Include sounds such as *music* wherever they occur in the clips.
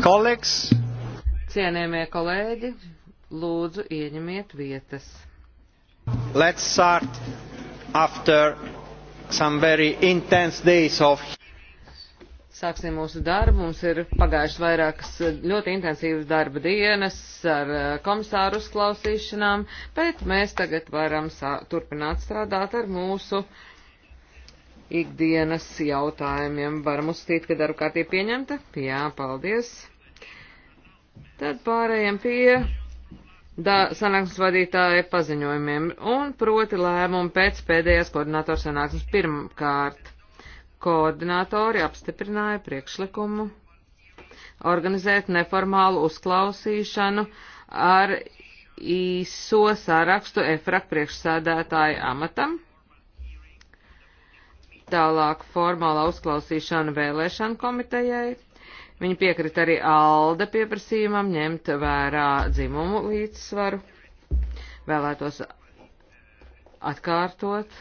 Kolēģis! Cienējamie kolēģi, lūdzu ieņemiet vietas. Let's start after some very intense days of. Sāksim mūsu darbu. Mums ir pagājušas vairākas eh, ļoti intensīvas darba dienas ar eh, komisāru uzklausīšanām, bet mēs tagad varam turpināt strādāt ar mūsu ikdienas jautājumiem. Varam uzskatīt, ka darba kārtība pieņemta? Jā, paldies. Tad pārējiem pie sanāksmes vadītāja paziņojumiem un proti lēmumu pēc pēdējās koordinātoru sanāksmes pirmkārt. Koordinātori apstiprināja priekšlikumu organizēt neformālu uzklausīšanu ar īso sārakstu EFRAK priekšsēdētāju amatam. Tālāk formālā uzklausīšana vēlēšanu komitejai Viņa piekrita arī Alda pieprasījumam ņemt vērā dzimumu līdzsvaru. Vēlētos atkārtot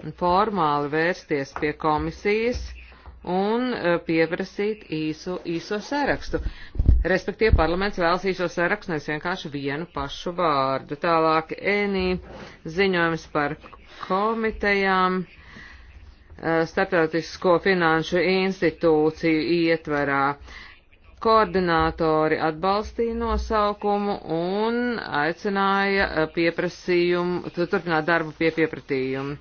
un formāli vērsties pie komisijas un e, pieprasīt īsu, īso sarakstu. Respektīvi, parlaments vēlas īso sarakstu, nevis vienkārši vienu pašu vārdu. Tālāk Enī ziņojums par komitejām. Eh, starptautisko finanšu institūciju ietvarā. Koordinātori atbalstīja nosaukumu un aicināja eh, pieprasījumu, turpināt darbu pie piepratījumu.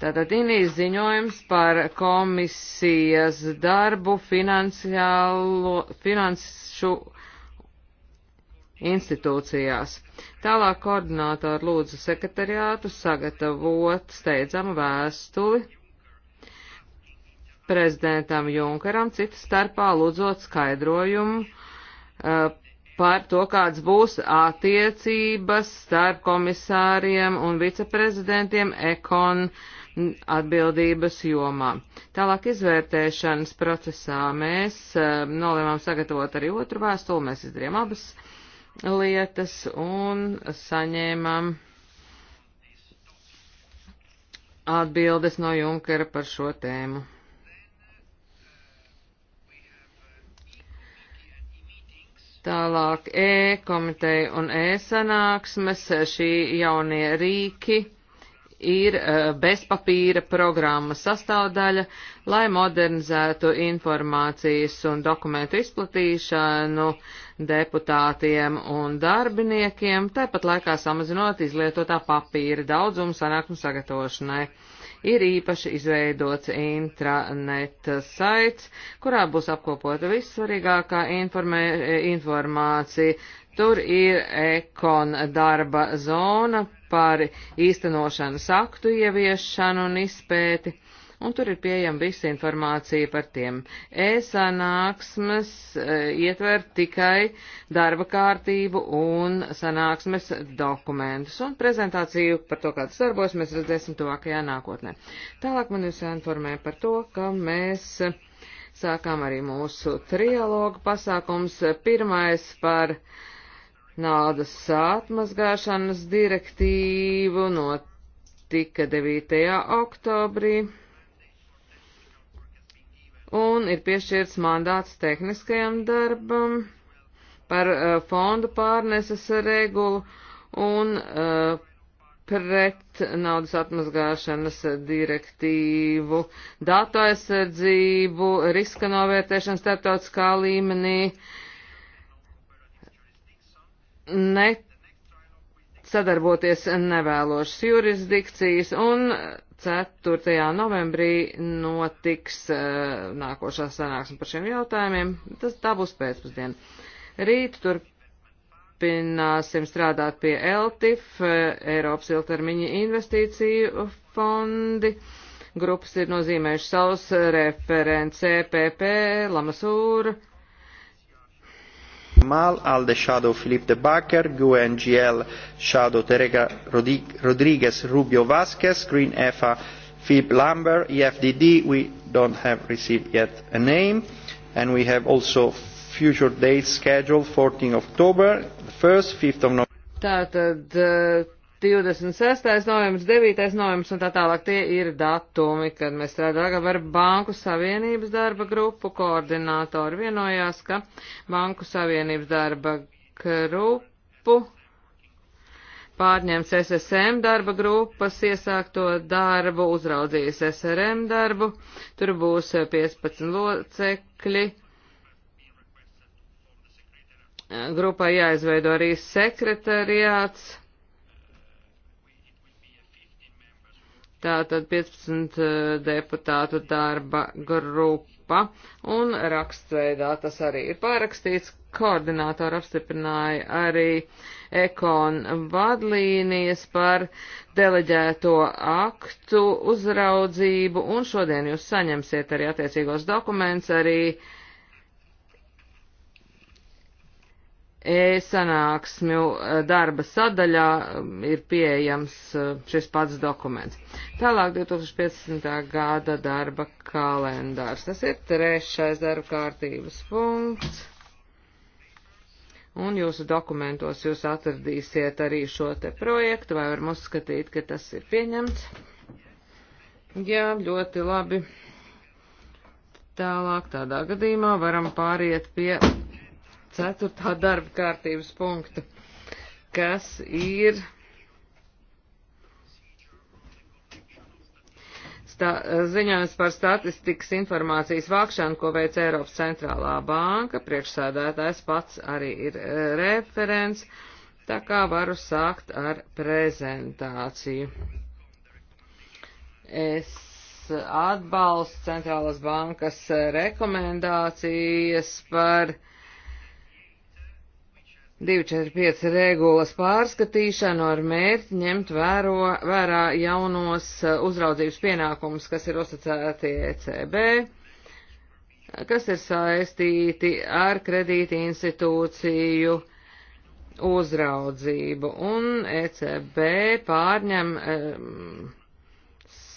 Tātad Inīs ziņojums par komisijas darbu finanšu institūcijās. Tālāk koordinātori lūdzu sekretariātu sagatavot steidzamu vēstuli prezidentam Junkaram, citu starpā lūdzot skaidrojumu uh, par to, kāds būs attiecības starp komisāriem un viceprezidentiem ekon atbildības jomā. Tālāk izvērtēšanas procesā mēs uh, nolēmām sagatavot arī otru vēstuli, mēs izdarījām abas uh, lietas un saņēmām atbildes no Junkera par šo tēmu. Tālāk E komiteja un E sanāksmes šī jaunie rīki ir e, bezpapīra programmas sastāvdaļa, lai modernizētu informācijas un dokumentu izplatīšanu deputātiem un darbiniekiem, tāpat laikā samazinot izlietotā papīra daudzumu sanāksmu sagatavošanai. Ir īpaši izveidots intraneta saits, kurā būs apkopota vissvarīgākā informē, informācija. Tur ir ekon darba zona par īstenošanas aktu ieviešanu un izpēti un tur ir pieejama visa informācija par tiem. E-sanāksmes e, ietver tikai darba kārtību un sanāksmes dokumentus, un prezentāciju par to, kā tas darbos, mēs redzēsim tuvākajā nākotnē. Tālāk man jūs jāinformē par to, ka mēs sākām arī mūsu trialogu pasākums. Pirmais par naudas atmazgāšanas direktīvu notika 9. oktobrī un ir piešķirts mandāts tehniskajam darbam par uh, fondu pārneses regulu un uh, pret naudas atmazgāšanas direktīvu, datu aizsardzību, riska novērtēšanu starptautiskā līmenī, ne sadarboties nevēlošas jurisdikcijas un uh, 4. novembrī notiks uh, nākošā sanāksme par šiem jautājumiem. Tas tā būs pēcpusdiena. Rīt turpināsim strādāt pie LTIF, uh, eh, Eiropas ilgtermiņa investīciju fondi. Grupas ir nozīmējuši savus referents CPP, e Lamasūra. Kamal, ALDE Shadow Philippe de Backer, GUE NGL Shadow Terega Rodriguez Rubio Vasquez, Green EFA Philip Lambert, EFDD, we don't have received yet a name. And we have also future dates scheduled, 14 October, 1st, 5th of November. Tātad uh, 26. novembris, 9. novembris un tā tālāk tie ir datumi, kad mēs strādājam ar Banku Savienības darba grupu. Koordinātori vienojās, ka Banku Savienības darba grupu pārņems SSM darba grupas iesākto darbu, uzraudzījis SRM darbu, tur būs 15 locekļi grupai jāizveido arī sekretariāts, tātad 15 eh, deputātu darba grupa, un rakstveidā tas arī ir pārakstīts. Koordinātori apstiprināja arī ekon vadlīnijas par deleģēto aktu uzraudzību, un šodien jūs saņemsiet arī attiecīgos dokumentus, arī uh, e-sanāksmju e, darba sadaļā ir pieejams e, šis pats dokuments. Tālāk 2015. gada darba kalendārs. Tas ir trešais darba kārtības punkts. Un jūsu dokumentos jūs atradīsiet arī šo te projektu, vai varam uzskatīt, ka tas ir pieņemts. Jā, ļoti labi. Tālāk tādā gadījumā varam pāriet pie ceturtā darba kārtības punkta, kas ir stā, ziņojums par statistikas informācijas vākšanu, ko veic Eiropas centrālā banka. Priekšsēdētājs pats arī ir e, referents, tā kā varu sākt ar prezentāciju. Es atbalstu centrālās bankas rekomendācijas par uh, 245 regulas pārskatīšanu ar mērķi ņemt vēro, vērā jaunos e, uzraudzības pienākumus, kas ir uzticēti ECB, kas ir saistīti ar kredīti institūciju uzraudzību, un ECB pārņem um,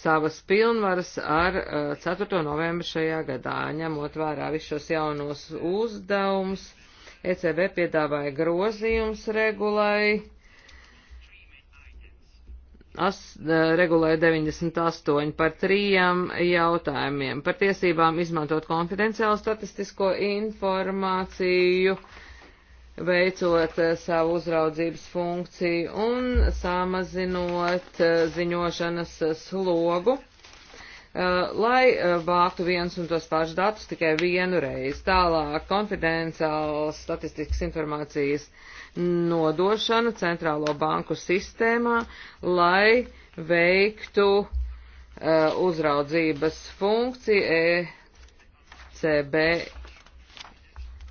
savas pilnvaras ar e, uh, 4. novembru šajā gadā, ņemot vērā visus šos jaunos uzdevumus ECB piedāvāja grozījums regulai, as, e, regulai 98 par trījām jautājumiem par tiesībām izmantot konfidenciālu statistisko informāciju, veicot e, savu uzraudzības funkciju un samazinot e, ziņošanas slogu Eh, lai eh, vāktu viens un tos pašus datus tikai vienu reizi. Tālāk konfidenciāls statistikas informācijas nodošana centrālo banku sistēmā, lai veiktu uh, uzraudzības funkciju ECB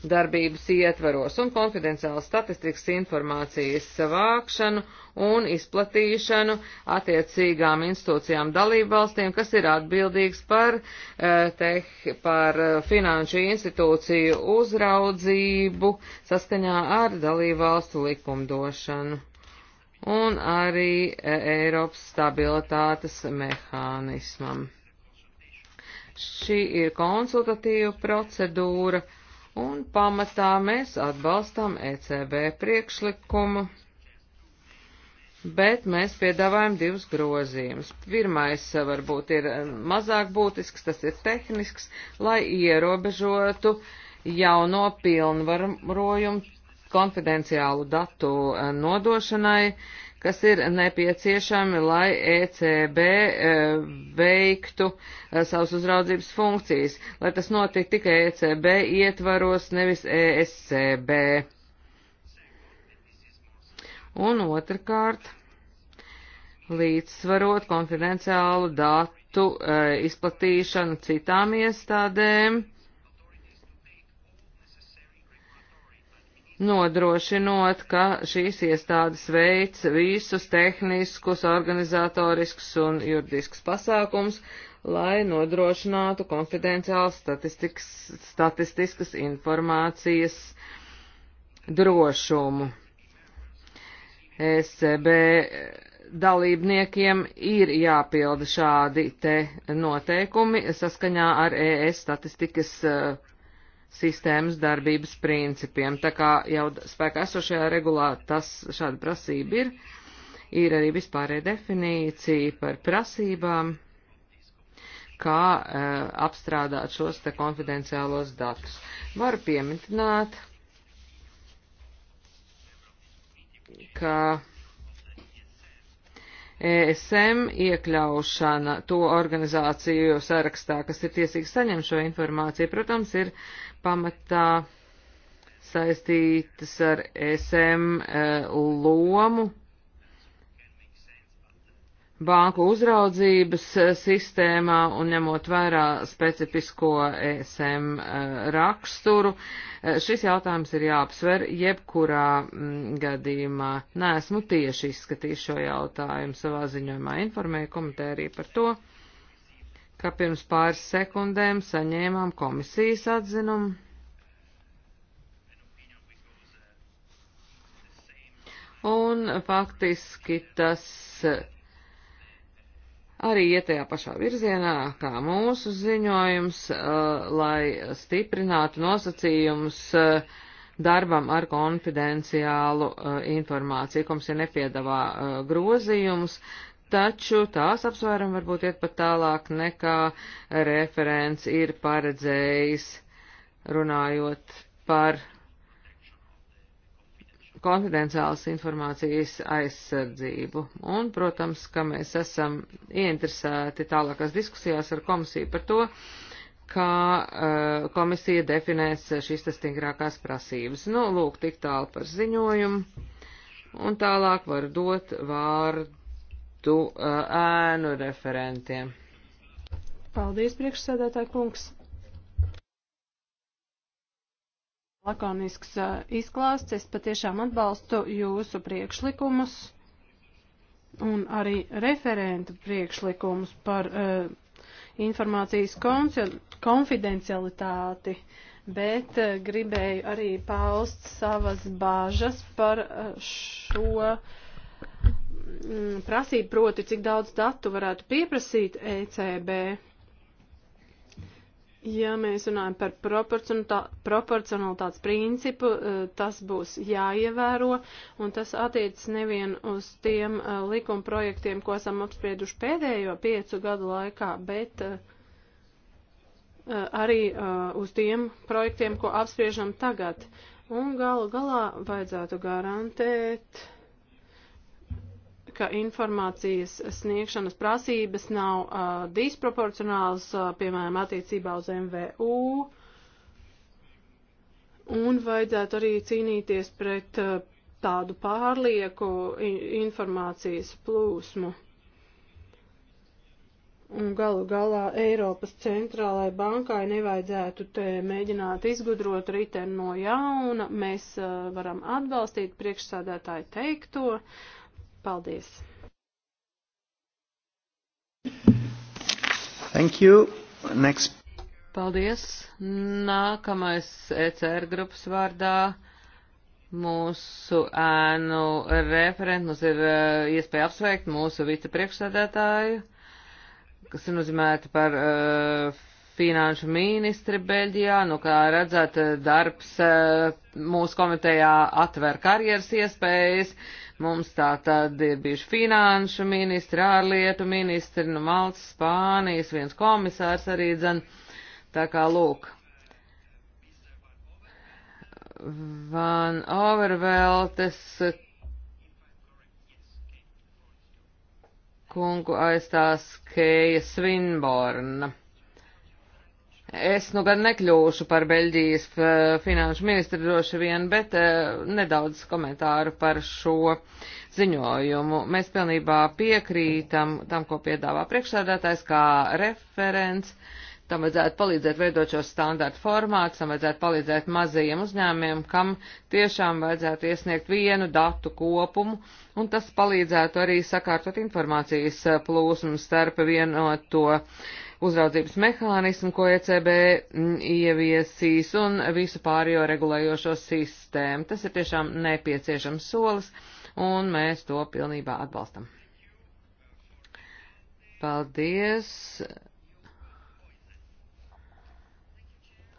darbības ietvaros un konfidenciālas statistikas informācijas vākšanu un izplatīšanu attiecīgām institūcijām dalību valstīm, kas ir atbildīgs par, eh, te, par eh, finanšu institūciju uzraudzību saskaņā ar dalību valstu likumdošanu un arī eh, Eiropas stabilitātes mehānismam. Šī ir konsultatīva procedūra Un pamatā mēs atbalstam ECB priekšlikumu, bet mēs piedāvājam divus grozījumus. Pirmais eh, varbūt ir eh, mazāk būtisks, tas ir tehnisks, lai ierobežotu jauno pilnvarojumu konfidenciālu datu eh, nodošanai, kas ir nepieciešami, lai ECB eh, veiktu eh, savus uzraudzības funkcijas, lai tas notiek tikai ECB ietvaros, nevis ESCB. Un otrkārt, līdzsvarot konfidenciālu datu izplatīšanu citām iestādēm nodrošinot, ka šīs iestādes veids visus tehniskus, organizatoriskus un juridiskus pasākums, lai nodrošinātu konfidenciāls statistiskas informācijas drošumu. ECB dalībniekiem ir jāpilda šādi te noteikumi saskaņā ar ES statistikas uh, sistēmas darbības principiem. Tā kā jau spēkā esošajā regulā tas šāda prasība ir, ir arī vispārēja definīcija par prasībām, kā uh, apstrādāt šos te konfidenciālos datus. Varu pieminēt, ka ESM iekļaušana to organizāciju sarakstā, kas ir tiesīgi saņem šo informāciju, protams, ir uh, pamatā saistītas ar SM eh, lomu, banku uzraudzības eh, sistēmā un ņemot vērā specifisko ESM eh, raksturu. Šis jautājums ir jāapsver jebkurā mm, gadījumā. Nē, esmu tieši izskatījis šo jautājumu savā ziņojumā, informēju komiteju arī par to ka pirms pāris sekundēm saņēmām komisijas atzinumu. Un faktiski tas arī iet tajā pašā virzienā, kā mūsu ziņojums, uh, lai stiprinātu nosacījumus uh, darbam ar konfidenciālu uh, informāciju. Komisija nepiedāvā grozījumus, taču tās apsvērumi varbūt iet pat tālāk nekā referents ir paredzējis runājot par konfidenciālas informācijas aizsardzību. Un, protams, ka mēs esam ieinteresēti tālākās diskusijās ar komisiju par to, kā uh, komisija definēs šīs tas stingrākās prasības. Nu, lūk, tik tālu par ziņojumu. Un tālāk var dot vārdu vārdu ēnu referentiem. Paldies, priekšsēdētāji kungs. Lakonisks izklāsts. Es patiešām atbalstu jūsu priekšlikumus un arī referenta priekšlikumus par uh, informācijas konfidencialitāti, bet uh, gribēju arī paust savas bāžas par uh, šo uh, Mm, prasība, proti, cik daudz datu varētu pieprasīt ECB. Ja mēs runājam par proporcionalitātes principu, eh, tas būs jāievēro, un tas attiecas nevien uz tiem eh, likuma projektiem, ko esam apsprieduši pēdējo piecu gadu laikā, bet eh, arī uz tiem projektiem, ko apspriežam tagad. Un galu galā vajadzētu garantēt ka informācijas sniegšanas prasības nav uh, disproporcionāls, uh, piemēram, attiecībā uz MVU. Un vajadzētu arī cīnīties pret uh, tādu pārlieku informācijas plūsmu. Un galu galā Eiropas centrālajai bankai nevajadzētu te mēģināt izgudrot riteni no jauna. Mēs uh, varam atbalstīt priekšsādātāju teikto, Paldies! Thank you. Next. Paldies. Nākamais ECR grupas vārdā mūsu ēnu referentu mums ir eh, iespēja apsveikt mūsu vicepriekšsēdētāju, kas ir nozīmēta par uh, finanšu ministri Beļģijā. Nu, kā redzat, darbs uh, mūsu komitejā atver karjeras iespējas. Uh, Mums tā tad ir bijuši finanšu ministri, ārlietu ministri no nu Maltas, Spānijas, viens komisārs arī dzen. Tā kā lūk. Van Overveltes kungu aizstās Keja Svinborna. Es nu gan nekļūšu par Beļģijas eh, finanšu ministru droši vien, bet eh, nedaudz komentāru par šo ziņojumu. Mēs pilnībā piekrītam tam, ko piedāvā priekšsādātājs kā referents. Tam vajadzētu palīdzēt veidot šo standartu formātu, tam vajadzētu palīdzēt mazajiem uzņēmiem, kam tiešām vajadzētu iesniegt vienu datu kopumu, un tas palīdzētu arī sakārtot informācijas eh, plūsmu starp vienoto no uzraudzības mehānismu, ko ECB mm, ieviesīs un visu pārējo regulējošo sistēmu. Tas ir tiešām nepieciešams solis un mēs to pilnībā atbalstam. Paldies.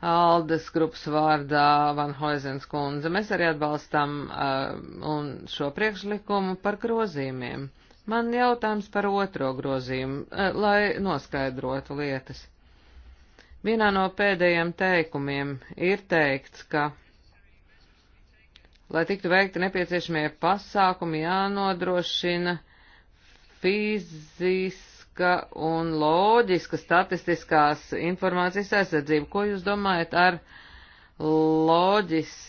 Aldes grupas vārdā Van Hoizens kundze. Mēs arī atbalstam uh, un šo priekšlikumu par grozījumiem. Man jautājums par otro grozījumu, eh, lai noskaidrotu lietas. Vienā no pēdējiem teikumiem ir teikts, ka, lai tiktu veikti nepieciešamie pasākumi, jānodrošina fiziska un loģiska statistiskās informācijas aizsardzība. Ko jūs domājat ar loģisks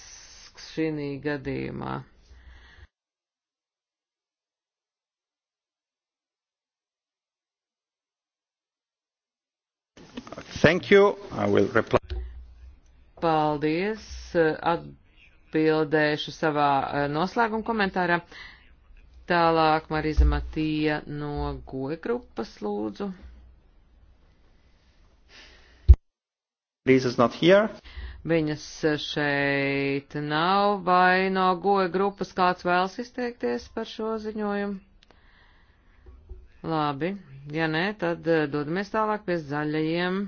šī gadījumā? Thank you. I will reply. Paldies. Atbildēšu savā eh, noslēguma komentārā. Tālāk Marīza Matija no Goja grupas lūdzu. Marīza's not here. Viņas šeit nav, vai no goja grupas kāds vēlas izteikties par šo ziņojumu? Labi, ja nē, tad eh, dodamies tālāk pie zaļajiem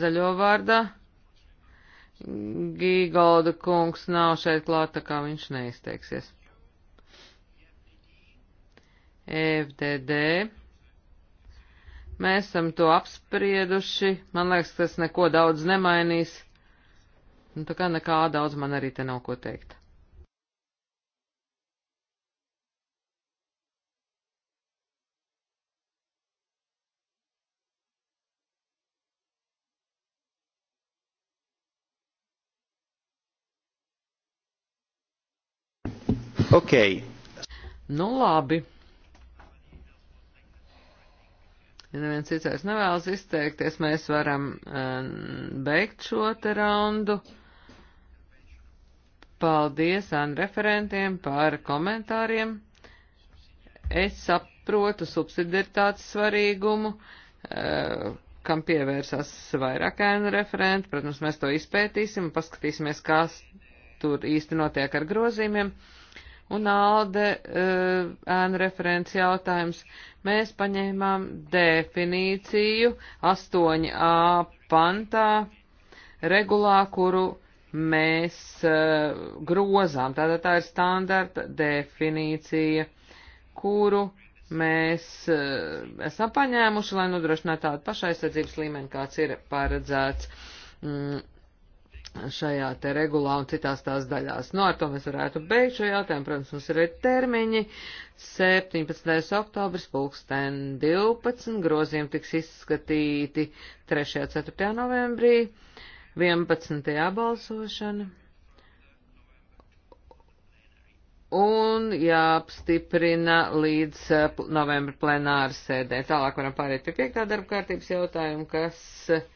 zaļo vārdā. Gīgolda kungs nav šeit klāt, tā kā viņš neizteiksies. FDD. Mēs esam to apsprieduši. Man liekas, tas neko daudz nemainīs. Nu, tā kā nekā daudz man arī te nav ko teikt. Ok. Nu labi. Ja neviens cits vairs nevēlas izteikties, mēs varam um, beigt šo te raundu. Paldies ANU referentiem par komentāriem. Es saprotu subsidiaritātes svarīgumu, uh, kam pievērsās vairāk ANU referenti. Protams, mēs to izpētīsim un paskatīsimies, kas tur īsti notiek ar grozījumiem. Uh, Un Alde eh, ēnu uh, referents jautājums. Mēs paņēmām definīciju 8a pantā regulā, kuru mēs uh, grozām. Tātad tā ir standarta definīcija, kuru mēs uh, esam paņēmuši, lai nodrošinātu tādu pašaizsardzības līmeni, kāds ir paredzēts. Mm, šajā te regulā un citās tās daļās. Nu, ar to mēs varētu beigt šo jautājumu. Protams, mums ir arī termiņi. 17. oktobris, pulksten 12, grozījumi tiks izskatīti 3. 4. novembrī, 11. balsošana. Un jāapstiprina līdz eh, novembra plenāra sēdē. Tālāk varam pāriet pie piektā darba kārtības jautājuma, kas eh,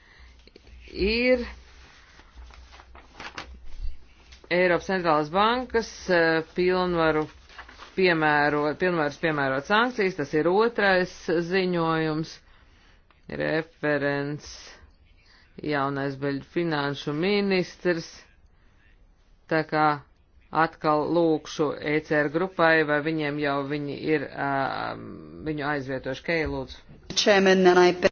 ir. Eiropas centrālās bankas eh, pilnvaru piemērot, pilnvaras piemērot sankcijas, tas ir otrais ziņojums, referents, jaunais beļu finanšu ministrs, tā kā atkal lūkšu ECR grupai, vai viņiem jau viņi ir, uh, viņu aizvietoši Keilūdzu.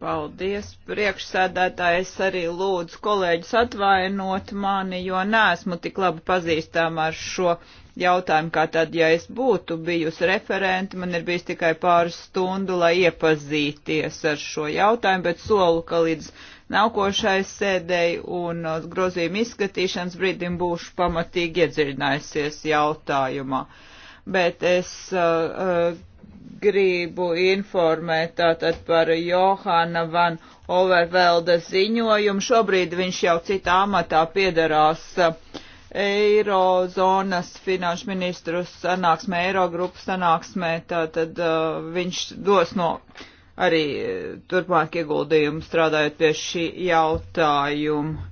Paldies, priekšsēdētāji, es arī lūdzu kolēģis atvainot mani, jo neesmu tik labi pazīstama ar šo jautājumu, kā tad, ja es būtu bijusi referenti, man ir bijis tikai pāris stundu, lai iepazīties ar šo jautājumu, bet solu, ka līdz nākošai sēdēji un grozījuma izskatīšanas brīdim būšu pamatīgi iedziļinājusies jautājumā. Bet es uh, uh gribu informēt tātad par Johana Van Overvelda ziņojumu. Šobrīd viņš jau citā amatā piedarās uh, Eirozonas finanšu ministru sanāksmē, Eirogrupu sanāksmē, tātad uh, viņš dos no arī uh, turpmāk ieguldījumu strādājot pie šī jautājuma.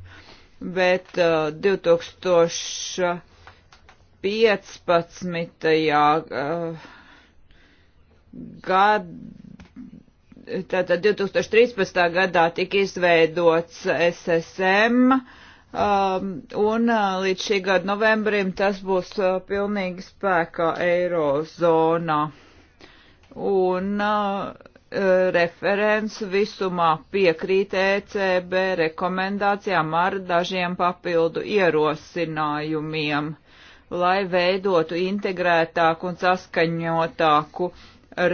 Bet uh, 2015. Uh, gad, tātad 2013. gadā tika izveidots SSM, uh, Um, un uh, līdz šī gada novembrim tas būs uh, pilnīgi spēkā eirozonā. Un uh, referents visumā piekrīt ECB rekomendācijām ar dažiem papildu ierosinājumiem, lai veidotu integrētāku un saskaņotāku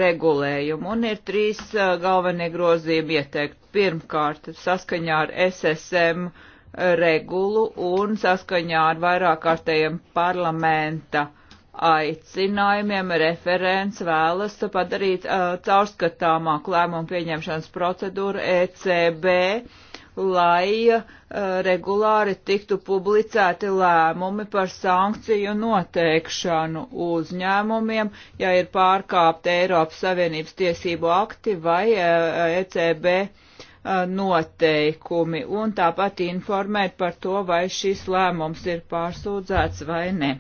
regulējumu. Un ir trīs uh, galvenie grozījumi ieteikt. Pirmkārt, saskaņā ar SSM uh, regulu un saskaņā ar vairāk kārtējiem parlamenta aicinājumiem referents vēlas padarīt uh, caurskatāmāku lēmumu pieņemšanas procedūru ECB, lai uh, regulāri tiktu publicēti lēmumi par sankciju noteikšanu uzņēmumiem, ja ir pārkāpta Eiropas Savienības tiesību akti vai uh, ECB noteikumi un tāpat informēt par to, vai šis lēmums ir pārsūdzēts vai ne.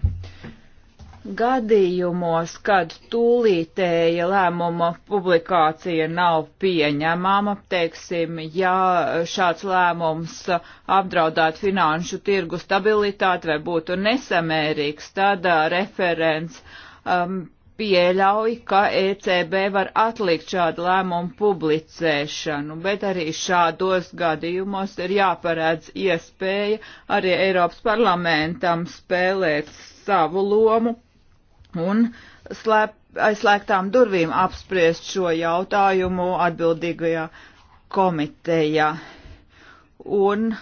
Gadījumos, kad tūlītēja lēmuma publikācija nav pieņemama, teiksim, ja šāds lēmums apdraudētu finanšu tirgu stabilitāti vai būtu nesamērīgs, tad referents um, pieļauj, ka ECB var atlikt šādu lēmumu publicēšanu, bet arī šādos gadījumos ir jāparedz iespēja arī Eiropas parlamentam spēlēt savu lomu un slēp, aizslēgtām durvīm apspriest šo jautājumu atbildīgajā komitejā. Un e,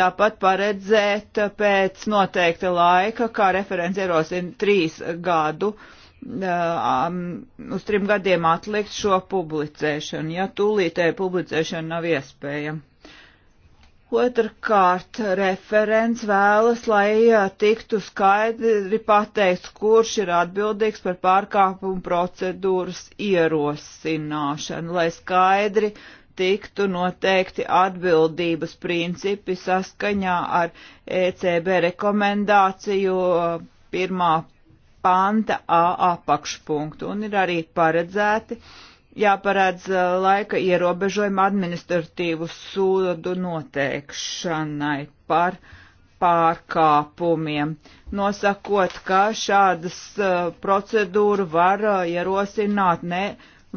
tāpat paredzēt pēc noteikta laika, kā referents ierosina trīs gadu uh, uz trim gadiem atlikt šo publicēšanu, ja tūlītēji publicēšana nav iespējama. Otrkārt, referents vēlas, lai tiktu skaidri pateikts, kurš ir atbildīgs par pārkāpumu procedūras ierosināšanu, lai skaidri tiktu noteikti atbildības principi saskaņā ar ECB rekomendāciju pirmā panta A apakšpunktu un ir arī paredzēti jāparādz laika ierobežojuma administratīvu sodu noteikšanai par pārkāpumiem, nosakot, ka šādas procedūru var ierosināt ne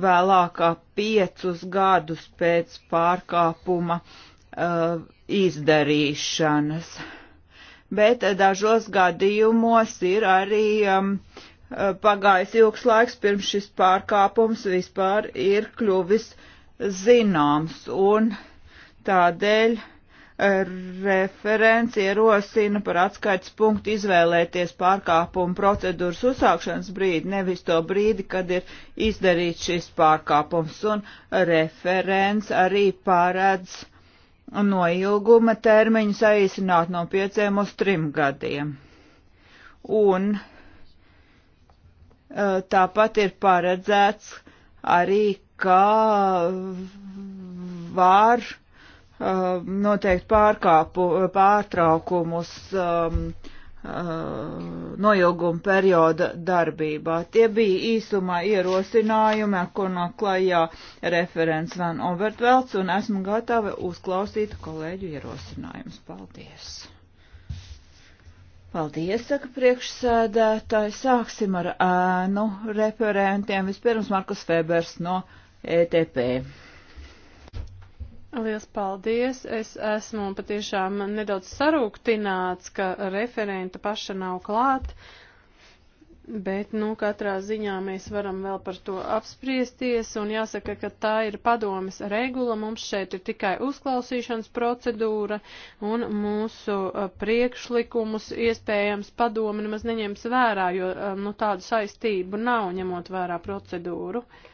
vēlākā piecus gadus pēc pārkāpuma uh, izdarīšanas. Uh, bet eh, dažos gadījumos ir arī um, eh, pagājis ilgs laiks, pirms šis pārkāpums vispār ir kļuvis zināms, un tādēļ eh, referents ierosina par atskaites punktu izvēlēties pārkāpumu procedūras uzsākšanas brīdi, nevis to brīdi, kad ir izdarīts šis pārkāpums, un referents arī paredz no ilguma termiņu saīsināt no pieciem uz trim gadiem. Un eh, tāpat ir paredzēts arī, ka var eh, noteikt pārkāpu, pārtraukumus um, Uh, noilguma perioda darbībā. Tie bija īsumā ierosinājumi, ko noklājā referents Van Overtvelts, un esmu gatava uzklausīt kolēģu ierosinājumus. Paldies! Paldies, saka priekšsēdētāji. Sāksim ar ēnu referentiem. Vispirms Markus Febers no ETP. Liels paldies! Es esmu patiešām nedaudz sarūktināts, ka referenta paša nav klāt, bet, nu, katrā ziņā mēs varam vēl par to apspriesties, un jāsaka, ka tā ir padomas regula, mums šeit ir tikai uzklausīšanas procedūra, un mūsu uh, priekšlikumus iespējams padomi nemaz neņems vērā, jo, uh, nu, tādu saistību nav ņemot vērā procedūru. Uh,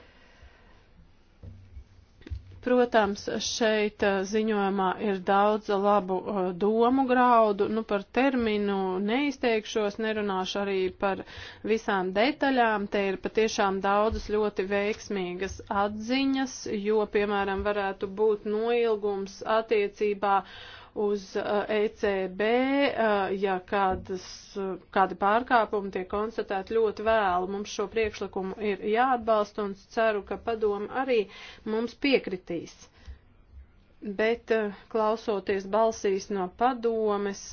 Protams, šeit eh, ziņojumā ir daudz labu eh, domu graudu, nu par terminu neizteikšos, nerunāšu arī par visām detaļām, te ir patiešām daudzas ļoti veiksmīgas atziņas, jo, piemēram, varētu būt noilgums attiecībā uz uh, ECB, uh, ja kādas, uh, kādi pārkāpumi tiek konstatēti ļoti vēlu. Mums šo priekšlikumu ir jāatbalsta un ceru, ka padoma arī mums piekritīs. Bet klausoties balsīs no padomes,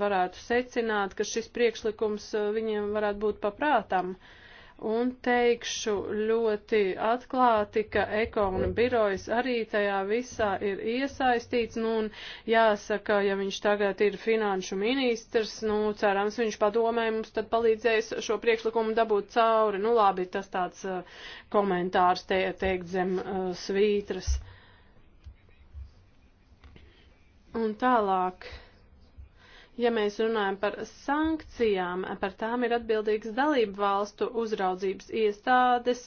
varētu secināt, ka šis priekšlikums viņiem varētu būt paprātam. prātam un teikšu ļoti atklāti, ka ekona birojas arī tajā visā ir iesaistīts, nu, un jāsaka, ja viņš tagad ir finanšu ministrs, nu, cerams, viņš padomē mums tad palīdzēs šo priekšlikumu dabūt cauri. Nu, labi, tas tāds uh, komentārs te, teikt zem uh, svītras. Un tālāk. Ja mēs runājam par sankcijām, par tām ir atbildīgas dalību valstu uzraudzības iestādes,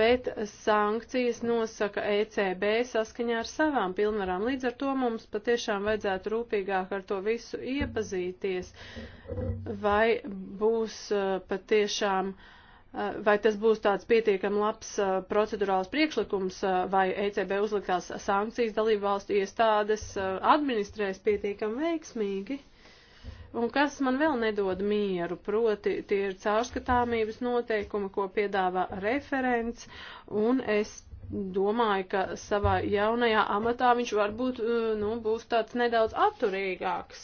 bet sankcijas nosaka ECB saskaņā ar savām pilnvarām. Līdz ar to mums patiešām vajadzētu rūpīgāk ar to visu iepazīties, vai būs uh, patiešām uh, vai tas būs tāds pietiekami labs uh, procedurāls priekšlikums, vai ECB uzliktās sankcijas dalību valstu iestādes administrēs pietiekami veiksmīgi? Un kas man vēl nedod mieru, proti tie ir caurskatāmības noteikumi, ko piedāvā referents, un es domāju, ka savā jaunajā amatā viņš varbūt, uh, nu, būs tāds nedaudz atturīgāks.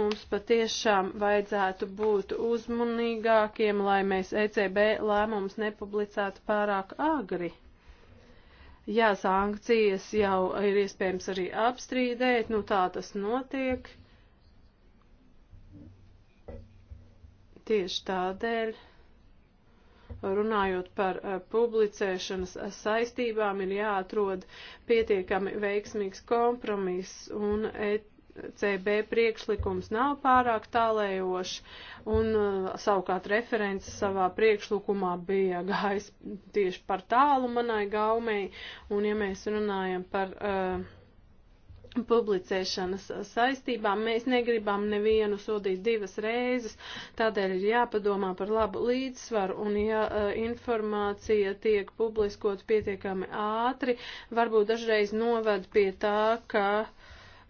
Mums patiešām vajadzētu būt uzmanīgākiem, lai mēs ECB lēmumus nepublicētu pārāk agri. Jā, sankcijas jau ir iespējams arī apstrīdēt, nu tā tas notiek. Tieši tādēļ, runājot par eh, publicēšanas eh, saistībām, ir jāatrod pietiekami veiksmīgs kompromiss un e CB priekšlikums nav pārāk tālējošs, un eh, savukārt referents savā priekšlikumā bija gājis tieši par tālu manai gaumei, un ja mēs runājam par uh, publicēšanas saistībām. Mēs negribam nevienu sodīt divas reizes, tādēļ ir jāpadomā par labu līdzsvaru, un ja informācija tiek publiskot pietiekami ātri, varbūt dažreiz noved pie tā, ka uh,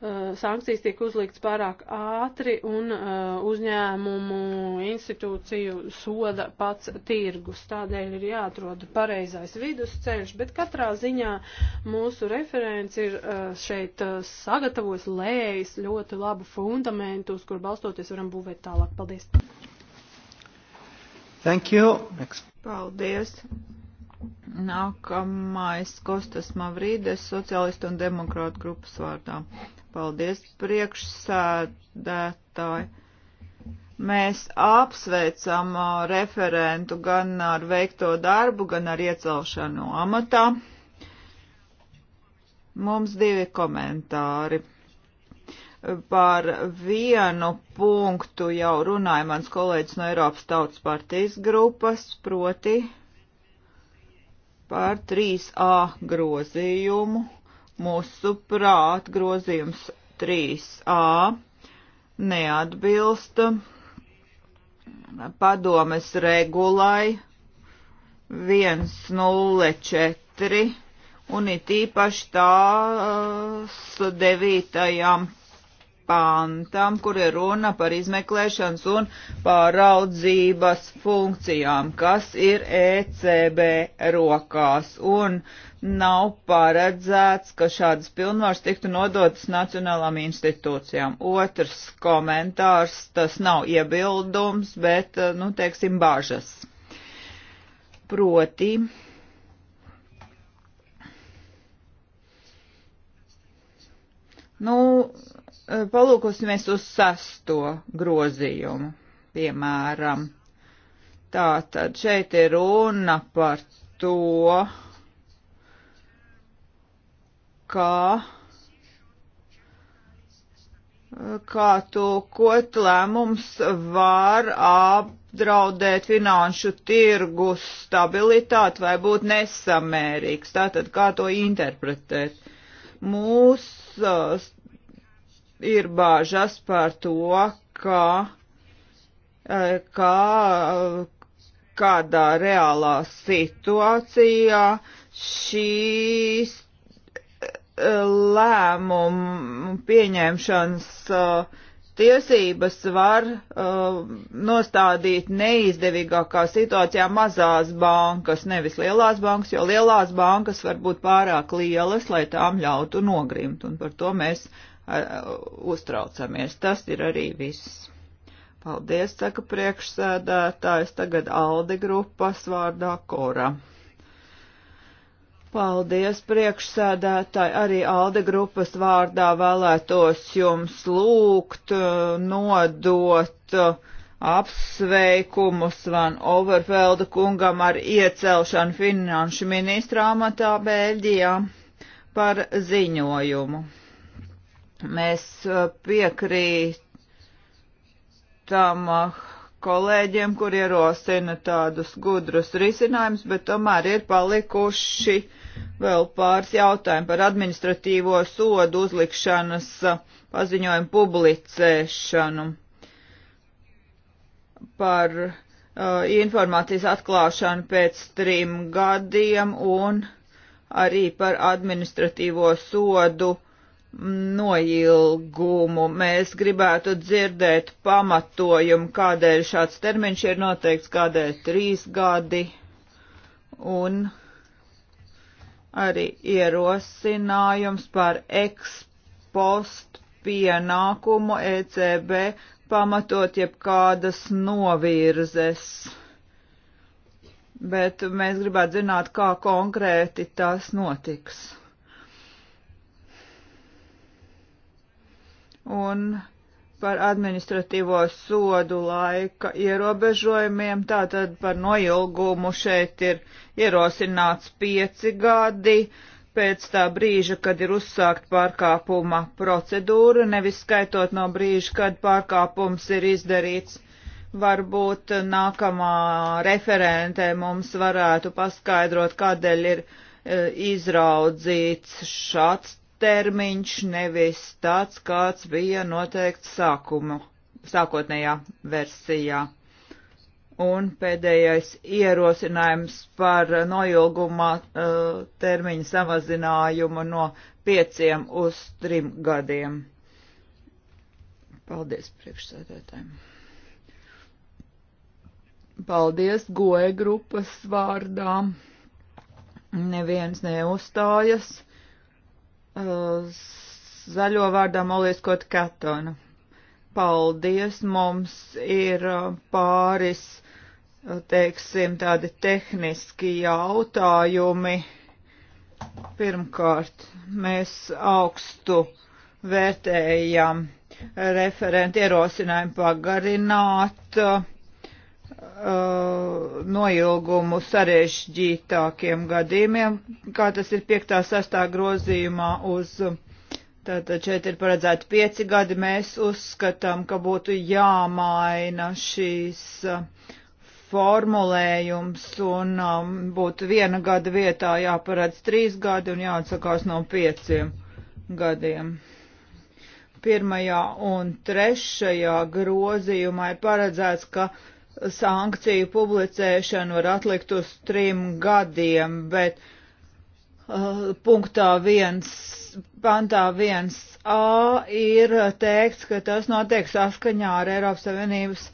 Eh, sankcijas tiek uzlikts pārāk ātri un eh, uzņēmumu institūciju soda pats tirgus. Tādēļ ir jāatrod pareizais vidusceļš, bet katrā ziņā mūsu referents ir eh, šeit sagatavojis lējas ļoti labu fundamentu, uz kur balstoties varam būvēt tālāk. Paldies! Thank you. Next. Paldies. Nākamais Kostas Mavrīdes, sociālistu un demokrātu grupas vārdā. Paldies, priekšsēdētāji. Mēs apsveicam referentu gan ar veikto darbu, gan ar iecelšanu amatā. Mums divi komentāri. Par vienu punktu jau runāja mans kolēģis no Eiropas Tautas partijas grupas, proti par 3A grozījumu Mūsu prāt grozījums 3a neatbilst padomes regulai 104 un it īpaši tās devītajām pantam, kur ir runa par izmeklēšanas un pāraudzības funkcijām, kas ir ECB rokās, un nav paredzēts, ka šādas pilnvaras tiktu nodotas nacionālām institūcijām. Otrs komentārs, tas nav iebildums, bet, nu, teiksim, bažas. Proti, Nu, Eh, palūkosimies uz sesto grozījumu, piemēram. Tātad šeit ir runa par to, eh, kā, kā tūkot lēmums var apdraudēt finanšu tirgus stabilitāti vai būt nesamērīgs. Tātad kā to interpretēt? Mūs ir bāžas par to, ka, eh, ka eh, kādā reālā situācijā šīs eh, lēmumu pieņemšanas uh, tiesības var uh, nostādīt neizdevīgākā situācijā mazās bankas, nevis lielās bankas, jo lielās bankas var būt pārāk lielas, lai tām ļautu nogrimt, un par to mēs uztraucamies. Tas ir arī viss. Paldies, saka priekšsēdētājs, tagad Alde grupas vārdā Kora. Paldies, priekšsēdētāji, arī Alde grupas vārdā vēlētos jums lūgt, e, nodot e, apsveikumu Svan Overfelda kungam ar iecelšanu finanšu ministrā amatā Bēļģijā par ziņojumu. Mēs uh, piekrītam uh, kolēģiem, kur ierosina tādus gudrus risinājumus, bet tomēr ir palikuši vēl pāris jautājumi par administratīvo sodu uzlikšanas uh, paziņojumu publicēšanu, par uh, informācijas atklāšanu pēc trim gadiem un arī par administratīvo sodu uh, noilgumu. Mēs gribētu dzirdēt pamatojumu, kādēļ šāds termiņš ir noteikts, kādēļ trīs gadi un arī ierosinājums par ekspost pienākumu ECB pamatot jebkādas novirzes. Bet mēs gribētu zināt, kā konkrēti tas notiks. un par administratīvo sodu laika ierobežojumiem, tātad par noilgumu šeit ir ierosināts pieci gadi pēc tā brīža, kad ir uzsākt pārkāpuma procedūra, nevis skaitot no brīža, kad pārkāpums ir izdarīts. Varbūt nākamā referentē mums varētu paskaidrot, kādēļ ir e, izraudzīts šāds termiņš nevis tāds, kāds bija noteikts sākumu, sākotnējā versijā. Un pēdējais ierosinājums par noilgumā uh, termiņu samazinājumu no pieciem uz trim gadiem. Paldies priekšsēdētājiem. Paldies goe grupas vārdām. Neviens neuzstājas. Uh, zaļo vārdā Molieskot Katonu. Paldies, mums ir uh, pāris, uh, teiksim, tādi tehniski jautājumi. Pirmkārt, mēs augstu vērtējam referentu ierosinājumu pagarināt uh, uh, noilgumu sarežģītākiem gadījumiem, kā tas ir 5.6. grozījumā uz. Tātad šeit ir paredzēti pieci gadi. Mēs uzskatām, ka būtu jāmaina šīs uh, formulējums un um, būtu viena gada vietā jāparedz trīs gadi un jāatsakās no pieciem gadiem pirmajā un trešajā grozījumā ir paredzēts, ka sankciju publicēšanu var atlikt uz trim gadiem, bet uh, punktā viens, pantā viens A ir teikts, ka tas notiek saskaņā ar Eiropas Savienības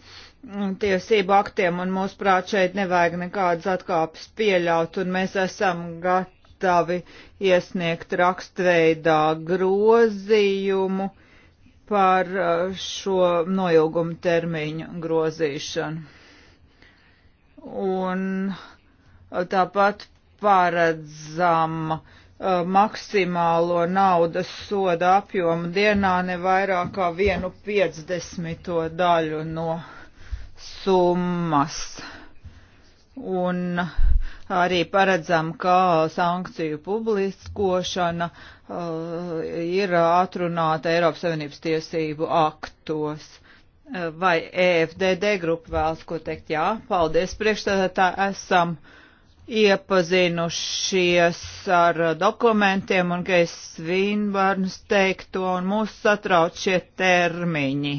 mm, tiesību aktiem, un mūsuprāt šeit nevajag nekādas atkāpes pieļaut, un mēs esam gatavi iesniegt rakstveidā grozījumu par uh, šo noilgumu termiņu grozīšanu un uh, tāpat paredzam uh, maksimālo naudas soda apjomu dienā ne vairāk kā vienu piecdesmito daļu no summas. Un arī paredzam, ka sankciju publiskošana uh, ir atrunāta Eiropas Savienības tiesību aktos. Vai EFDD grupa vēlas ko teikt? Jā, paldies priekšstādātā. Esam iepazinušies ar dokumentiem un Gejs Vīnbarns teikto un mūs satrauc šie termiņi.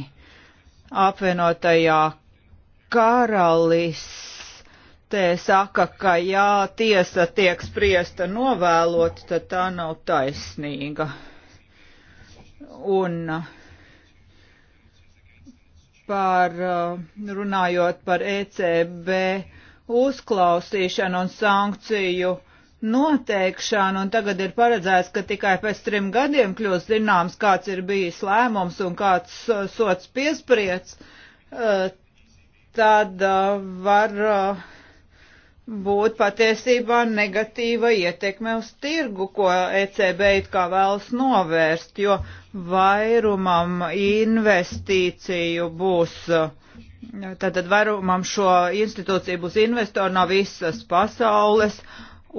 Apvienotajā karalis te saka, ka jā, tiesa tiek spriesta novēlot, tad tā nav taisnīga. Un uh, par uh, runājot par ECB uzklausīšanu un sankciju noteikšanu, un tagad ir paredzēts, ka tikai pēc trim gadiem kļūs zināms, kāds ir bijis lēmums un kāds sots piespriedz, uh, tad uh, var būt patiesībā negatīva ietekme uz tirgu, ko ECB it kā vēlas novērst, jo vairumam investīciju būs, tātad vairumam šo institūciju būs investori no visas pasaules,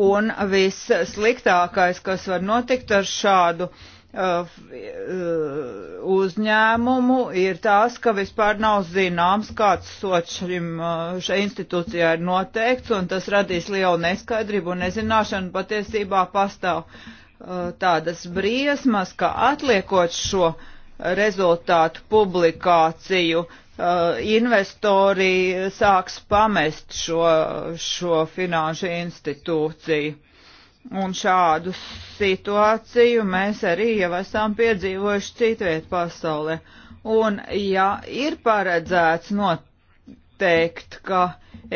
un viss sliktākais, kas var notikt ar šādu uh, Uh, uzņēmumu ir tas, ka vispār nav zināms, kāds sots šim, uh, šai institūcijai ir noteikts, un tas radīs lielu neskaidrību un nezināšanu patiesībā pastāv uh, tādas briesmas, ka atliekot šo rezultātu publikāciju, investori sāks pamest šo, šo finanšu institūciju Un šādu situāciju mēs arī jau esam piedzīvojuši citviet pasaulē. Un ja ir paredzēts noteikt, ka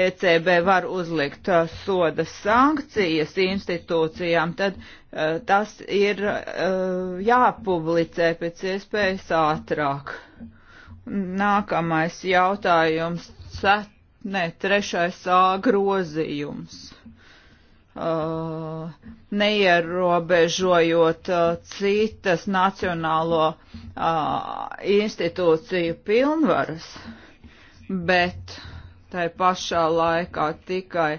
ECB var uzlikt uh, soda sankcijas institūcijām, tad uh, tas ir uh, jāpublicē pēc iespējas ātrāk. Nākamais jautājums, cet, ne, trešais A grozījums. Uh, neierobežojot uh, citas nacionālo uh, institūciju pilnvaras, bet tai pašā laikā tikai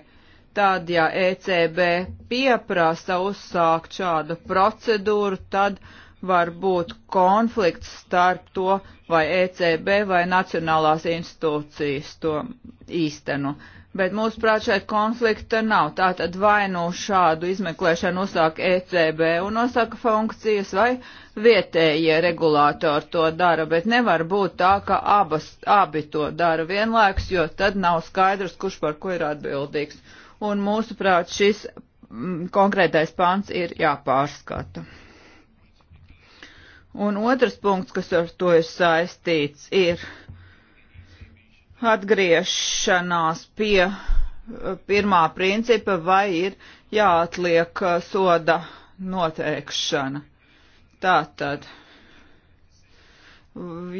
tad, ja ECB pieprasa uzsākt šādu procedūru, tad var būt konflikts starp to, vai ECB vai nacionālās institūcijas to īstenu. Uh, bet mūsuprāt šeit konflikta nav. Tātad vai nu šādu izmeklēšanu uzsāk ECB un nosaka funkcijas, vai vietējie regulātori to dara, bet nevar būt tā, ka abas, abi to dara vienlaiks, jo tad nav skaidrs, kurš par ko ir atbildīgs. Un mūsuprāt šis mm, konkrētais pants ir jāpārskata. Un otrs punkts, kas ar to ir saistīts, ir atgriešanās pie eh, pirmā principa, vai ir jāatliek eh, soda noteikšana. Tātad,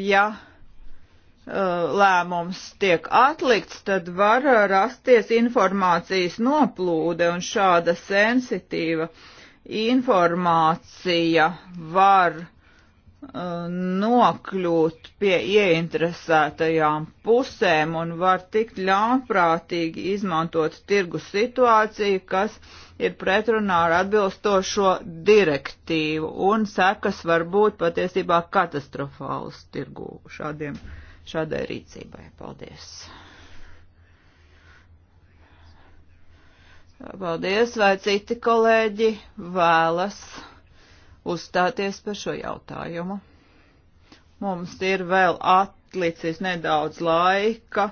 ja eh, lēmums tiek atlikts, tad var rasties informācijas noplūde un šāda sensitīva informācija var nokļūt pie ieinteresētajām pusēm un var tikt ļaunprātīgi izmantot tirgus situāciju, kas ir pretrunā ar atbilstošo direktīvu un sekas var būt patiesībā katastrofālas tirgū šādiem, šādai rīcībai. Paldies! Paldies, vai citi kolēģi vēlas? uzstāties par šo jautājumu. Mums ir vēl atlicis nedaudz laika,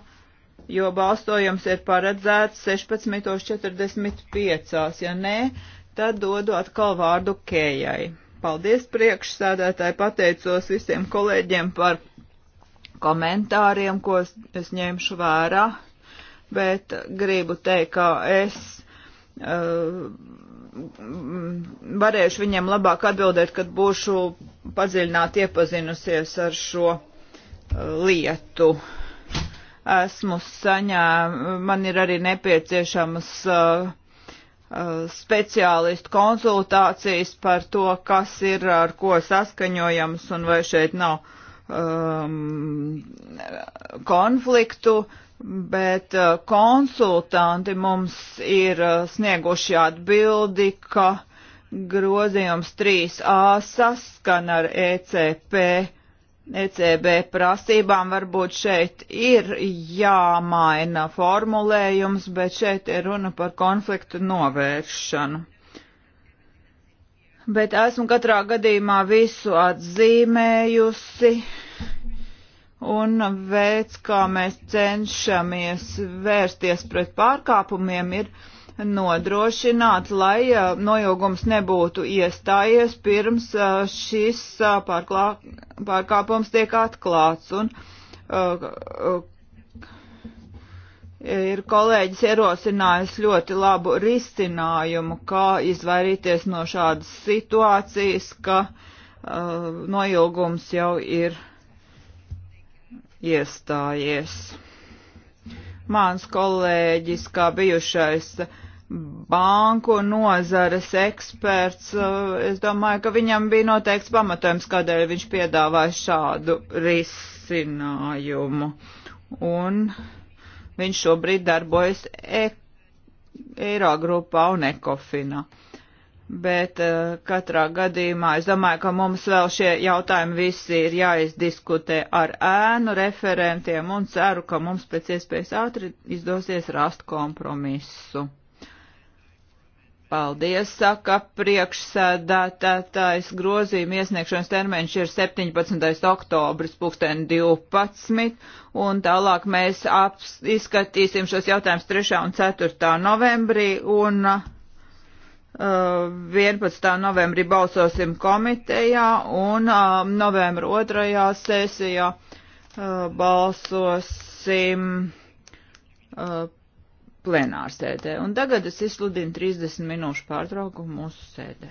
jo balsojums ir paredzēts 16.45. Ja nē, tad dodu atkal vārdu Kējai. Paldies priekšsēdētāji, pateicos visiem kolēģiem par komentāriem, ko es ņemšu vērā, bet gribu teikt, ka es uh, varēšu viņiem labāk atbildēt, kad būšu padziļināti iepazinusies ar šo uh, lietu. Esmu saņēmu, man ir arī nepieciešamas uh, uh, speciālistu konsultācijas par to, kas ir ar ko saskaņojams un vai šeit nav um, konfliktu bet uh, konsultanti mums ir uh, snieguši atbildi, ka grozījums 3a saskan ar ECP. ECB prasībām varbūt šeit ir jāmaina formulējums, bet šeit ir runa par konfliktu novēršanu. Bet esmu katrā gadījumā visu atzīmējusi un veids, kā mēs cenšamies vērsties pret pārkāpumiem, ir nodrošināt, lai nojogums nebūtu iestājies pirms šis pārklā, pārkāpums tiek atklāts. Un, ir kolēģis ierosinājis ļoti labu risinājumu, kā izvairīties no šādas situācijas, ka uh, noilgums jau ir iestājies. Mans kolēģis, kā bijušais banku nozares eksperts, eh, es domāju, ka viņam bija noteikts pamatojums, kādēļ viņš piedāvāja šādu risinājumu. Un viņš šobrīd darbojas e Eirogrupā un Ekofinā. Bet uh, katrā gadījumā es domāju, ka mums vēl šie jautājumi visi ir jāizdiskutē ar ēnu referentiem un ceru, ka mums pēc iespējas ātri izdosies rast kompromisu. Paldies, saka priekšsēdētājs. Grozījuma iesniegšanas termiņš ir 17. oktobris, pulksten 12, un tālāk mēs izskatīsim šos jautājumus 3. un 4. novembrī, un uh, 11. novembrī balsosim komitejā un novembra otrajā sesijā balsosim plenārsēdē. Un tagad es izsludinu 30 minūšu pārtraukumu mūsu sēdē.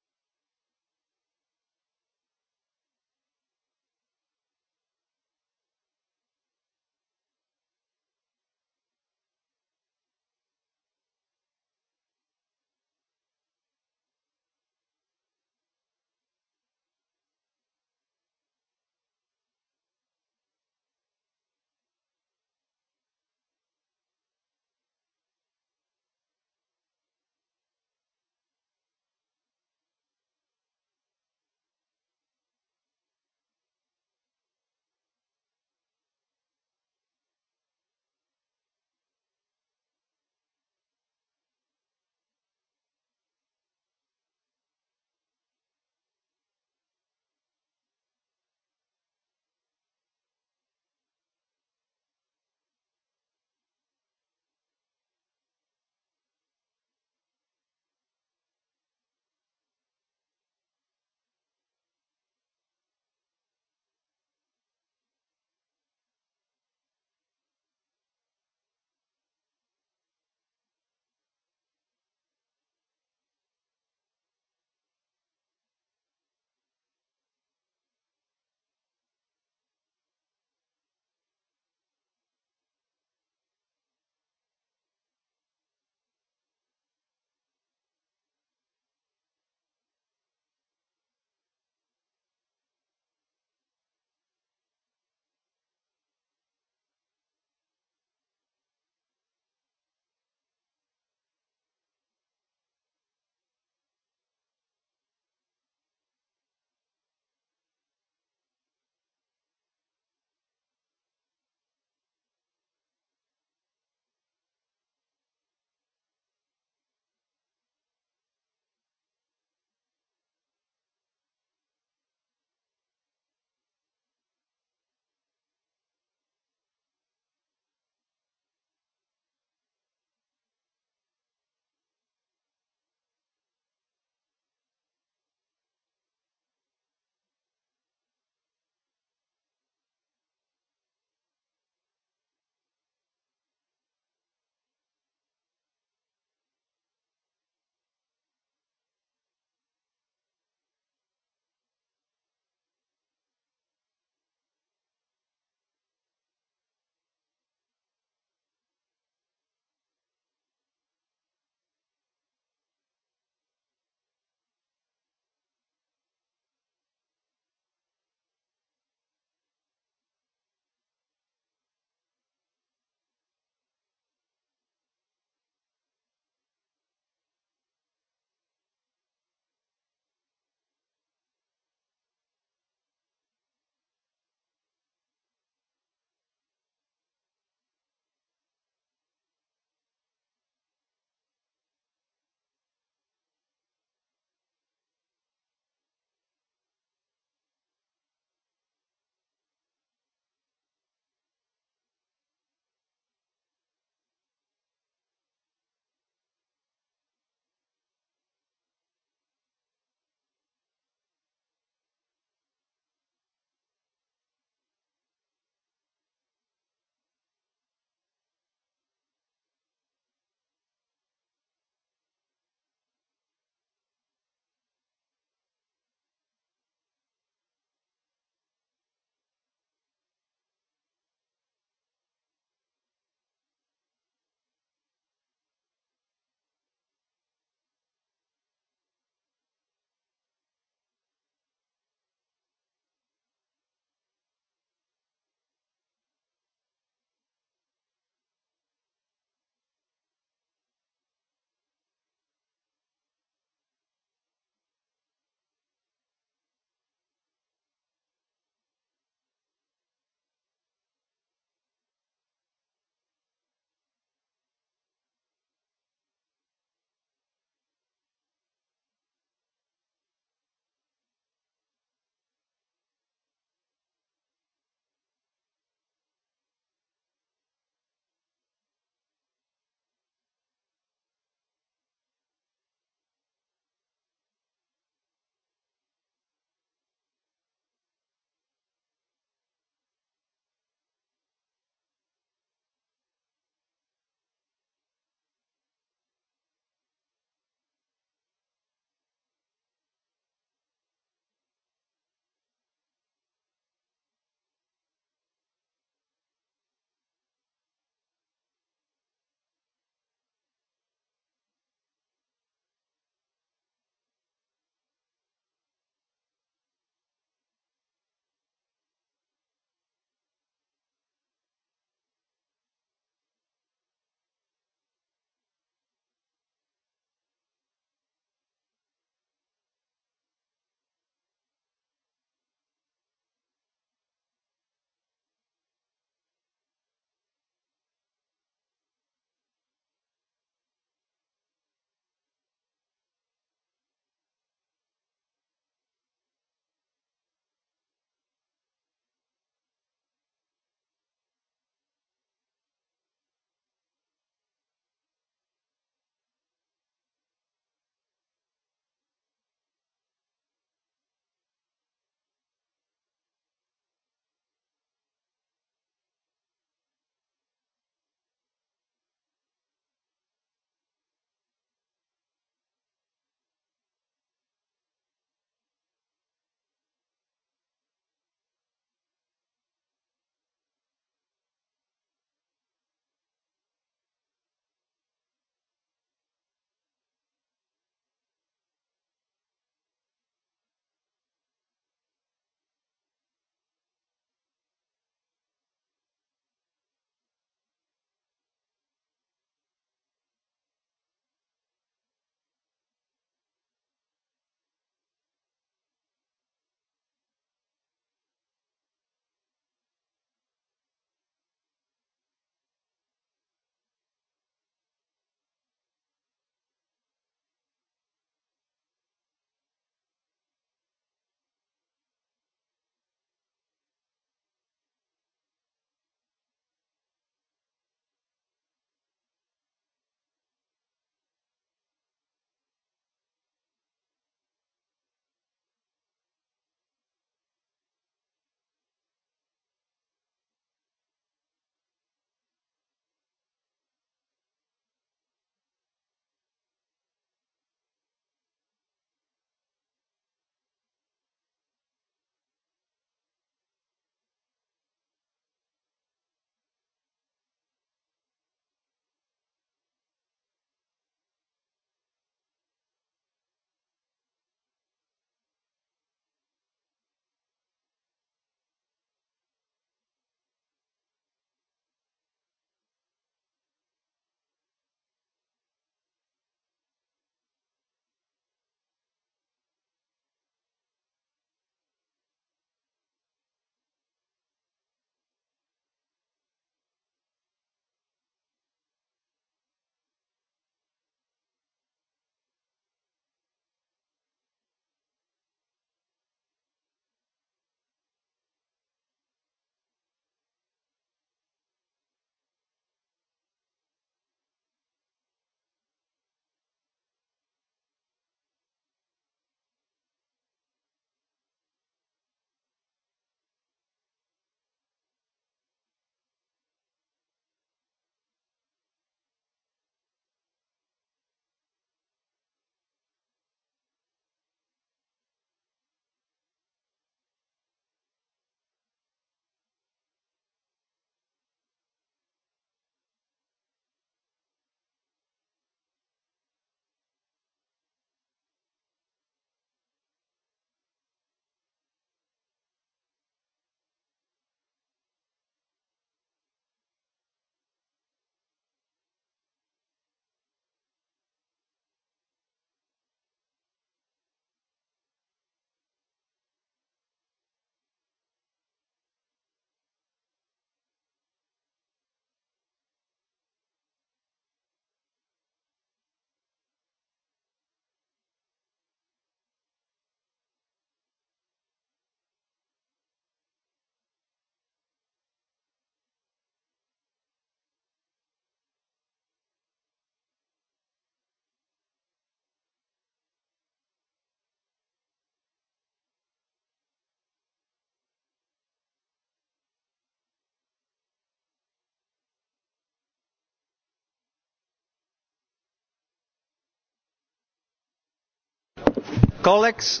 Colleagues,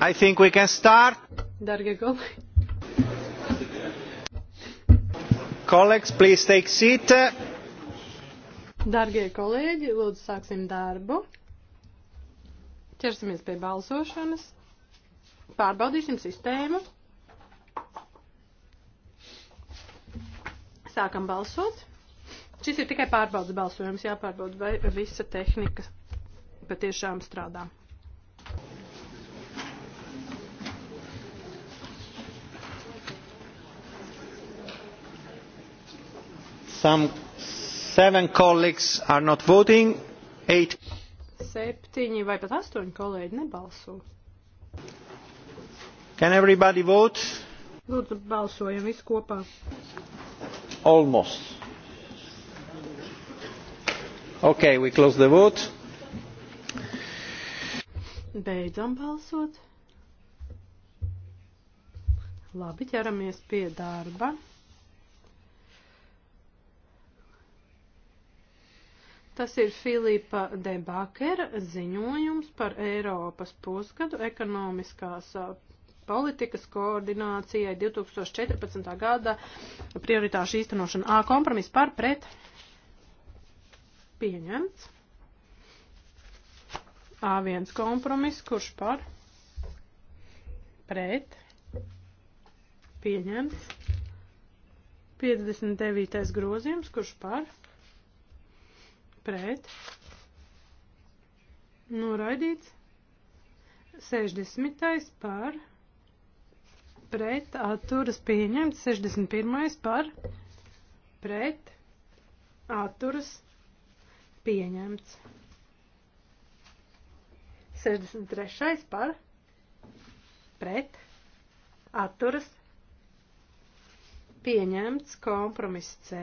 I think we can start. Dargie kolēģi. Colleagues, please take seat. Dargie kolēģi, lūdzu sāksim darbu. Ķersimies pie balsošanas. Pārbaudīsim sistēmu. Sākam balsot. Šis ir tikai pārbaudas balsojums, jāpārbauda, vai visa tehnika patiešām strādā. Some seven colleagues are not voting. Eight. Septiņi vai pat astoņi kolēģi nebalso. Can everybody vote? Lūdzu, balsojam visi kopā. Almost. Okay, we close the vote. Beidzam balsot. Labi, ķeramies pie darba. Tas ir Filipa Debakera ziņojums par Eiropas pusgadu ekonomiskās politikas koordinācijai 2014. gada prioritāšu īstenošanu. A kompromis par pret pieņemts. A1 kompromis, kurš par pret pieņemts. 59. grozījums, kurš par pret pret, noraidīts, 60. par, pret, atturas pieņemts, 61. par, pret, atturas pieņemts. 63. par, pret, atturas pieņemts, kompromiss C,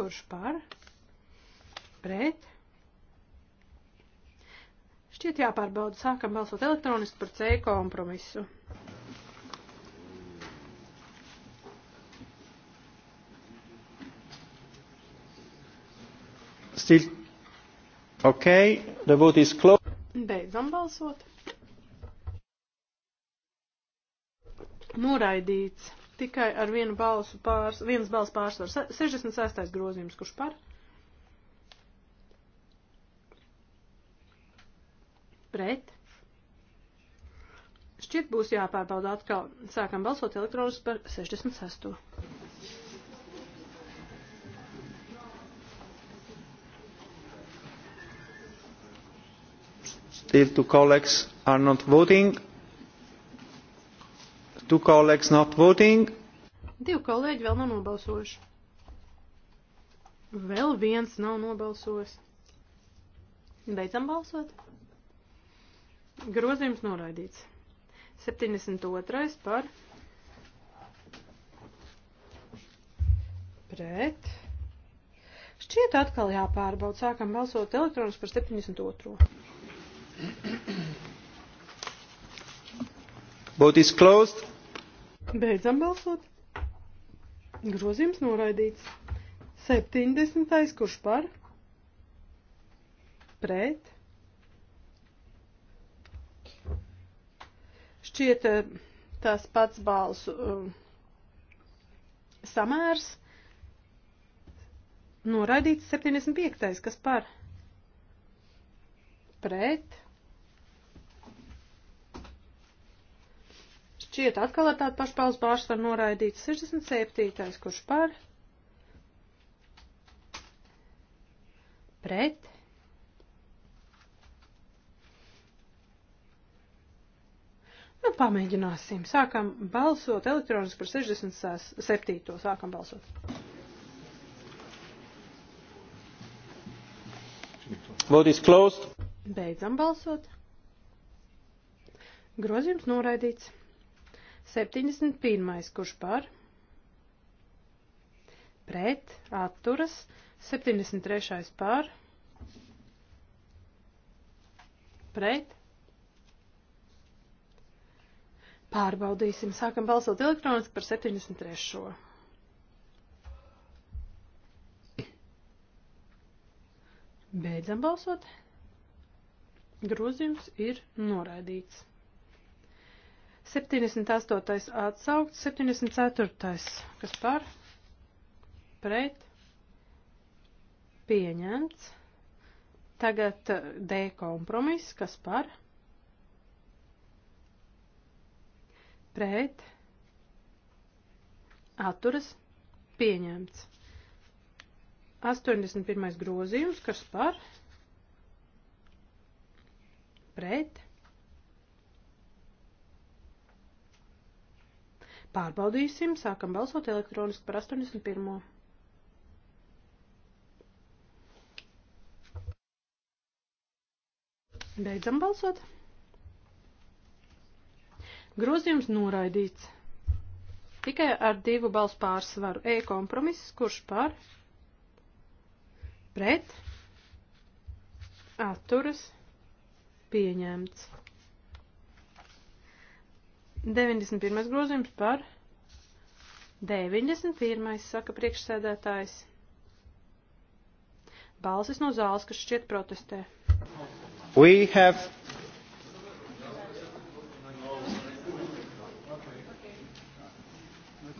kurš par, pret, pret. Šķiet jāpārbauda. Sākam balsot elektroniski par C kompromisu. Still. Okay, the vote is closed. Beidzam balsot. Noraidīts tikai ar vienu balsu pārs, viens balsu pārsvaru. 66. grozījums, kurš par? pret. Šķiet būs jāpārbauda atkal. Sākam balsot elektroniski par 66. Still two colleagues are not voting. Two colleagues not voting. Divi kolēģi vēl nav nobalsojuši. Vēl viens nav nobalsojis. Beidzam balsot. Grozījums noraidīts. 72. par pret. Šķiet atkal jāpārbauda. Sākam balsot elektronus par 72. Vote is closed. Beidzam balsot. Grozījums noraidīts. 70. kurš par? Pret. šķiet eh, tas pats balsu um, samērs. Noraidīts 75. kas par pret. Šķiet atkal ar tādu pašpauzu pārsvaru noraidīts 67. kurš par pret. Nu, pamēģināsim. Sākam balsot elektroniski par 67. Sākam balsot. Vote is closed. Beidzam balsot. Grozījums noraidīts. 71. Kurš par? Pret. Atturas. 73. par? Pret Pārbaudīsim. Sākam balsot elektroniski par 73. Beidzam balsot. Grozījums ir noraidīts. 78. atsaukt, 74. kas par, pret, pieņemts. Tagad eh, D kompromiss, kas par, pret pret, atturas, pieņemts. 81. grozījums, kas par, pret, pārbaudīsim, sākam balsot elektroniski par 81. Beidzam balsot. Grozījums noraidīts. Tikai ar divu balsu pārsvaru. E kompromiss, kurš par? Pret? Atturas? Pieņemts. 91. grozījums par 91. saka priekšsēdētājs. Balsis no zāles, kas šķiet protestē. We have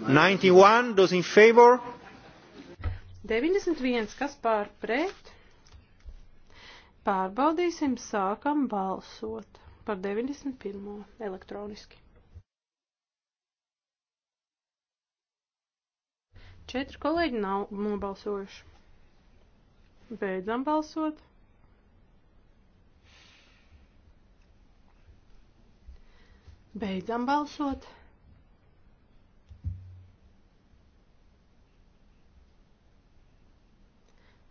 91, those in favor? 91, kas pār pret? Pārbaudīsim, sākam balsot par 91. elektroniski. Četri kolēģi nav nobalsojuši. Beidzam balsot. Beidzam balsot.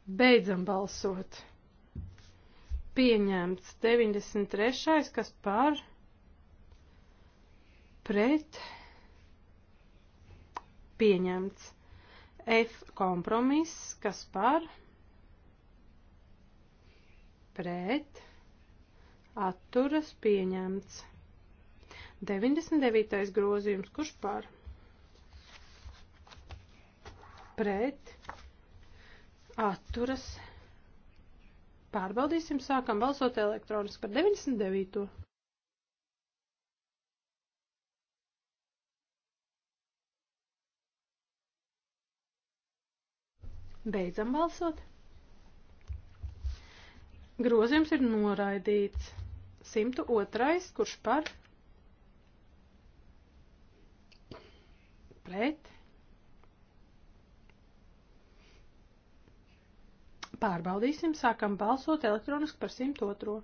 Beidzam balsot. Pieņemts 93. kas par pret pieņemts. F kompromiss, kas par pret atturas pieņemts. 99. grozījums, kurš par pret atturas. Pārbaudīsim, sākam balsot elektroniski par 99. Beidzam balsot. Grozījums ir noraidīts. 102. Kurš par? Pret. Pārbaudīsim, sākam balsot elektroniski par 102.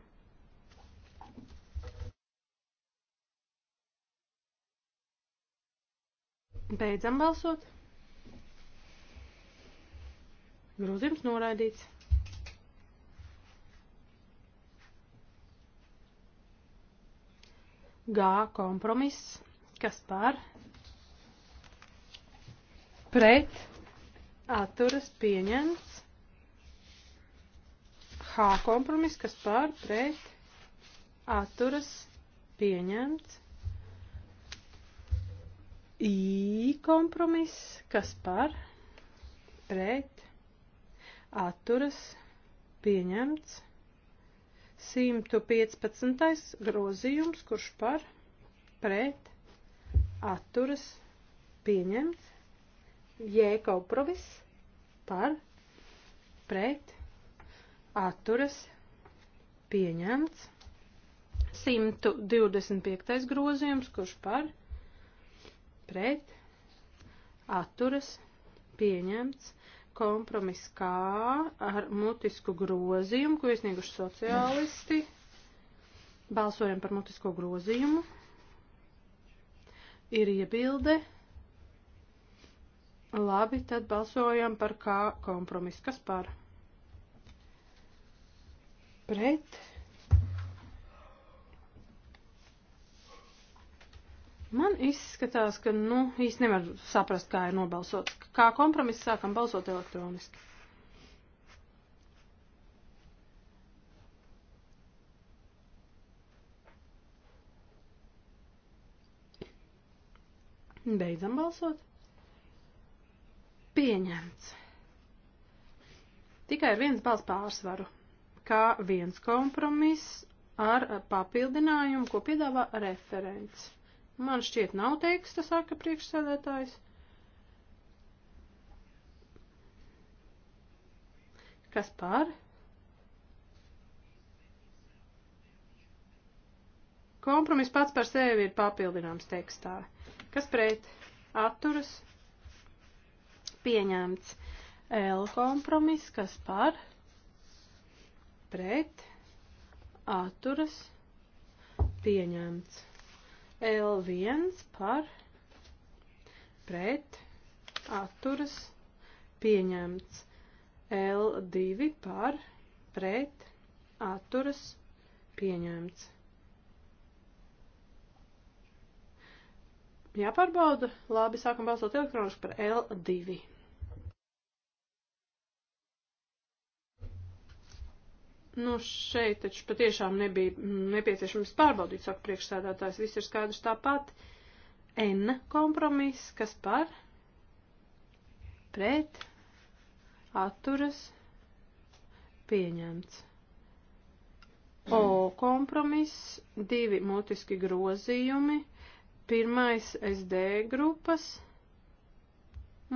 Beidzam balsot. Grozījums noraidīts. G kompromiss, kas par pret atturas pieņemts. H kompromiss, kas par pret atturas pieņemts. I kompromiss, kas par pret atturas pieņemts. 115. grozījums, kurš par pret atturas pieņemts. J kompromiss par pret atturas pieņemts atturas pieņemts. 125. grozījums, kurš par pret atturas pieņemts. Kompromiss kā ar mutisku grozījumu, ko iesnieguši sociālisti. Balsojam par mutisko grozījumu. Ir iebilde. Labi, tad balsojam par kā kompromiss, kas par pret pret. Man izskatās, ka, nu, īsti nevar saprast, kā ir nobalsots. Kā kompromiss sākam balsot elektroniski. Beidzam balsot. Pieņemts. Tikai ar viens balss pārsvaru kā viens kompromiss ar papildinājumu, ko piedāvā referents. Man šķiet nav teksta, saka priekšsēdētājs. Kas par? Kompromis pats par sevi ir papildināms tekstā. Kas pret? Atturas? Pieņemts. L kompromis, kas par? pret, atturas, pieņemts. L1 par, pret, atturas, pieņemts. L2 par, pret, atturas, pieņemts. Jāpārbauda. Labi, sākam balsot elektroniski par L2. Nu, šeit taču patiešām nebija nepieciešams pārbaudīt, saka priekšsēdētājs, viss ir skaidrs tāpat. N kompromiss, kas par, pret, atturas, pieņemts. O kompromiss, divi mutiski grozījumi, pirmais SD grupas,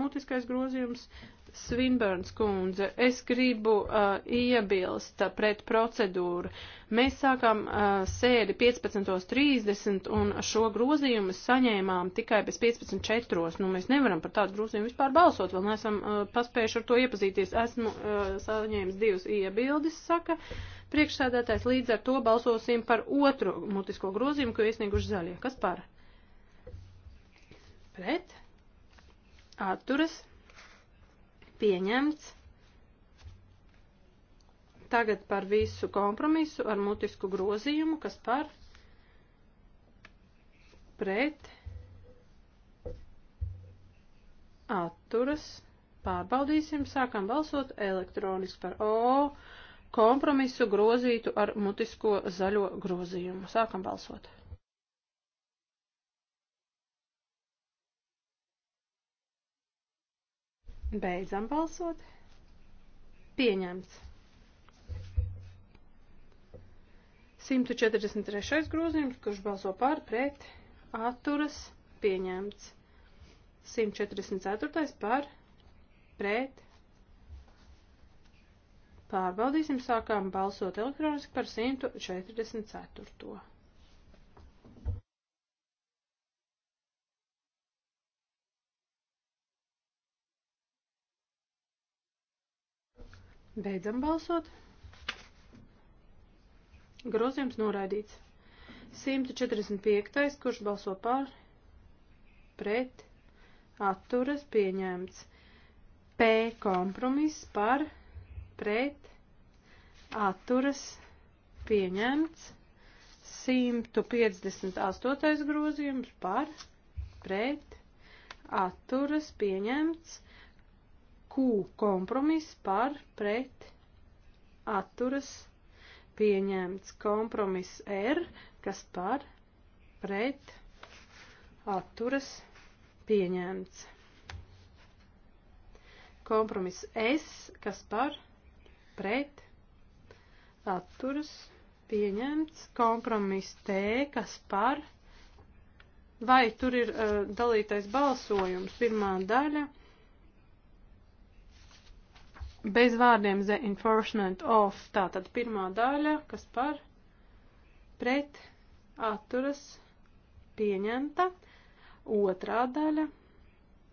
mutiskais grozījums, Svinbērns kundze, es gribu uh, iebilst pret procedūru. Mēs sākām uh, sēdi 15.30 un šo grozījumu saņēmām tikai pēc 15.4. Nu, mēs nevaram par tādu grozījumu vispār balsot, vēl neesam uh, paspējuši ar to iepazīties. Esmu uh, saņēmis divas iebildes, saka priekšsēdētājs. Līdz ar to balsosim par otro mutisko grozījumu, ko iesnieguši zaļie. Kas par? Pret? Atturas? pieņemts. Tagad par visu kompromisu ar mutisku grozījumu, kas par pret atturas. Pārbaudīsim, sākam balsot elektroniski par O kompromisu grozītu ar mutisko zaļo grozījumu. Sākam balsot. Beidzam balsot. Pieņemts. 143. grozījums, kurš balso par, pret, atturas, pieņemts. 144. par, pret. Pārbaudīsim, sākām balsot elektroniski par 144. Beidzam balsot. Grozījums noraidīts. 145. kurš balso par, pret, atturas pieņemts. P kompromiss par, pret, atturas pieņemts. 158. grozījums par, pret, atturas pieņemts. Q kompromiss par pret atturas pieņemts. Kompromiss R, kas par pret atturas pieņemts. Kompromiss S, kas par pret atturas pieņemts. Kompromiss T, kas par pret. Vai tur ir uh, dalītais balsojums, pirmā daļa bez vārdiem the enforcement of. Tātad pirmā daļa, kas par pret atturas pieņemta. Otrā daļa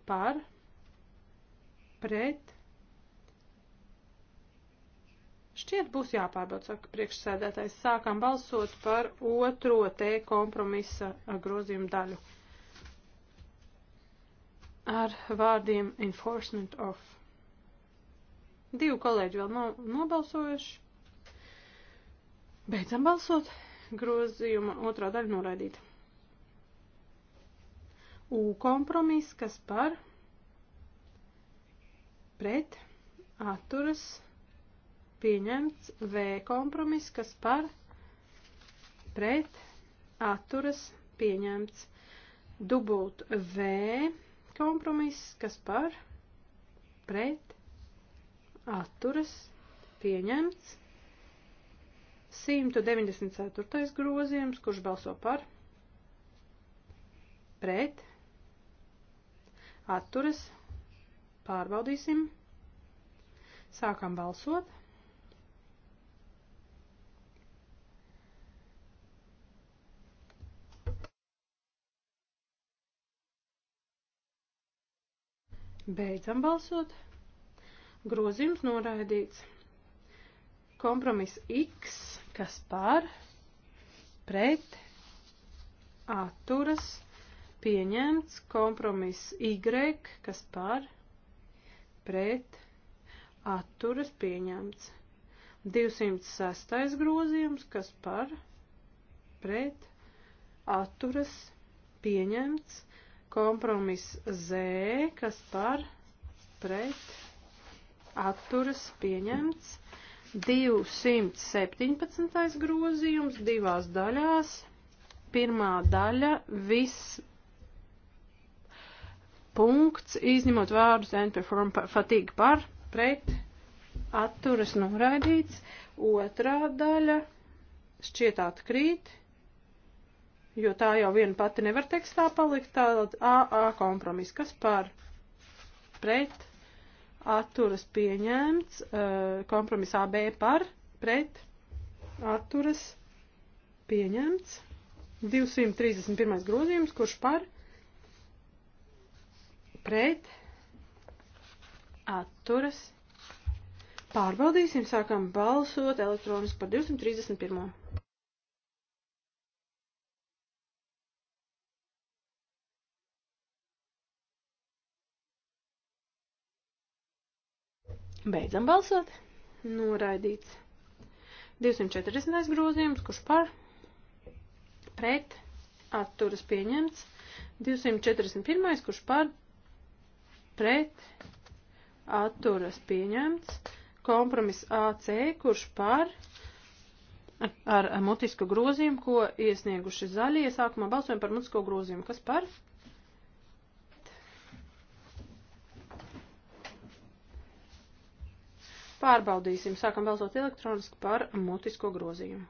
par pret. Šķiet būs jāpārbauda, saka priekšsēdētājs. Sākam balsot par otro te kompromisa grozījumu daļu ar vārdiem enforcement of. Divi kolēģi vēl nav nobalsojuši. Beidzam balsot. Grozījuma otrā daļa noraidīta. U kompromis, kas par pret atturas pieņemts V kompromis, kas par pret atturas pieņemts dubult V kompromis, kas par pret atturas pieņemts. 194. grozījums, kurš balso par, pret, atturas, pārbaudīsim, sākam balsot. Beidzam balsot grozījums noraidīts. Kompromiss X, kas par, pret, atturas, pieņemts. Kompromiss Y, kas par, pret, atturas, pieņemts. 206. grozījums, kas par, pret, atturas, pieņemts. Kompromiss Z, kas par, pret, atturas atturas pieņemts. 217. grozījums divās daļās. Pirmā daļa viss punkts, izņemot vārdus and perform fatigue par, pret, atturas noraidīts. Otrā daļa šķiet atkrīt, jo tā jau viena pati nevar tekstā palikt, tātad AA kompromis, kas par, pret, atturas pieņēmts, eh, kompromisā B par, pret, atturas pieņemts, 231. grozījums, kurš par, pret, atturas, pārbaudīsim, sākam balsot elektronis par 231. Beidzam balsot. Noraidīts. 240. grozījums, kurš par, pret, atturas pieņemts. 241. kurš par, pret, atturas pieņemts. Kompromiss AC, kurš par, ar mutisku grozījumu, ko iesnieguši zaļie, sākumā balsojam par mutisko grozījumu, kas par, pret Pārbaudīsim. Sākam balsot elektroniski par mutisko grozījumu.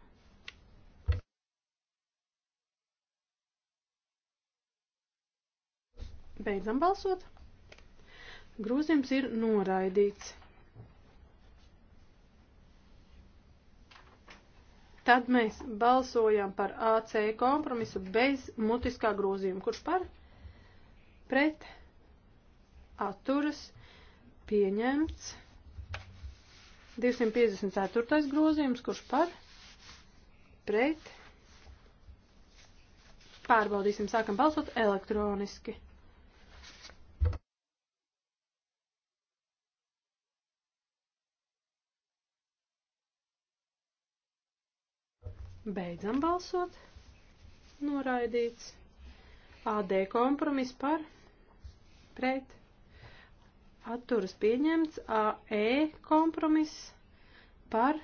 Beidzam balsot. Grūzījums ir noraidīts. Tad mēs balsojam par AC kompromisu bez mutiskā grozījuma. Kurš par? Pret. Atturas. Pieņemts. 254. grozījums, kurš par, pret, pārbaudīsim, sākam balsot elektroniski. Beidzam balsot. Noraidīts. AD kompromis par, pret, atturas pieņemts, AE kompromiss par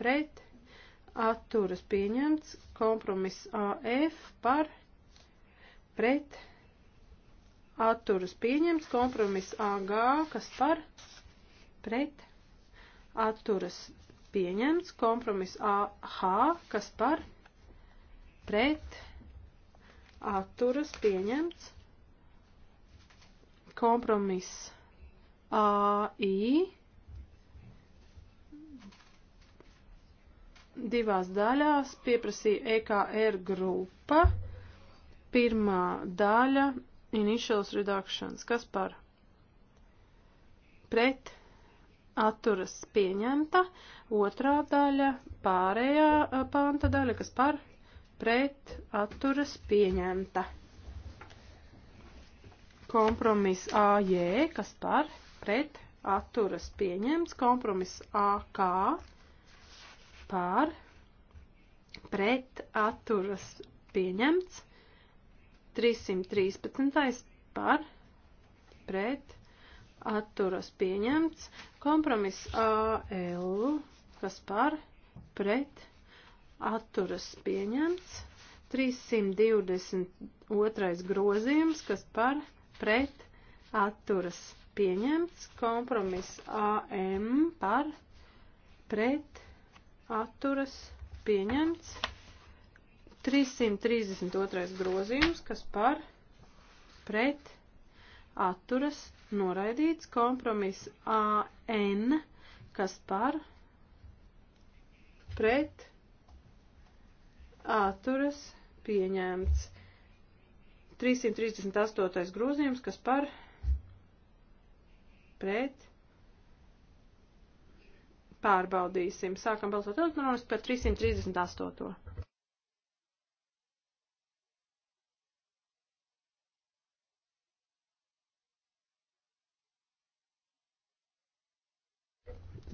pret atturas pieņemts, kompromiss AF par pret atturas pieņemts, kompromiss AG, kas par pret atturas pieņemts, kompromiss AH, kas par pret atturas pieņemts, kompromiss AI divās daļās pieprasīja EKR grupa. Pirmā daļa - initials reductions. Kas par? Pret atturas pieņemta. Otrā daļa - pārējā panta daļa. Kas par? Pret atturas pieņemta. Kompromiss AJ. Kas par? pret atturas pieņemts. Kompromiss AK par pret atturas pieņemts. 313. par pret atturas pieņemts. Kompromiss AL kas par pret atturas pieņemts. 322. grozījums, kas par pret atturas pieņemts pieņemts. Kompromiss AM par pret atturas pieņemts. 332. grozījums, kas par pret atturas noraidīts. Kompromiss AN, kas par pret atturas pieņemts. 338. grozījums, kas par pret pret. Pārbaudīsim. Sākam balsot elektroniski par 338.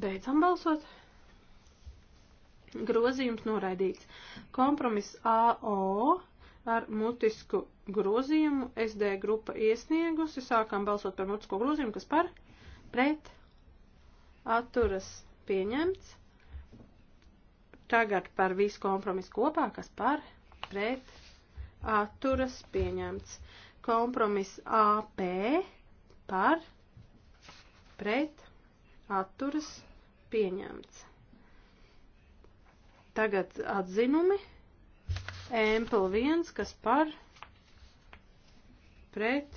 Beidzam balsot. Grozījums noraidīts. Kompromiss AO ar mutisku grozījumu SD grupa iesniegusi. Sākam balsot par mutisko grozījumu, kas par? pret, atturas pieņemts. Tagad par visu kompromisu kopā, kas par, pret, atturas pieņemts. Kompromiss AP par, pret, atturas pieņemts. Tagad atzinumi. Ample 1, kas par, pret,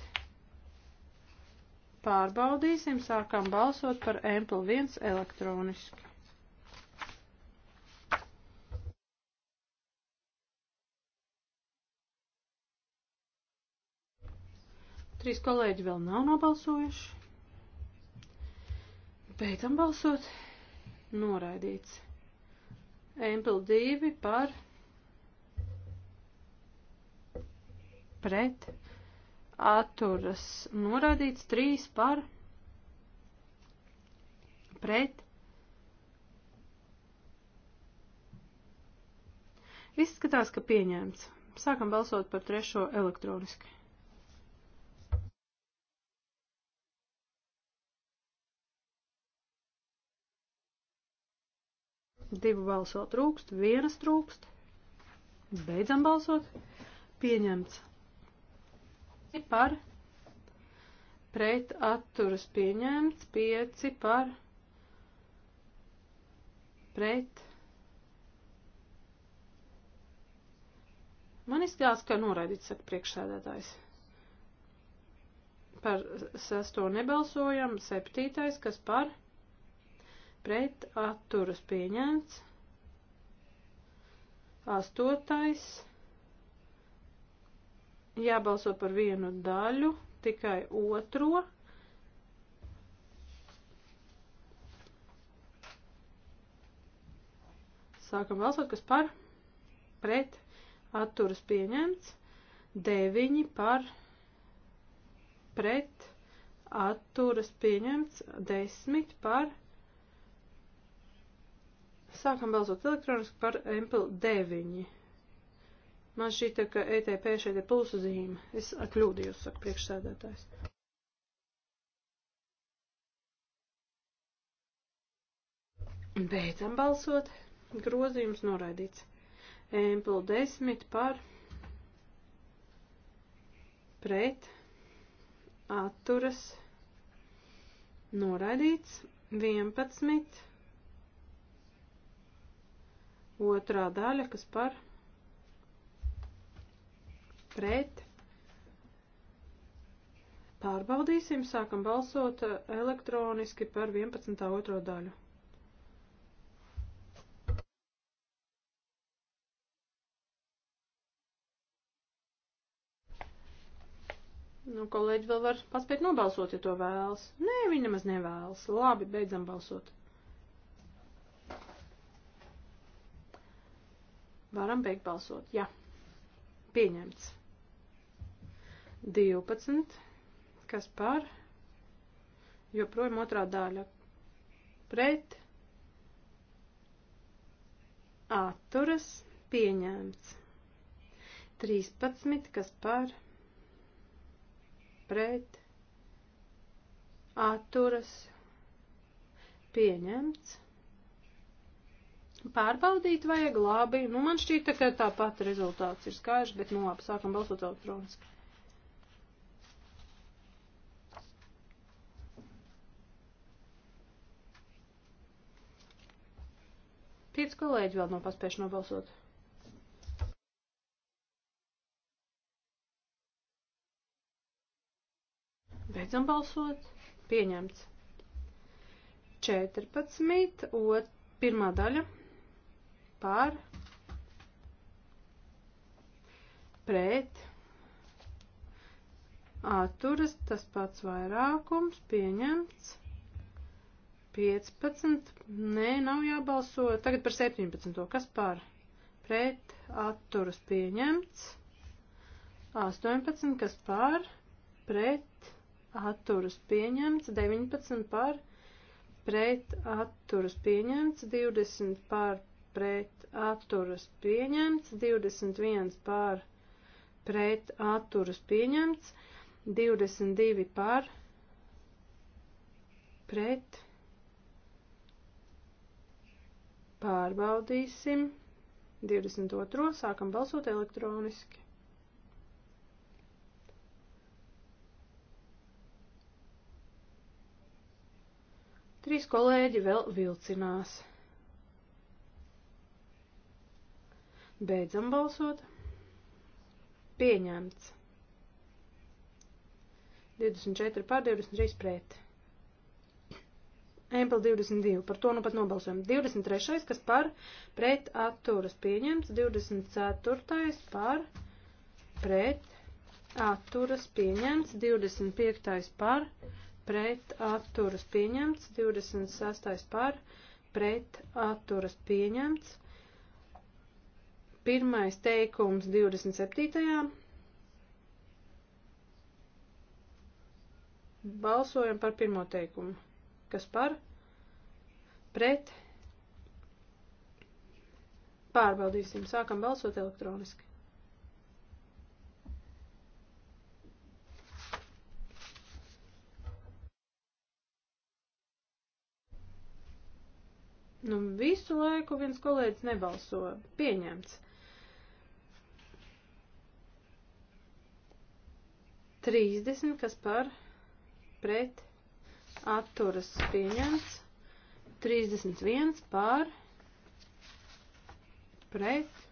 pārbaudīsim, sākam balsot par Ample 1 elektroniski. Trīs kolēģi vēl nav nobalsojuši. Beidzam balsot. Noraidīts. Ample 2 par pret atturas noraidīts, 3 par pret. Izskatās, ka pieņēmts. Sākam balsot par trešo elektroniski. Divu balsot trūkst, vienas trūkst. Beidzam balsot. Pieņemts par pret atturas pieņemts, 5 par pret. Man izskatās, ka noraidīts, saka priekšsēdētājs. Par sesto nebalsojam, septītais, kas par pret atturas pieņemts, astotais jābalso par vienu daļu, tikai otro. Sākam balsot, kas par, pret, atturas pieņemts, 9 par, pret, atturas pieņemts, 10 par, sākam balsot elektroniski par MPL 9. Man šķita, ka ETP šeit ir pulszīme. Es kļūdījos, saka priekšsēdētājs. Beidzam balsot. Grozījums noraidīts. Empl 10 par pret atturas noraidīts. 11 otrā daļa, kas par pret pret. Pārbaudīsim, sākam balsot eh, elektroniski par 11. otro daļu. Nu, kolēģi vēl var paspēt nobalsot, ja to vēlas. Nē, viņi nemaz nevēlas. Labi, beidzam balsot. Varam beigt balsot, jā. Pieņemts. 12, kas par, joprojām otrā daļa pret, atturas, pieņēmts. 13, kas par, pret, atturas, pieņemts. Pārbaudīt vajag labi, nu man šķita, ka tāpat rezultāts ir skaidrs, bet nu labi, sākam balsot elektroniski. Cits kolēģi vēl nav paspējuši nobalsot. Beidzam balsot. Pieņemts. 14. Ot, pirmā daļa. Pār. Pret. Atturas tas pats vairākums. Pieņemts. 15. Nē, nav jābalso. Tagad par 17. Kas par? Pret atturas pieņemts. 18. Kas par? Pret atturas pieņemts. 19. Par? Pret atturas pieņemts. 20. Par? Pret atturas pieņemts. 21. Par? Pret atturas pieņemts. 22. Par? Pret Pārbaudīsim. 22. sākam balsot elektroniski. Trīs kolēģi vēl vilcinās. Beidzam balsot. Pieņemts. 24 pār 23 pret. Empel 22, par to nu pat nobalsojam. 23, kas par pret atturas pieņemts, 24, par pret atturas pieņemts, 25, par pret atturas pieņemts, 26, par pret atturas pieņemts. Pirmais teikums 27. Balsojam par pirmo teikumu kas par pret pārbaudīsim, sākam balsot elektroniski. Nu, visu laiku viens kolēģis nebalso. Pieņemts. 30, kas par pret atturas pieņemts, 31 pār, pret,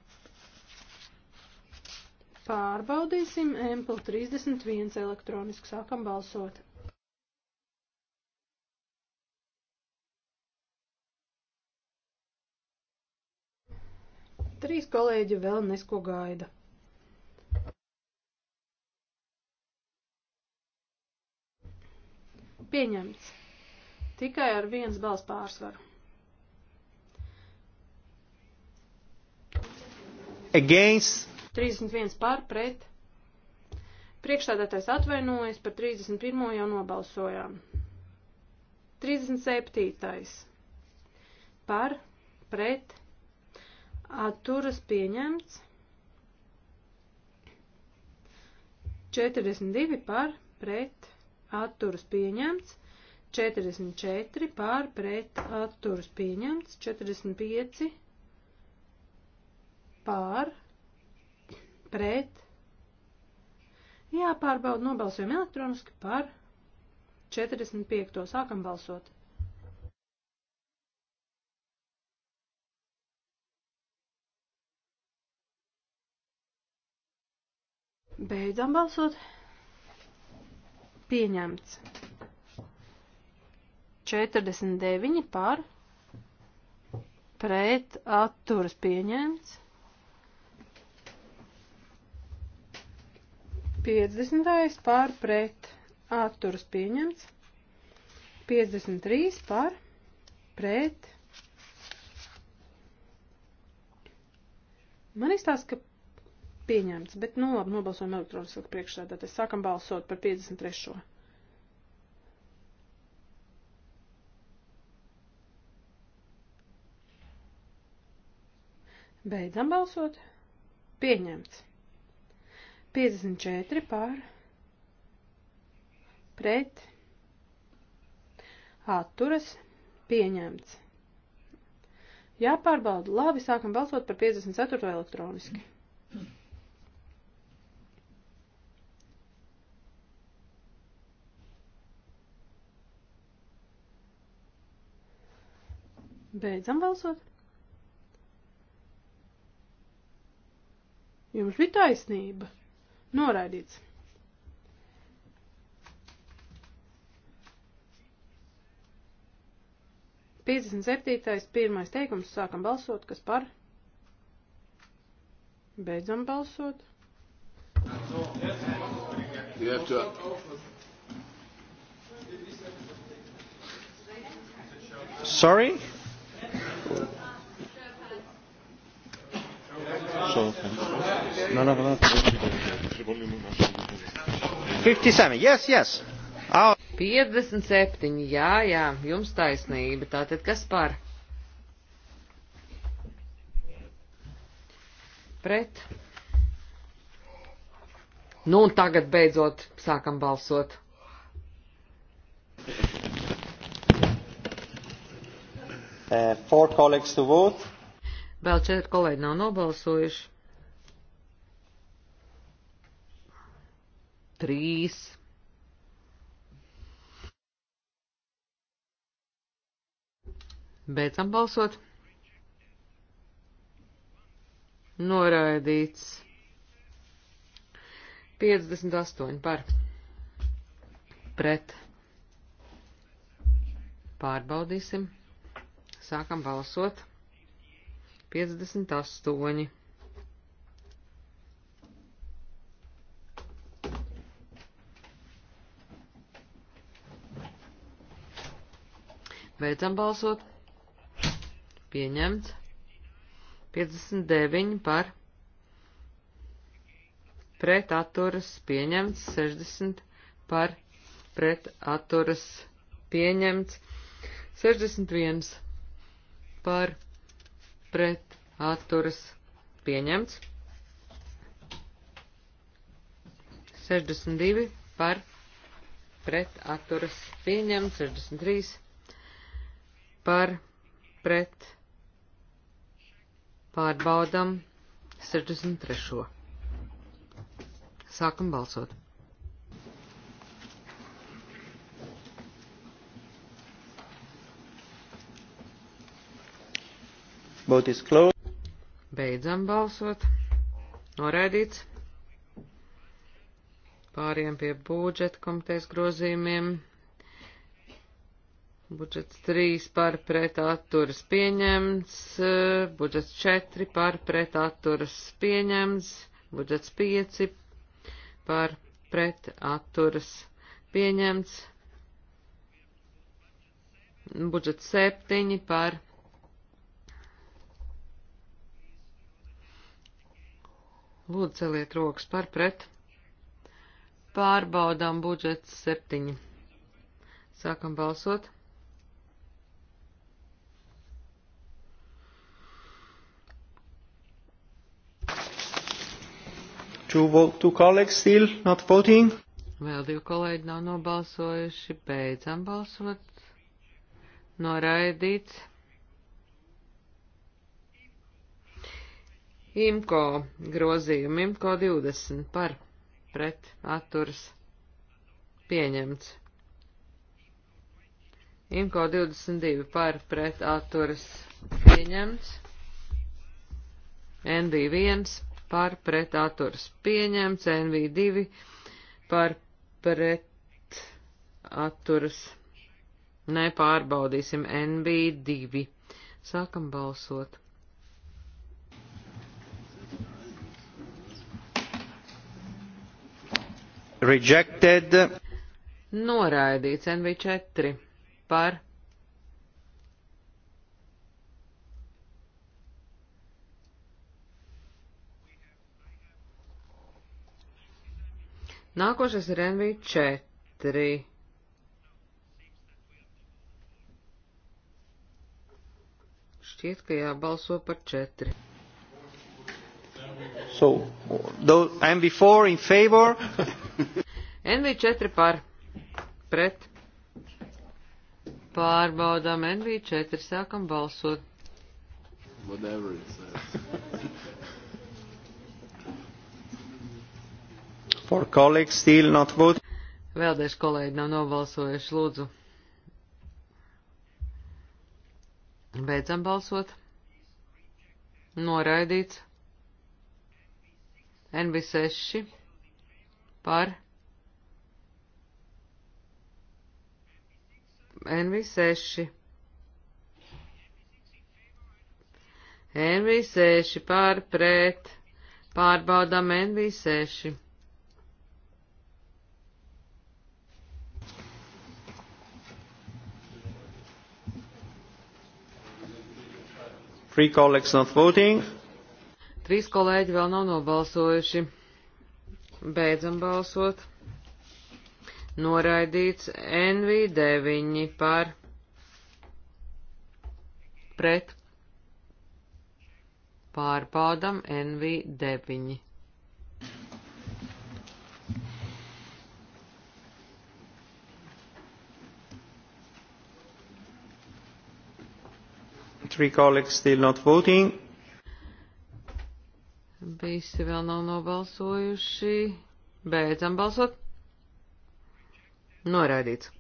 pārbaudīsim, Ample 31 elektroniski sākam balsot. Trīs kolēģi vēl nesko gaida. pieņemts tikai ar viens balss pārsvaru. Against. 31 pār pret. Priekšstādātais atvainojas, par 31 jau nobalsojām. 37. Par, pret, atturas pieņemts. 42 par, pret, atturas pieņemts, 44 pār pret atturas pieņemts, 45 pār pret. Jāpārbauda nobalsojam elektroniski par 45. Sākam balsot. Beidzam balsot pieņemts. 49 par, pret atturas pieņemts. 50 par, pret atturas pieņemts. 53 par, pret. Man izstāsta, ka pieņemts, bet nu labi, nobalsojam elektroniski priekšsēdā. Tad sākam balsot par 53. Beidzam balsot. Pieņemts. 54 pār. Pret. Atturas. Pieņemts. Jāpārbauda. Labi, sākam balsot par 54 elektroniski. Mm. Beidzam balsot. Jums bija taisnība. Noraidīts. Piecdesmit septītais, pirmais teikums, sākam balsot, kas par? Beidzam balsot. You have to... Sorry? No, no, no. 57, yes, yes. Our... 57, jā, jā, jums taisnība. Tātad kas par? Pret. Nu un tagad beidzot sākam balsot. Uh, four colleagues to vote. Vēl četri kolēģi nav nobalsojuši. Trīs. Beidzam balsot. Noraidīts. 58 par. Pret. Pārbaudīsim. Sākam balsot. 58. Beidzam balsot. Pieņemts. 59 par. Pret atturas pieņemts. 60 par. Pret atturas pieņemts. 61 par pret atturas pieņemts. 62 par pret atturas pieņemts. 63 par pret pārbaudam 63. Sākam balsot. Vote is closed. Beidzam balsot. Noraidīts. Pāriem pie budžeta komitejas grozījumiem. Budžets 3 par pretatturas pieņemts, budžets 4 par pretatturas pieņemts, budžets 5 par pretatturas pieņemts, budžets 7 par Lūdzu, celiet rokas par pret. Pārbaudām budžets septiņi. Sākam balsot. Two, vote, two colleagues still not voting. Vēl divi kolēģi nav nobalsojuši. Beidzam balsot. Noraidīts. IMCO grozījumu, IMCO 20 par pret atturs pieņemts. IMCO 22 par pret atturs pieņemts. NV1 par pret atturs pieņemts. NV2 par pret atturs nepārbaudīsim. NV2 sākam balsot. rejected. Noraidīts NV4 par. Nākošais ir NV4. Šķiet, ka jābalso par 4. So, MV4 in favor. *laughs* *laughs* NV4 par pret. Pārbaudām NV4, sākam balsot. Whatever it says. For colleagues still not vote. Vēl daži kolēģi nav nobalsojuši, lūdzu. Beidzam balsot. Noraidīts. NV6 par NV6. NV6 par pret. Pārbaudām NV6. Three colleagues not voting. Trīs kolēģi vēl nav nobalsojuši. Beidzam balsot. Noraidīts NV9 par pret. Pārbaudam NV9. Three colleagues still not voting. Visi vēl nav nobalsojuši. Beidzam balsot. Noraidīts.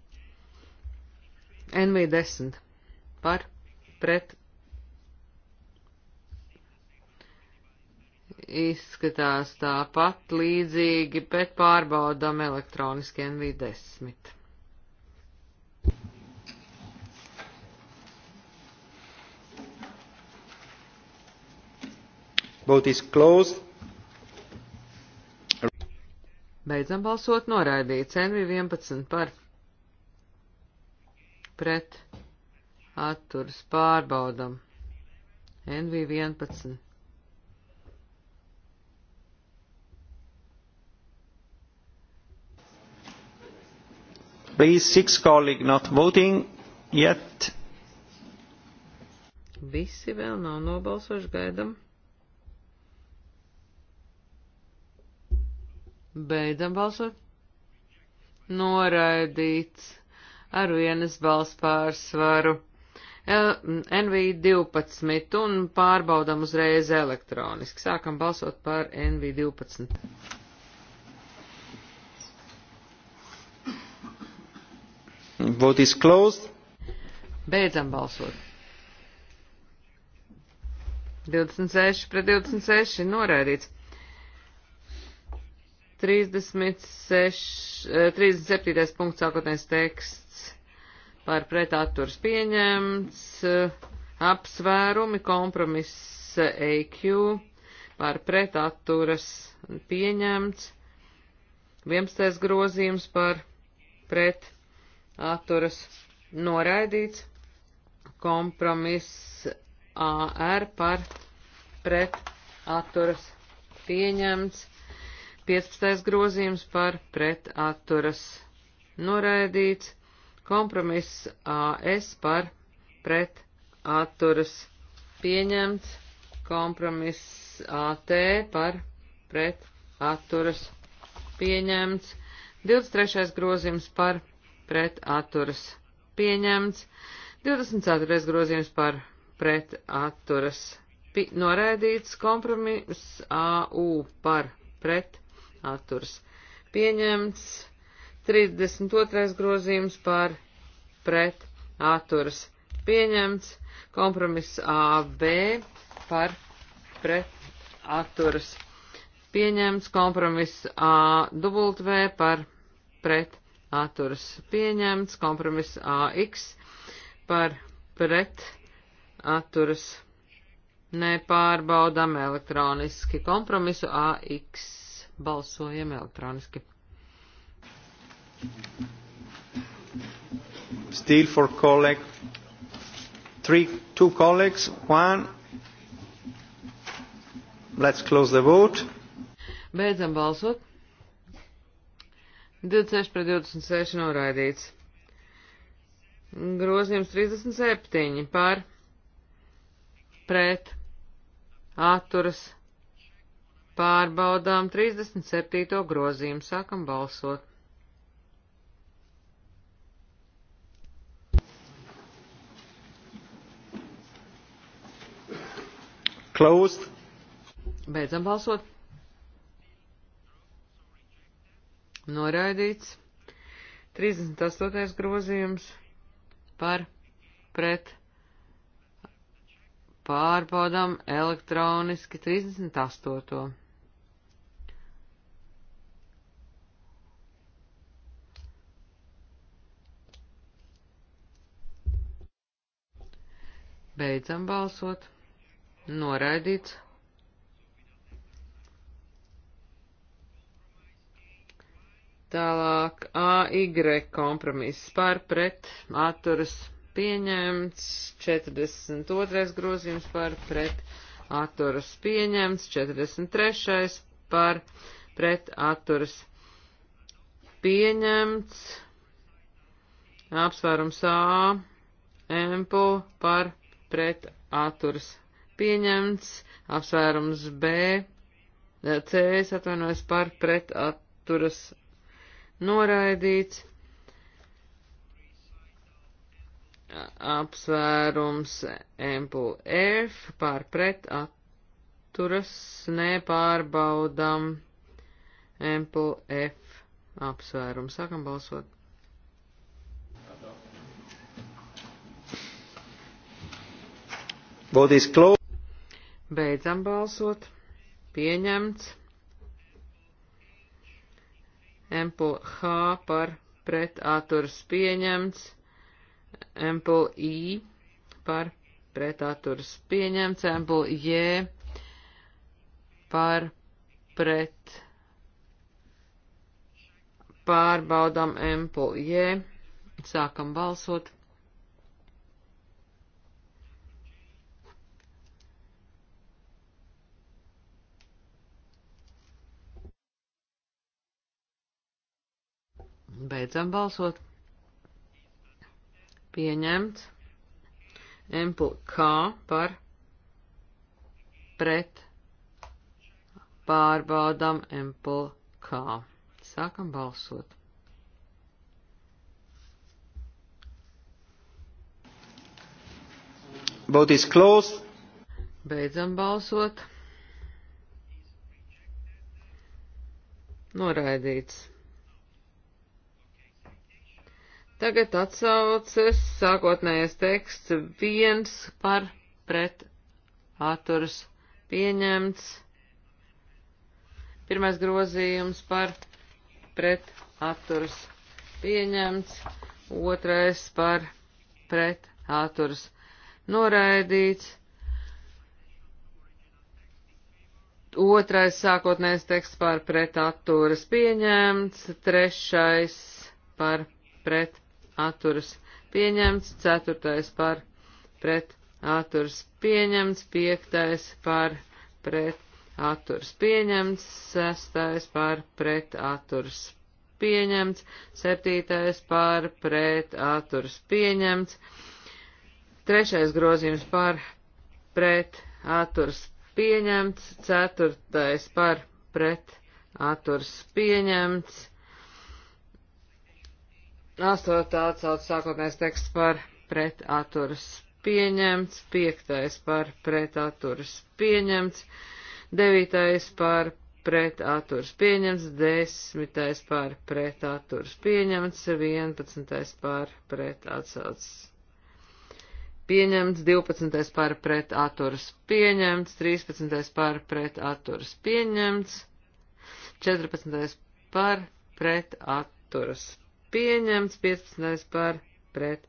NV10 par pret. Izskatās tāpat līdzīgi, bet pārbaudām elektroniski NV10. Vote is closed. Beidzam balsot noraidīts. NV11 par. Pret. Atturs pārbaudam. NV11. Please, six colleague not voting yet. Visi vēl nav nobalsojuši, gaidam. Beidzam balsot. Noraidīts ar vienas balss pārsvaru. NV12 un pārbaudam uzreiz elektroniski. Sākam balsot par NV12. Vote is closed. Beidzam balsot. 26 pret 26 noraidīts. 36, 37. Eh, punkts sākotnēs teksts par pretatturas pieņemts, apsvērumi, kompromiss EQ par pretatturas pieņemts, 11. grozījums par pretatturas noraidīts, kompromiss AR par pretatturas pieņemts, 15. grozījums par pret atturas noraidīts, kompromiss AS par pret atturas pieņemts, kompromiss AT par pret atturas pieņemts, 23. grozījums par pret atturas pieņemts, 24. grozījums par pret atturas noraidīts, kompromiss AU par pret atturas atturs pieņemts. 32. grozījums par pret atturs pieņemts. Kompromiss AB par pret atturas pieņemts. Kompromiss AW par pret atturas pieņemts. Kompromiss AX par pret atturas nepārbaudām elektroniski kompromisu AX. Balsojam elektroniski. Still for colleague, three, two colleagues, one. Let's close the vote. Beidzam balsot. 26 pret 26 noraidīts. Grozījums 37 par pret atturas Pārbaudām 37. grozījumu, sākam balsot. Closed. Beidzam balsot. Noraidīts. 38. grozījums par pret pārbaudām elektroniski 38. Beidzam balsot. Noraidīts. Tālāk AY kompromiss par pret atturas pieņemts, 42. grozījums par pret atturas pieņemts, 43. par pret atturas pieņemts, apsvērums A, empul par pret pret atturas pieņemts, apsvērums B, C, es atvainojos par pret atturas noraidīts, apsvērums empul F par pret atturas nepārbaudam empul F apsvērumu. Sākam balsot. Beidzam balsot. Pieņemts. Empul H par pret atturas pieņemts. Empul I par pret atturas pieņemts. Empul J par pret. Pārbaudam Empul J. Sākam balsot. Beidzam balsot. Pieņemts. Empul K par pret. Pārbaudam Empul K. Sākam balsot. Vote is closed. Beidzam balsot. Noraidīts. Tagad atsaucas sākotnējais teksts viens par pret atturas pieņemts. Pirmais grozījums par pret atturas pieņemts. Otrais par pret atturas noraidīts. Otrais sākotnējais teksts par pret atturas pieņemts. Trešais par pret atturas pieņemts, ceturtais par pret atturas pieņemts, piektais par pret atturas pieņemts, sestais par pret atturas pieņemts, septītais par pret atturas pieņemts, trešais grozījums par pret atturas pieņemts, ceturtais par pret atturas pieņemts, Astotā atsauc sākotnēs teksts par pretaturas pieņemts, piektais par pretaturas pieņemts, devītais par pretaturas pieņemts, desmitais par pretaturas pieņemts, vienpadsmitais par pretaturas pieņemts, divpadsmitais par pretaturas pieņemts, trīspadsmitais par pretaturas pieņemts, četrpadsmitais par pretaturas pieņemts, 15. par pret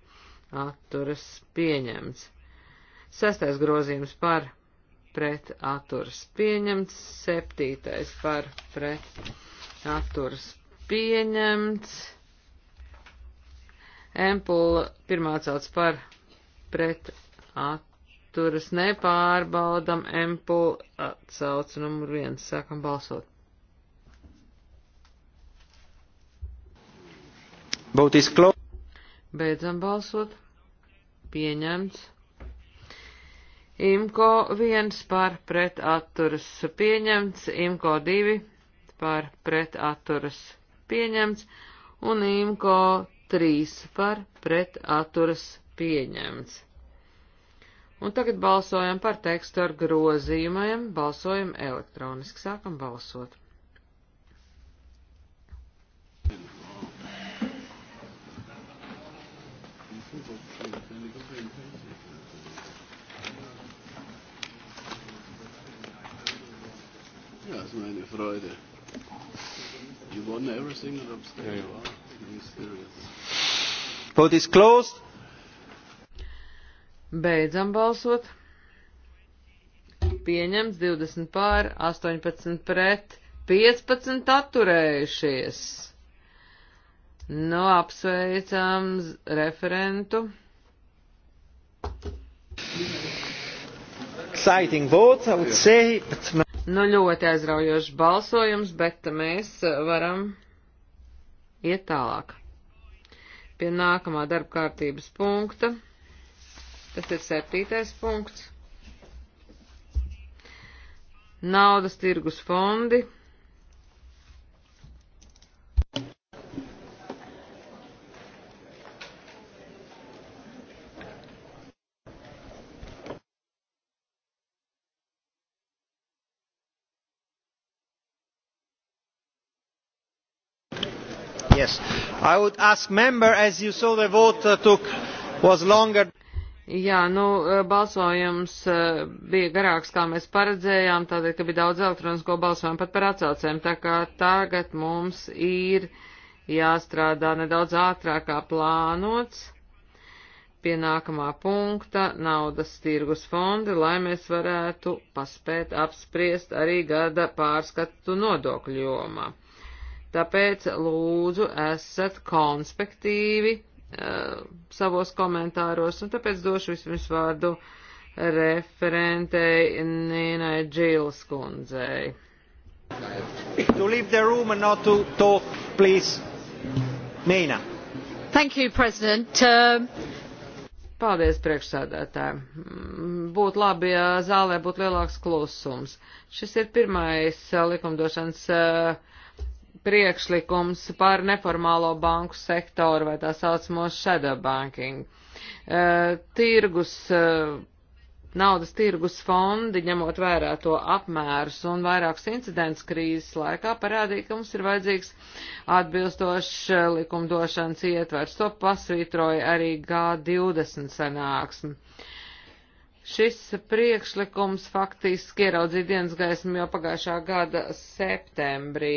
atturas pieņemts. Sestais grozījums par pret atturas pieņemts, septītais par pret atturas pieņemts. Empula pirmā celts par pret atturas nepārbaudam, empula celts numur viens, sākam balsot. Beidzam balsot. Pieņemts. Imko 1 par pret atturas pieņemts, Imko 2 par pret atturas pieņemts un Imko 3 par pret atturas pieņemts. Un tagad balsojam par tekstu ar grozījumiem, balsojam elektroniski, sākam balsot. meine Freude. You won everything and I'm still yeah, yeah. serious. Vote is closed. Beidzam balsot. Pieņems 20 pār, 18 pret, 15 atturējušies. Nu, apsveicam referentu. Exciting vote, I would say, but Nu, ļoti aizraujošs balsojums, bet mēs varam iet tālāk. Pie nākamā darba kārtības punkta. Tas ir septītais punkts. Naudas tirgus fondi. I would ask member, as you saw the vote uh, took, was longer. Jā, nu, uh, balsojums uh, bija garāks, kā mēs paredzējām, tādēļ, ka bija daudz elektronisko balsojumu pat par atcaucēm, tā kā tagad mums ir jāstrādā nedaudz ātrāk kā plānots pie nākamā punkta - naudas tirgus fondi, lai mēs varētu paspēt apspriest arī gada pārskatu nodokļu jomā. Tāpēc lūdzu esat konspektīvi uh, savos komentāros, un tāpēc došu vispirms vārdu referentei Nīnai Džils kundzei. To leave the room and not to talk, please. Nīna. Thank you, President. Uh... Paldies, priekšsādātāji. Mm, būtu labi, ja zālē būtu lielāks klusums. Šis ir pirmais uh, likumdošanas uh, priekšlikums par neformālo banku sektoru vai tā saucamo shadow banking. Uh, tirgus, uh, naudas tirgus fondi, ņemot vērā to apmērus un vairākus incidents krīzes laikā, parādīja, ka mums ir vajadzīgs atbilstošs eh, likumdošanas ietvers. To pasvītroja arī G20 sanāksme. Šis priekšlikums faktiski ieraudzīja dienas gaismu jau pagājušā gada septembrī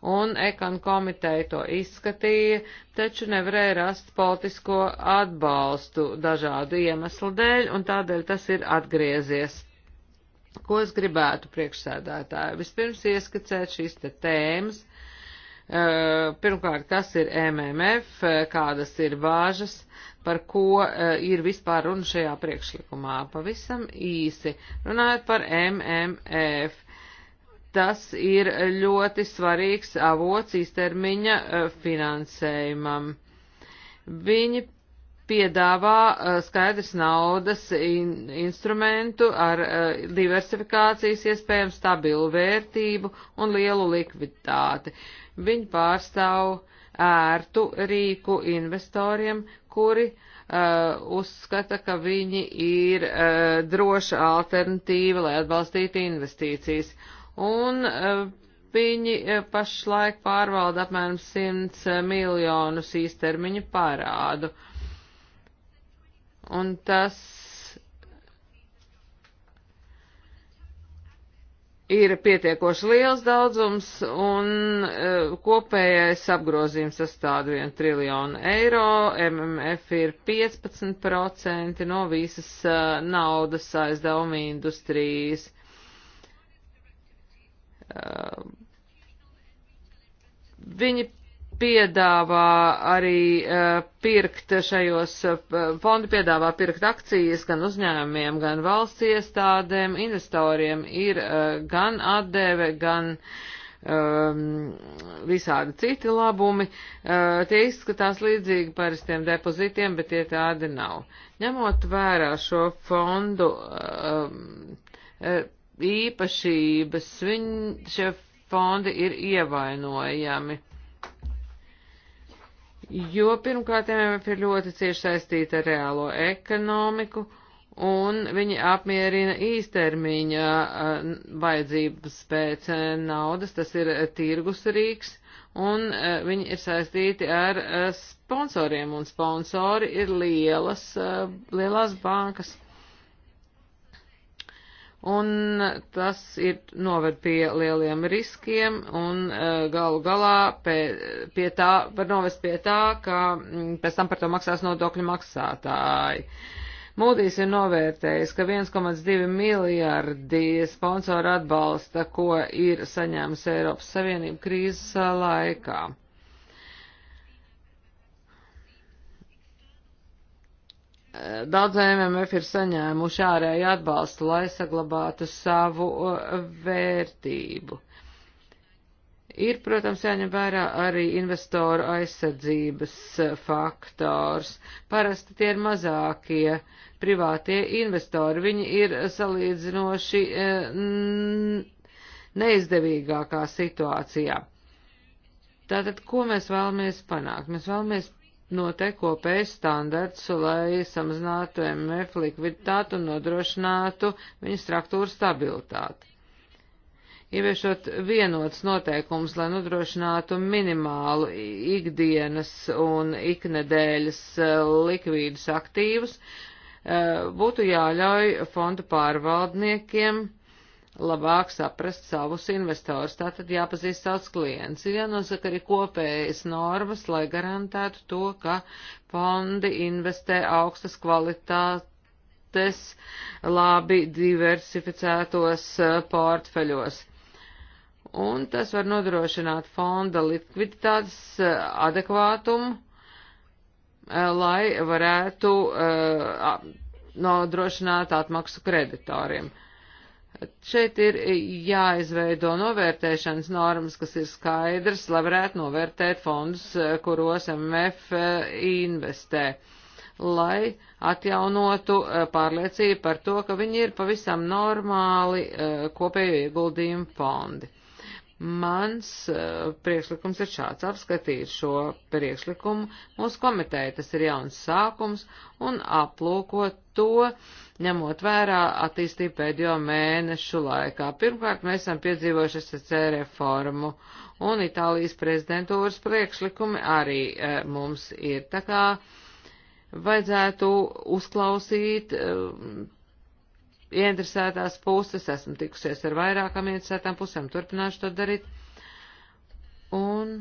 un Ekon komiteja to izskatīja, taču nevarēja rast politisko atbalstu dažādu iemeslu dēļ, un tādēļ tas ir atgriezies. Ko es gribētu priekšsēdētāju? Vispirms ieskicēt šīs te tēmas. Pirmkārt, kas ir MMF, kādas ir bāžas, par ko ir vispār runa šajā priekšlikumā. Pavisam īsi runājot par MMF tas ir ļoti svarīgs avots īstermiņa eh, finansējumam. Viņi piedāvā eh, skaidrs naudas in instrumentu ar eh, diversifikācijas iespējām, stabilu vērtību un lielu likviditāti. Viņi pārstāv ērtu rīku investoriem, kuri uh, uzskata, ka viņi ir uh, droša alternatīva, lai atbalstītu investīcijas. Uh, un eh, viņi eh, pašlaik pārvalda apmēram 100 eh, miljonus īstermiņa parādu. Un tas ir pietiekoši liels daudzums, un kopējais apgrozījums sastāv 1 triljonu eiro, MMF ir 15% no visas naudas aizdevuma industrijas. Ehm, viņi piedāvā arī uh, pirkt šajos, uh, fondi piedāvā pirkt akcijas gan uzņēmumiem, gan valsts iestādēm, investoriem ir uh, gan atdeve, gan um, visādi citi labumi. Uh, tie izskatās līdzīgi parastiem depozitiem, bet tie tādi nav. Ņemot vērā šo fondu. Uh, uh, īpašības, viņ, šie fondi ir ievainojami. Jo pirmkārt, MMF ir ļoti cieši saistīta ar reālo ekonomiku, un viņi apmierina īstermiņa vajadzības pēc naudas, tas ir tirgus rīks, un viņi ir saistīti ar sponsoriem, un sponsori ir lielas, lielās bankas un tas ir noved pie lieliem riskiem, un e, galu galā pie, pie tā, var novest pie tā, ka pēc tam par to maksās nodokļu maksātāji. Mūdīs ir novērtējis, ka 1,2 miljardi sponsoru atbalsta, ko ir saņēmusi Eiropas Savienība krīzes laikā. Daudz MMF ir saņēmuši ārēju atbalstu, lai saglabātu savu uh, vērtību. Ir, protams, jāņem vērā arī investoru aizsardzības uh, faktors. Parasti tie ir mazākie privātie investori. Viņi ir salīdzinoši uh, neizdevīgākā situācijā. Tātad, ko mēs vēlamies panākt? Mēs vēlamies noteikti kopējs standarts, lai samazinātu MF likviditātu un nodrošinātu viņa struktūru stabilitāti. Ieviešot vienots noteikums, lai nodrošinātu minimālu ikdienas un iknedēļas eh, likvīdus aktīvus, eh, būtu jāļauj fondu pārvaldniekiem labāk saprast savus investors, tātad jāpazīst savus klients. Ir jānosaka arī kopējas normas, lai garantētu to, ka fondi investē augstas kvalitātes, labi diversificētos eh, portfeļos. Un tas var nodrošināt fonda likviditātes eh, adekvātumu, eh, lai varētu nodrošināt atmaksu kreditoriem. Uh, Šeit ir jāizveido novērtēšanas normas, kas ir skaidrs, lai varētu novērtēt fondus, eh, kuros MF eh, investē, lai atjaunotu eh, pārliecību par to, ka viņi ir pavisam normāli kopējo ieguldījumu fondi. Mans uh, priekšlikums ir šāds - apskatīt šo priekšlikumu mūsu komiteja. Tas ir jauns sākums un aplūkot to, ņemot vērā attīstību pēdējo mēnešu laikā. Pirmkārt, mēs esam piedzīvojuši SC reformu un Itālijas prezidentūras priekšlikumi arī uh, mums ir. Tā kā vajadzētu uzklausīt uh, ieinteresētās puses, esmu tikusies ar vairākām ieinteresētām pusēm, turpināšu to darīt. Un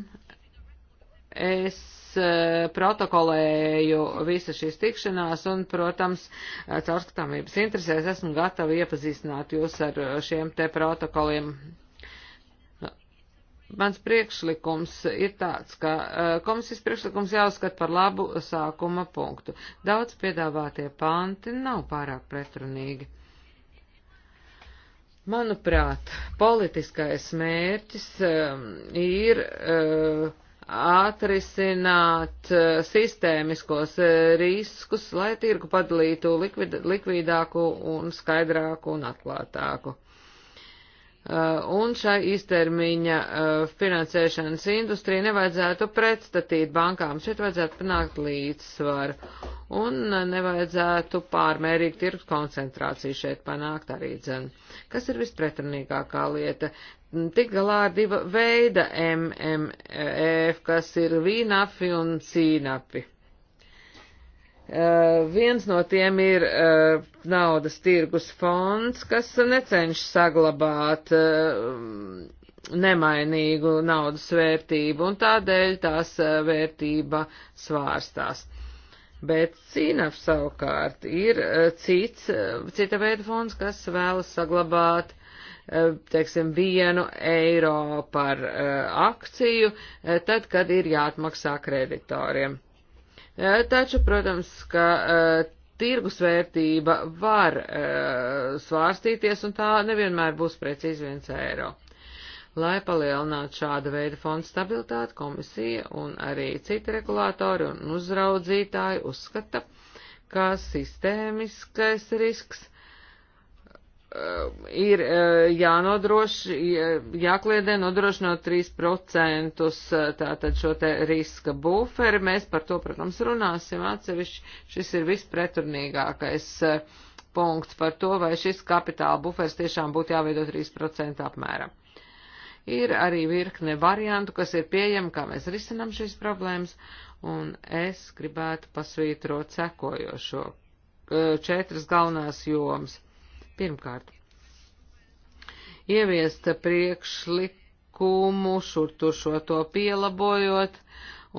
es eh, protokolēju visas šīs tikšanās un, protams, eh, caurskatāmības interesēs esmu gatava iepazīstināt jūs ar eh, šiem te protokoliem. Mans priekšlikums ir tāds, ka komisijas priekšlikums jāuzskat par labu sākuma punktu. Daudz piedāvātie panti nav pārāk pretrunīgi. Manuprāt, politiskais mērķis um, ir uh, atrisināt uh, sistēmiskos uh, riskus, lai tirgu padalītu likvid, likvidāku un skaidrāku un atklātāku. Uh, un šai īstermiņa uh, finansēšanas industrija nevajadzētu pretstatīt bankām. Šeit vajadzētu panākt līdzsvaru un uh, nevajadzētu pārmērīgi tirgus koncentrāciju šeit panākt arī dzen. Kas ir vispretrunīgākā lieta? Tik galā ar diva veida MMF, e kas ir vīnafi un cīnapi. Uh, viens no tiem ir uh, naudas tirgus fonds, kas necenš saglabāt uh, nemainīgu naudas vērtību, un tādēļ tās vērtība svārstās. Bet cīnaf savukārt ir cits, cita veida fonds, kas vēlas saglabāt teiksim, vienu eiro par akciju, tad, kad ir jāatmaksā kreditoriem. Eh, taču, protams, ka eh, tirgus vērtība var eh, svārstīties un tā nevienmēr būs precīzi viens eiro. Lai palielinātu šāda veida fonda stabilitāti, komisija un arī citi regulātori un uzraudzītāji uzskata, ka sistēmiskais risks Eh, ir eh, jānodroši, jākliedē nodrošinot 3% eh, tātad šo te riska buferi. Mēs par to, protams, runāsim atsevišķi. Šis ir vispretrunīgākais punkts par to, vai šis kapitāla bufers tiešām būtu jāveido 3% apmēram. Ir arī virkne variantu, kas ir pieejama, kā mēs risinam šīs problēmas, un es gribētu pasvītrot sekojošo četras galvenās jomas Pirmkārt, ieviest priekšlikumu, šur tur šo to pielabojot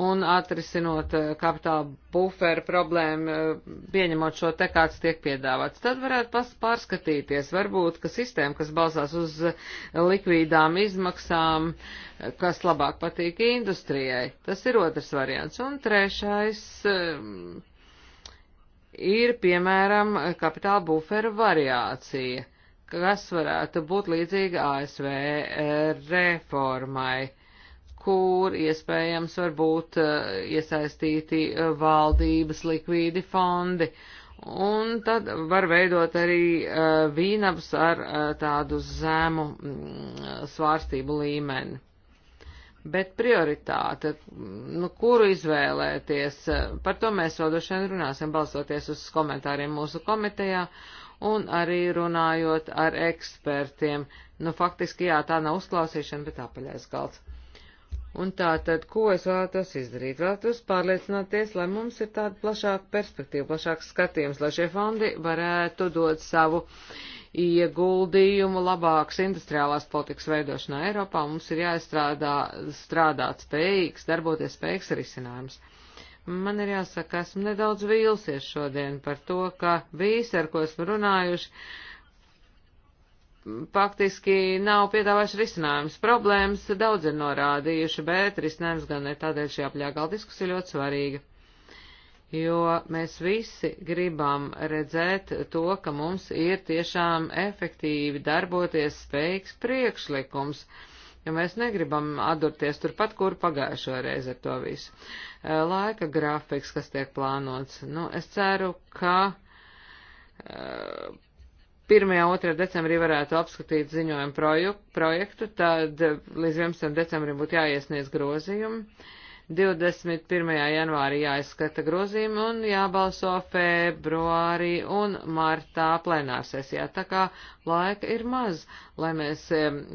un atrisinot eh, kapitāla buferu problēmu, eh, pieņemot šo te kāds tiek piedāvāts. Tad varētu pārskatīties, varbūt, ka sistēma, kas balsās uz eh, likvīdām izmaksām, kas labāk patīk industrijai, tas ir otrs variants. Un trešais ir, piemēram, kapitāla buferu variācija, kas varētu būt līdzīga ASV e, reformai, kur iespējams var būt e, iesaistīti e, valdības likvīdi fondi. Un tad var veidot arī vīnabs ar tādu zemu mm, svārstību līmeni bet prioritāte, nu, kuru izvēlēties, par to mēs vēl droši vien runāsim, balsoties uz komentāriem mūsu komitejā un arī runājot ar ekspertiem. Nu, faktiski, jā, tā nav uzklausīšana, bet apaļais galds. Un tā tad, ko es vēlētos izdarīt? Vēlētos pārliecināties, lai mums ir tāda plašāka perspektīva, plašāks skatījums, lai šie fondi varētu dot savu uh, ieguldījumu labākas industriālās politikas veidošanā Eiropā, mums ir jāizstrādā strādāt spējīgs, darboties spējīgs risinājums. Man ir jāsaka, esmu nedaudz vīlsies šodien par to, ka visi, ar ko esmu runājuši, faktiski nav piedāvājuši risinājums. Problēmas daudz ir norādījuši, bet risinājums gan ir tādēļ šī apļāgā diskusija ļoti svarīga jo mēs visi gribam redzēt to, ka mums ir tiešām efektīvi darboties spējīgs priekšlikums, jo mēs negribam atdurties turpat, kur pagājušo reizi ar to visu. Eh, laika grafiks, kas tiek plānots, nu, es ceru, ka 1.2. Eh, decembrī varētu apskatīt ziņojumu projektu, tad līdz 11. decembrim būtu jāiesniedz grozījumi 21. janvārī jāizskata grozījumi un jābalso februārī un martā plenārsesijā. Tā kā laika ir maz, lai mēs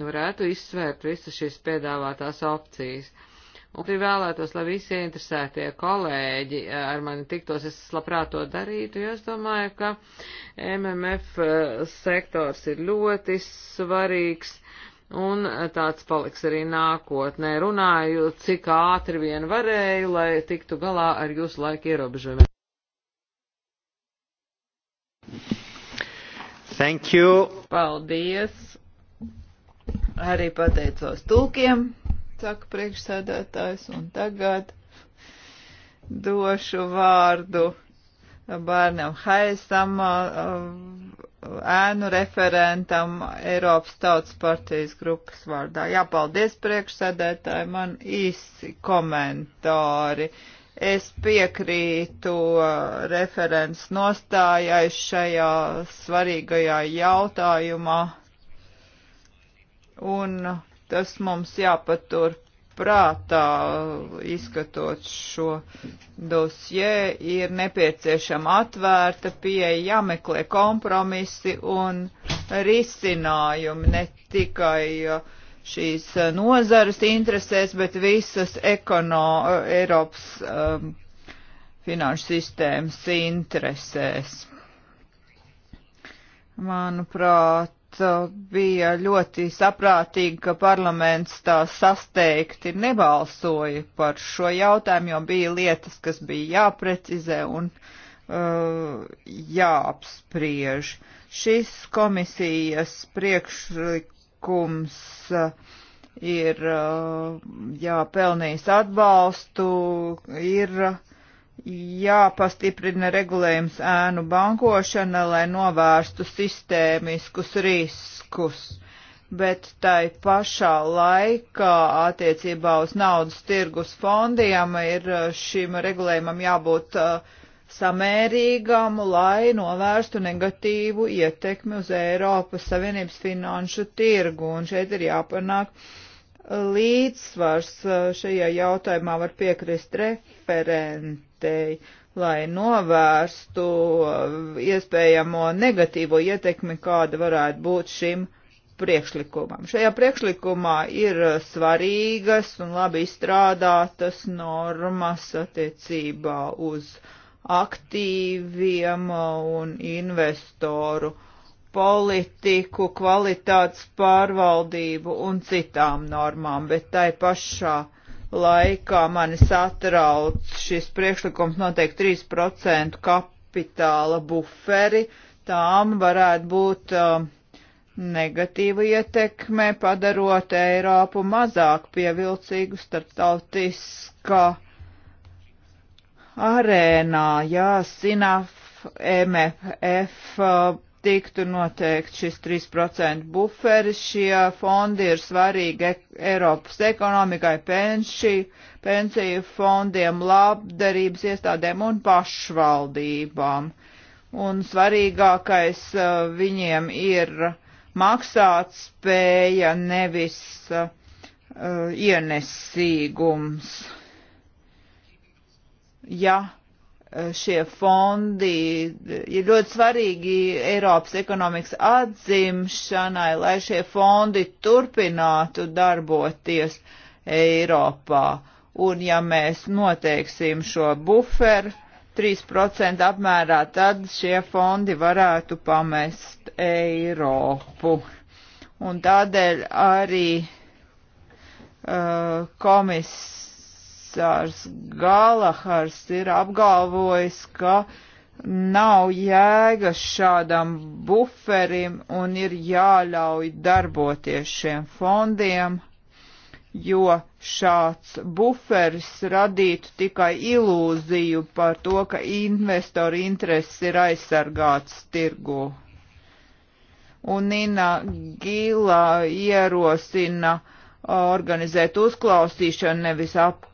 varētu izsvērt visas šīs piedāvātās opcijas. Un arī vēlētos, lai visi interesētie kolēģi eh, ar mani tiktos, es labprāt to darītu, jo es domāju, ka MMF eh, sektors ir ļoti svarīgs un tāds paliks arī nākotnē. Runāju, cik ātri vien varēju, lai tiktu galā ar jūsu laika ierobežojumiem. Thank you. Paldies. Arī pateicos tulkiem, saka priekšsēdētājs, un tagad došu vārdu bērnam Haisam. Uh, ēnu referentam Eiropas Tautas partijas grupas vārdā. Jā, paldies priekšsēdētāji, man īsi komentāri. Es piekrītu referents nostājai šajā svarīgajā jautājumā, un tas mums jāpatur prātā, izskatot šo dosjē, ir nepieciešama atvērta pieeja, jāmeklē kompromisi un risinājumi ne tikai uh, šīs uh, nozares interesēs, bet visas ekono, uh, Eiropas um, finanšu sistēmas interesēs. Manuprāt, Uh, bija ļoti saprātīgi, ka parlaments tā sasteigti nebalsoja par šo jautājumu, jo bija lietas, kas bija jāprecizē un uh, jāapspriež. Šis komisijas priekšlikums uh, ir uh, jāpelnījis atbalstu, ir uh, jāpastiprina regulējums ēnu bankošana, lai novērstu sistēmiskus riskus. Bet tai pašā laikā attiecībā uz naudas tirgus fondiem ir eh, šim regulējumam jābūt uh, samērīgam, lai novērstu negatīvu ietekmi uz Eiropas Savienības finanšu tirgu. Un šeit ir jāpanāk līdzsvars. Eh, šajā jautājumā var piekrist referenti komiteja, lai novērstu iespējamo negatīvo ietekmi, kāda varētu būt šim priekšlikumam. Šajā priekšlikumā ir svarīgas un labi izstrādātas normas attiecībā uz aktīviem un investoru politiku, kvalitātes pārvaldību un citām normām, bet tai pašā laikā mani satrauc šis priekšlikums noteikti 3% kapitāla buferi, tām varētu būt uh, negatīva ietekme, padarot Eiropu mazāk pievilcīgu starptautiskā arēnā, jā, SINAF, MFF. Uh, tiktu noteikts šis 3% buferis. Šie fondi ir svarīgi Eiropas ekonomikai, pensiju, pensiju fondiem, labdarības iestādēm un pašvaldībām. Un svarīgākais uh, viņiem ir maksāt spēja, nevis uh, uh ienesīgums. Ja Eh, šie fondi eh, ir ļoti svarīgi Eiropas ekonomikas atzimšanai, lai šie fondi turpinātu darboties Eiropā. Un ja mēs noteiksim šo buferu 3% apmērā, tad šie fondi varētu pamest Eiropu. Un tādēļ arī uh, eh, komisija komisārs Galahars ir apgalvojis, ka nav jēga šādam buferim un ir jāļauj darboties šiem fondiem, jo šāds buferis radītu tikai ilūziju par to, ka investoru intereses ir aizsargāts tirgu. Un Nina Gila ierosina uh, organizēt uzklausīšanu, nevis apkārt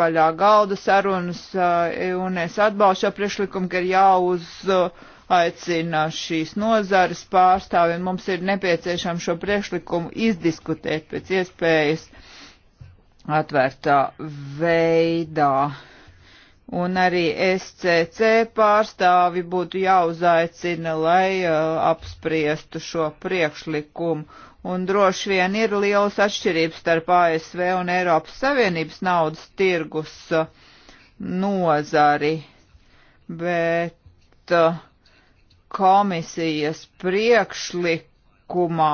paļā galda sarunas, eh, un es atbalstu šo priekšlikumu, ka ir jāuzaicina šīs nozares pārstāvi, un mums ir nepieciešams šo priekšlikumu izdiskutēt pēc iespējas atvērtā veidā un arī SCC pārstāvi būtu jāuzaicina, lai uh, apspriestu šo priekšlikumu. Un droši vien ir lielas atšķirības starp ASV un Eiropas Savienības naudas tirgus uh, nozari, bet uh, komisijas priekšlikumā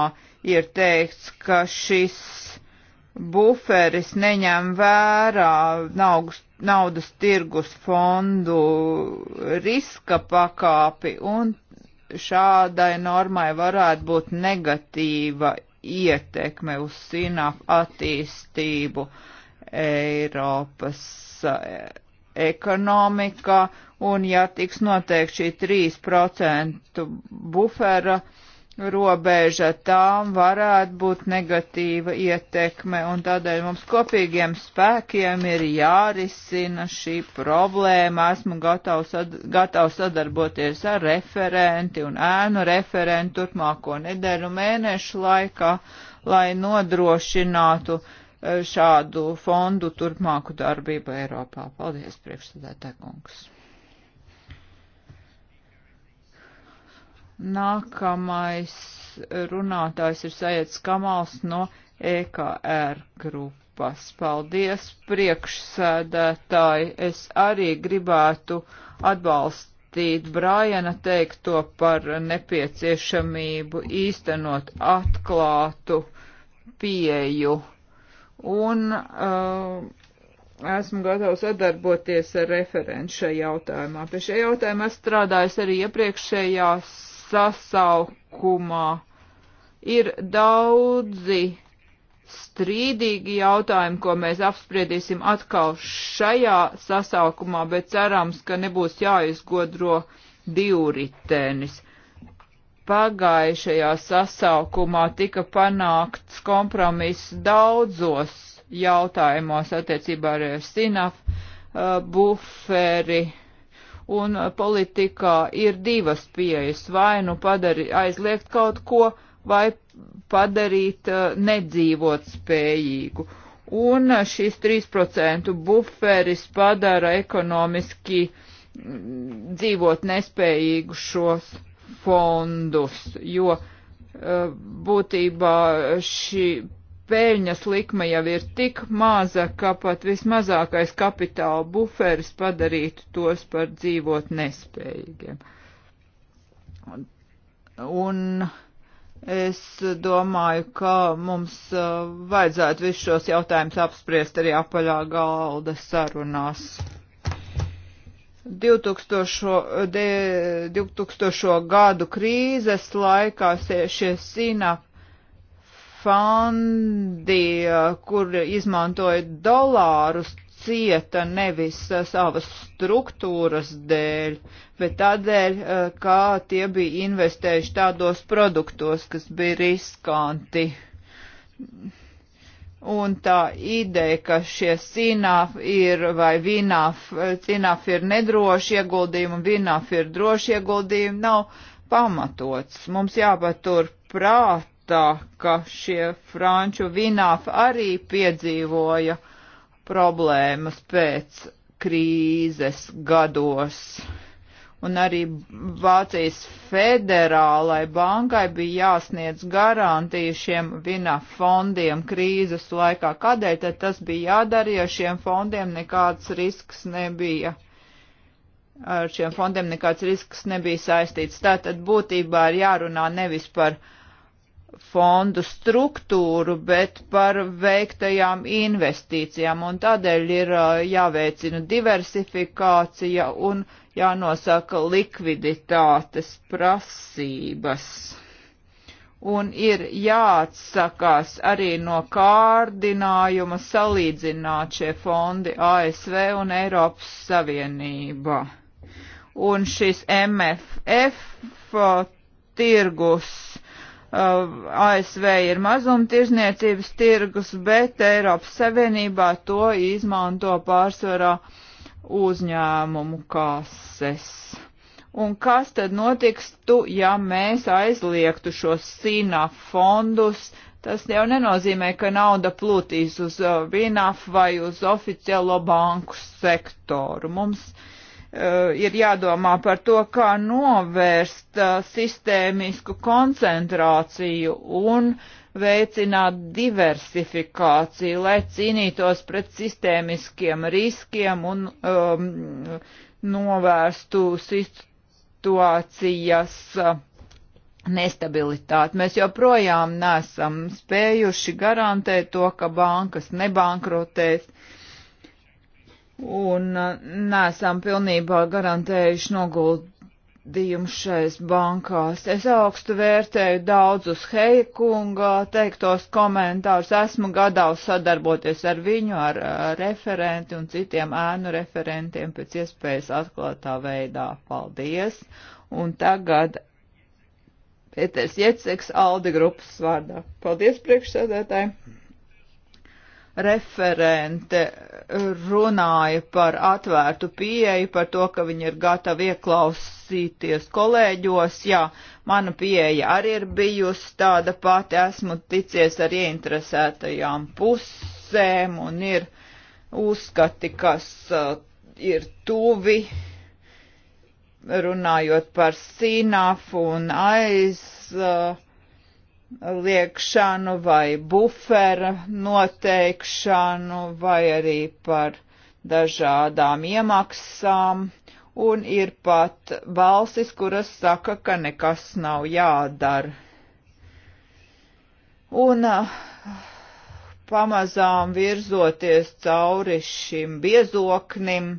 ir teikts, ka šis buferis neņem vērā naudas naudas tirgus fondu riska pakāpi, un šādai normai varētu būt negatīva ietekme uz sināp attīstību Eiropas eh, ekonomikā, un ja tiks noteikti šī 3% bufera, uh, robeža tām varētu būt negatīva ietekme, un tādēļ mums kopīgiem spēkiem ir jārisina šī problēma. Esmu gatavs, sad gatavs sadarboties ar referenti un ēnu referentu turpmāko nedēļu mēnešu laikā, lai nodrošinātu eh, šādu fondu turpmāku darbību Eiropā. Paldies, priekšsēdētāj kungs! Nākamais runātājs ir Sajets Kamals no EKR grupas. Paldies, priekšsēdētāji. Es arī gribētu atbalstīt Brājana teikto par nepieciešamību īstenot atklātu pieju. Un uh, esmu gatavs sadarboties ar referentu šajā jautājumā. Pie šajā jautājumā strādājis arī iepriekšējās sasaukumā. Ir daudzi strīdīgi jautājumi, ko mēs apspriedīsim atkal šajā sasaukumā, bet cerams, ka nebūs jāizgodro divritenis. Pagājušajā sasaukumā tika panākts kompromiss daudzos jautājumos attiecībā ar SINAF uh, buferi Un politikā ir divas pieejas - vai nu padari, aizliegt kaut ko, vai padarīt uh, nedzīvot spējīgu. Un uh, šis 3% buferis padara ekonomiski mm, dzīvot nespējīgu šos fondus, jo uh, būtībā šī peļņas likme jau ir tik maza, ka pat vismazākais kapitāla buferis padarītu tos par dzīvot nespējīgiem. Un, un es domāju, ka mums uh, vajadzētu visus šos jautājumus apspriest arī apaļā galda sarunās. 2000, de, 2000 gadu krīzes laikā šie sīnāk fondi, kur izmantoja dolārus, cieta nevis eh, savas struktūras dēļ, bet tādēļ, eh, kā tie bija investējuši tādos produktos, kas bija riskanti. Un tā ideja, ka šie sīnāf ir vai vīnāf, cīnāf eh, ir nedroši ieguldījumi un vīnāf ir droši ieguldījumi, nav pamatots. Mums jāpatur prāt tā, ka šie franču vināfi arī piedzīvoja problēmas pēc krīzes gados. Un arī Vācijas federālai bankai bija jāsniedz garantija šiem vina fondiem krīzes laikā. Kādēļ tad tas bija jādara, ja šiem fondiem nekāds risks nebija? Ar šiem fondiem nekāds risks nebija saistīts. Tātad būtībā ir jārunā nevis par uh, fondu struktūru, bet par veiktajām investīcijām, un tādēļ ir jāveicina diversifikācija un jānosaka likviditātes prasības. Un ir jāatsakās arī no kārdinājuma salīdzināt šie fondi ASV un Eiropas Savienība. Un šis MFF tirgus Uh, ASV ir mazumtirzniecības tirgus, bet Eiropas Savienībā to izmanto pārsvarā uzņēmumu kases. Un kas tad notiks, tu, ja mēs aizliegtu šos sīnā fondus? Tas jau nenozīmē, ka nauda plūtīs uz uh, VINAF vai uz oficiālo banku sektoru. Mums uh, Eh, ir jādomā par to, kā novērst eh, sistēmisku koncentrāciju un veicināt diversifikāciju, lai cīnītos pret sistēmiskiem riskiem un um, novērstu situācijas eh, nestabilitāti. Mēs joprojām nesam spējuši garantēt to, ka bankas nebankrotēs. Uh, un uh, nesam pilnībā garantējuši noguldījumu šais bankās. Es augstu vērtēju daudzus Heikunga teiktos komentārus, esmu gadaus sadarboties ar viņu, ar, ar uh, referenti un citiem ēnu referentiem pēc iespējas atklātā veidā. Paldies! Un tagad Pēters Jeceks Aldi grupas vārdā. Paldies priekšsēdētāji! referente runāja par atvērtu pieeju, par to, ka viņi ir gatavi ieklausīties kolēģos. Jā, mana pieeja arī ir bijusi tāda pati, esmu ticies ar ieinteresētajām pusēm un ir uzskati, kas uh, ir tuvi, runājot par sīnafu un aiz. Uh, liekšanu vai bufera noteikšanu vai arī par dažādām iemaksām, un ir pat balsis, kuras saka, ka nekas nav jādara. Un ah, pamazām virzoties cauri šim biezoknim,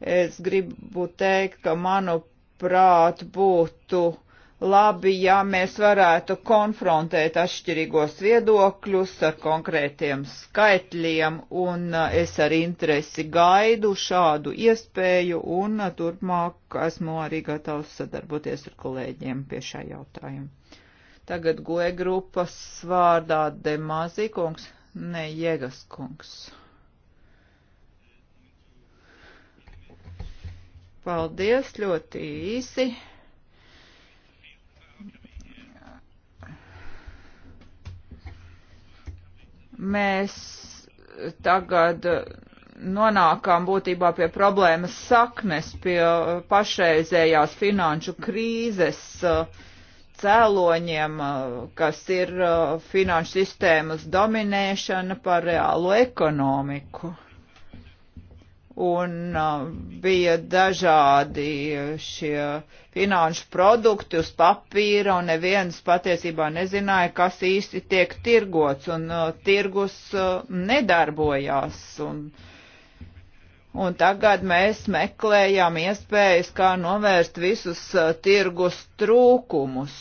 es gribu teikt, ka manuprāt būtu uh, labi, ja mēs varētu konfrontēt atšķirīgos viedokļus ar konkrētiem skaitļiem, un uh, es ar interesi gaidu šādu iespēju, un uh, turpmāk esmu arī gatavs sadarboties ar kolēģiem pie šā jautājuma. Tagad goe grupas vārdā Demāzī kungs, ne Jēgas kungs. Paldies, ļoti īsi. Mēs tagad nonākām būtībā pie problēmas saknes, pie pašreizējās finanšu krīzes uh, cēloņiem, uh, kas ir uh, finanšu sistēmas dominēšana par reālu ekonomiku un bija dažādi šie finanšu produkti uz papīra, un neviens patiesībā nezināja, kas īsti tiek tirgots, un uh, tirgus uh, nedarbojās. Un, un tagad mēs meklējām iespējas, kā novērst visus uh, tirgus trūkumus,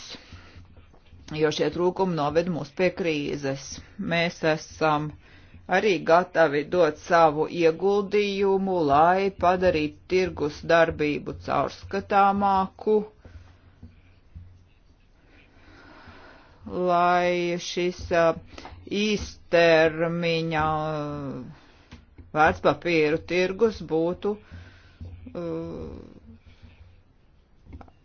jo šie trūkumi noved mūs pie krīzes. Mēs esam uh, arī gatavi dot savu ieguldījumu, lai padarītu tirgus darbību caurskatāmāku, lai šis īstermiņa vērtspapīru tirgus būtu uh,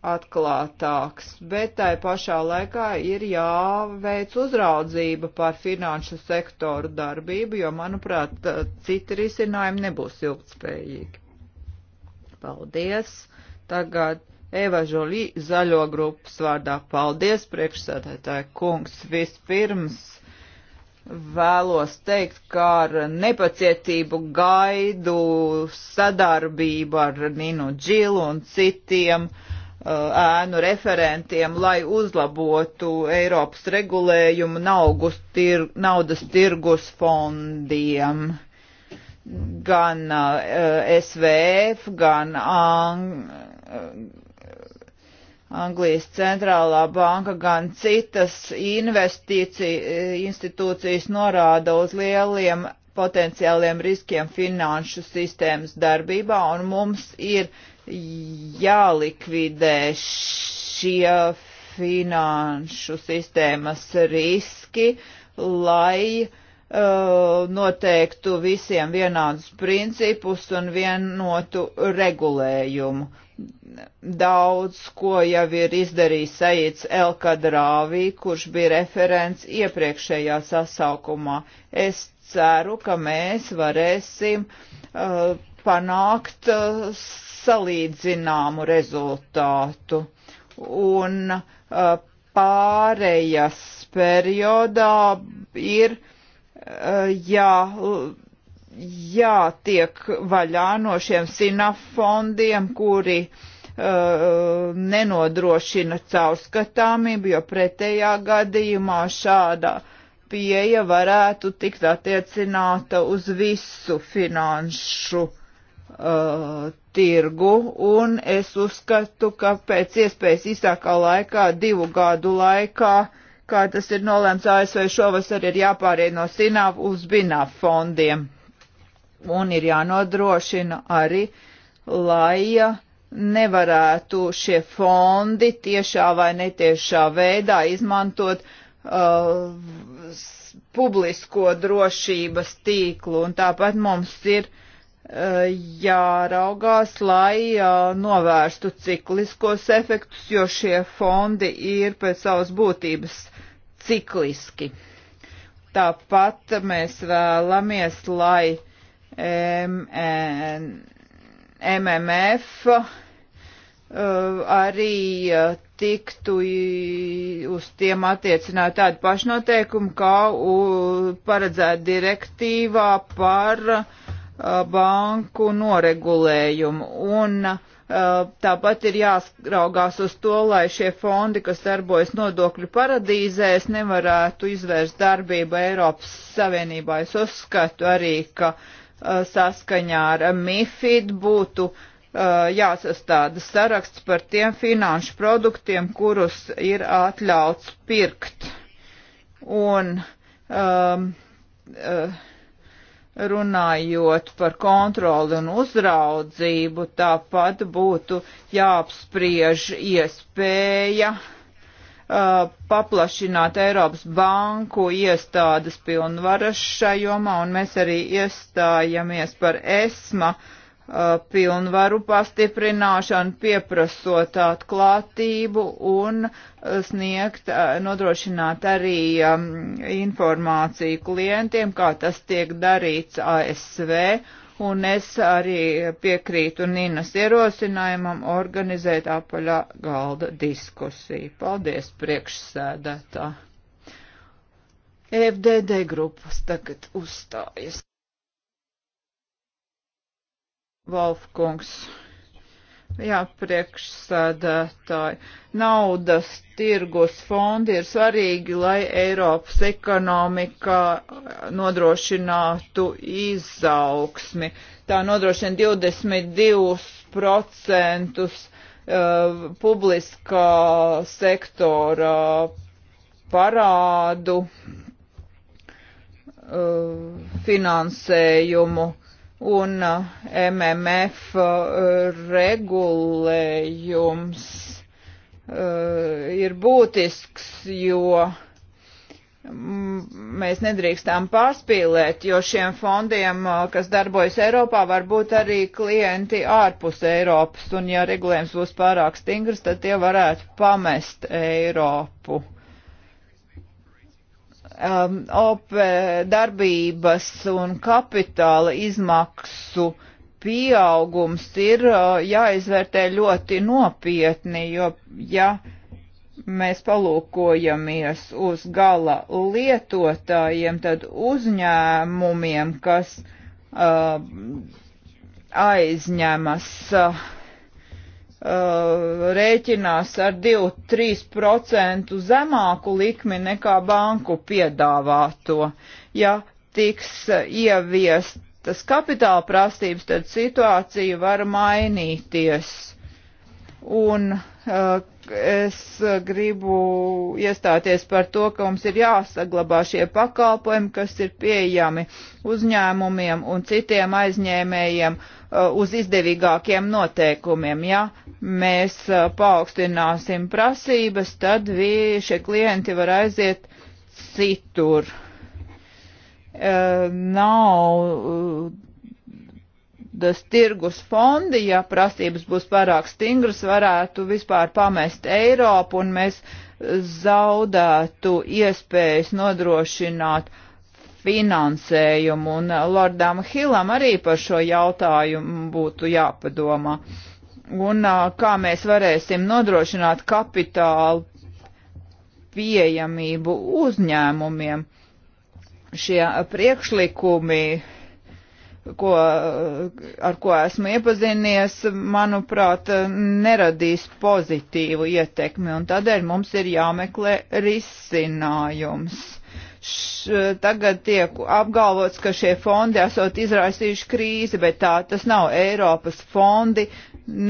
atklātāks, bet tai pašā laikā ir jāveic uzraudzība pār finanšu sektoru darbību, jo, manuprāt, citi risinājumi nebūs ilgtspējīgi. Paldies! Tagad Eva Žolī zaļo grupas vārdā. Paldies, priekšsēdētāji kungs! Vispirms vēlos teikt, ka ar nepacietību gaidu sadarbību ar Ninu Džilu un citiem uh, ēnu referentiem, lai uzlabotu Eiropas regulējumu naugus, tir, naudas tirgus fondiem. Gan uh, SVF, gan ang, uh, Anglijas centrālā banka, gan citas investīcija institūcijas norāda uz lieliem potenciāliem riskiem finanšu sistēmas darbībā, un mums ir uh, jālikvidē šie finanšu sistēmas riski, lai uh, noteiktu visiem vienādus principus un vienotu regulējumu. Daudz, ko jau ir izdarījis Saīts Elkadrāvī, kurš bija referents iepriekšējā sasaukumā. Es ceru, ka mēs varēsim uh, panākt uh, salīdzināmu rezultātu. Un uh, pārējas periodā ir uh, jā, jātiek vaļā no šiem sinafondiem, kuri uh, nenodrošina caurskatāmību, jo pretējā gadījumā šāda pieeja varētu tikt attiecināta uz visu finanšu uh, tirgu, un es uzskatu, ka pēc iespējas īsākā laikā, divu gadu laikā, kā tas ir nolēmts ASV šovasar, ir jāpāriet no SINAV uz BINAV fondiem. Un ir jānodrošina arī, lai nevarētu šie fondi tiešā vai netiešā veidā izmantot uh, publisko drošības tīklu. Un tāpat mums ir uh, jāraugās, lai novērstu cikliskos efektus, jo šie fondi ir pēc savas būtības cikliski. Tāpat mēs vēlamies, lai MMF arī tiktu uz tiem attiecināt tādu pašnoteikumu, kā paredzēt direktīvā par uh, banku noregulējumu. Un tāpat ir jāsraugās uz to, lai šie fondi, kas darbojas nodokļu paradīzēs, nevarētu izvērst darbību Eiropas Savienībā. Es uzskatu arī, ka saskaņā ar MIFID būtu jāsastāda saraksts par tiem finanšu produktiem, kurus ir atļauts pirkt. Un um, uh, runājot par kontroli un uzraudzību, tāpat būtu jāapspriež iespēja uh, paplašināt Eiropas banku iestādes pilnvaras šajomā, un mēs arī iestājamies par ESMA uh, Uh, pilnvaru pastiprināšanu, pieprasot atklātību un uh, sniegt, uh, nodrošināt arī um, informāciju klientiem, kā tas tiek darīts ASV. Un es arī piekrītu Ninas ierosinājumam organizēt apaļā galda diskusiju. Paldies, priekšsēdētā. FDD grupas tagad uzstājas. Valfkungs. Jā, priekšsēdētāji. Naudas tirgus fondi ir svarīgi, lai Eiropas ekonomikā nodrošinātu izaugsmi. Tā nodrošina 22% uh, publiskā sektora parādu uh, finansējumu un eh, MMF eh, regulējums eh, ir būtisks, jo mm, mēs nedrīkstām pārspīlēt, jo šiem fondiem, kas darbojas Eiropā, var būt arī klienti ārpus Eiropas, un ja regulējums būs pārāk stingrs, tad tie varētu pamest Eiropu um, opē eh, darbības un kapitāla izmaksu pieaugums ir uh, jāizvērtē ļoti nopietni, jo ja mēs palūkojamies uz gala lietotājiem, tad uzņēmumiem, kas uh, aizņemas uh, Uh, rēķinās ar 2-3% zemāku likmi nekā banku piedāvāto. Ja tiks ieviestas kapitāla prasības, tad situācija var mainīties. Un uh, es gribu iestāties par to, ka mums ir jāsaglabā šie pakalpojumi, kas ir pieejami uzņēmumiem un citiem aizņēmējiem Uh, uz izdevīgākiem noteikumiem. Ja mēs uh, paaugstināsim prasības, tad vi, šie klienti var aiziet citur. Uh, nav tas tirgus fondi, ja prasības būs pārāk stingras, varētu vispār pamest Eiropu un mēs zaudētu iespējas nodrošināt uh, finansējumu, un Lordām Hilam arī par šo jautājumu būtu jāpadomā. Un kā mēs varēsim nodrošināt kapitālu pieejamību uzņēmumiem. Šie priekšlikumi, ko, ar ko esmu iepazinies, manuprāt, neradīs pozitīvu ietekmi, un tādēļ mums ir jāmeklē risinājums š, tagad tiek apgalvots, ka šie fondi esot izraisījuši krīzi, bet tā tas nav. Eiropas fondi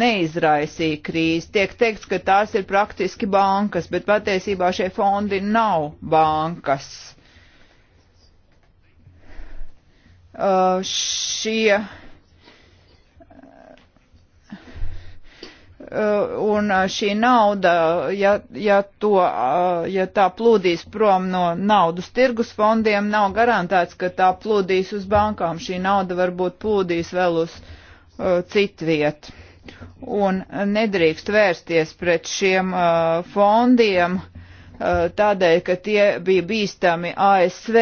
neizraisīja krīzi. Tiek teikts, ka tās ir praktiski bankas, bet patiesībā šie fondi nav bankas. Uh, šie Uh, un uh, šī nauda, uh, ja, ja, to, ja tā plūdīs prom no naudas tirgus fondiem, nav garantēts, ka tā plūdīs uz bankām. Šī nauda varbūt plūdīs vēl uz uh, citvietu un nedrīkst vērsties pret šiem uh, fondiem uh, tādēļ, ka tie bija bīstami ASV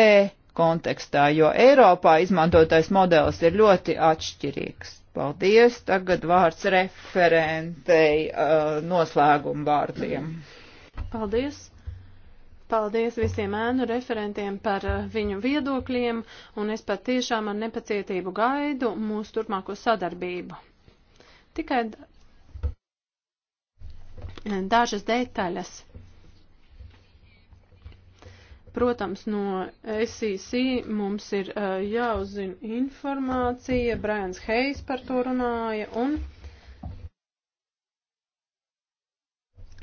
kontekstā, jo Eiropā izmantotais modelis ir ļoti atšķirīgs. Paldies. Tagad vārds referentei uh, noslēguma vārdiem. Paldies. Paldies visiem ēnu referentiem par uh, viņu viedokļiem, un es pat tiešām ar nepacietību gaidu mūsu turpmāko sadarbību. Tikai dažas detaļas. Protams, no SEC mums ir uh, jāuzzina informācija, Brians Heijs par to runāja, un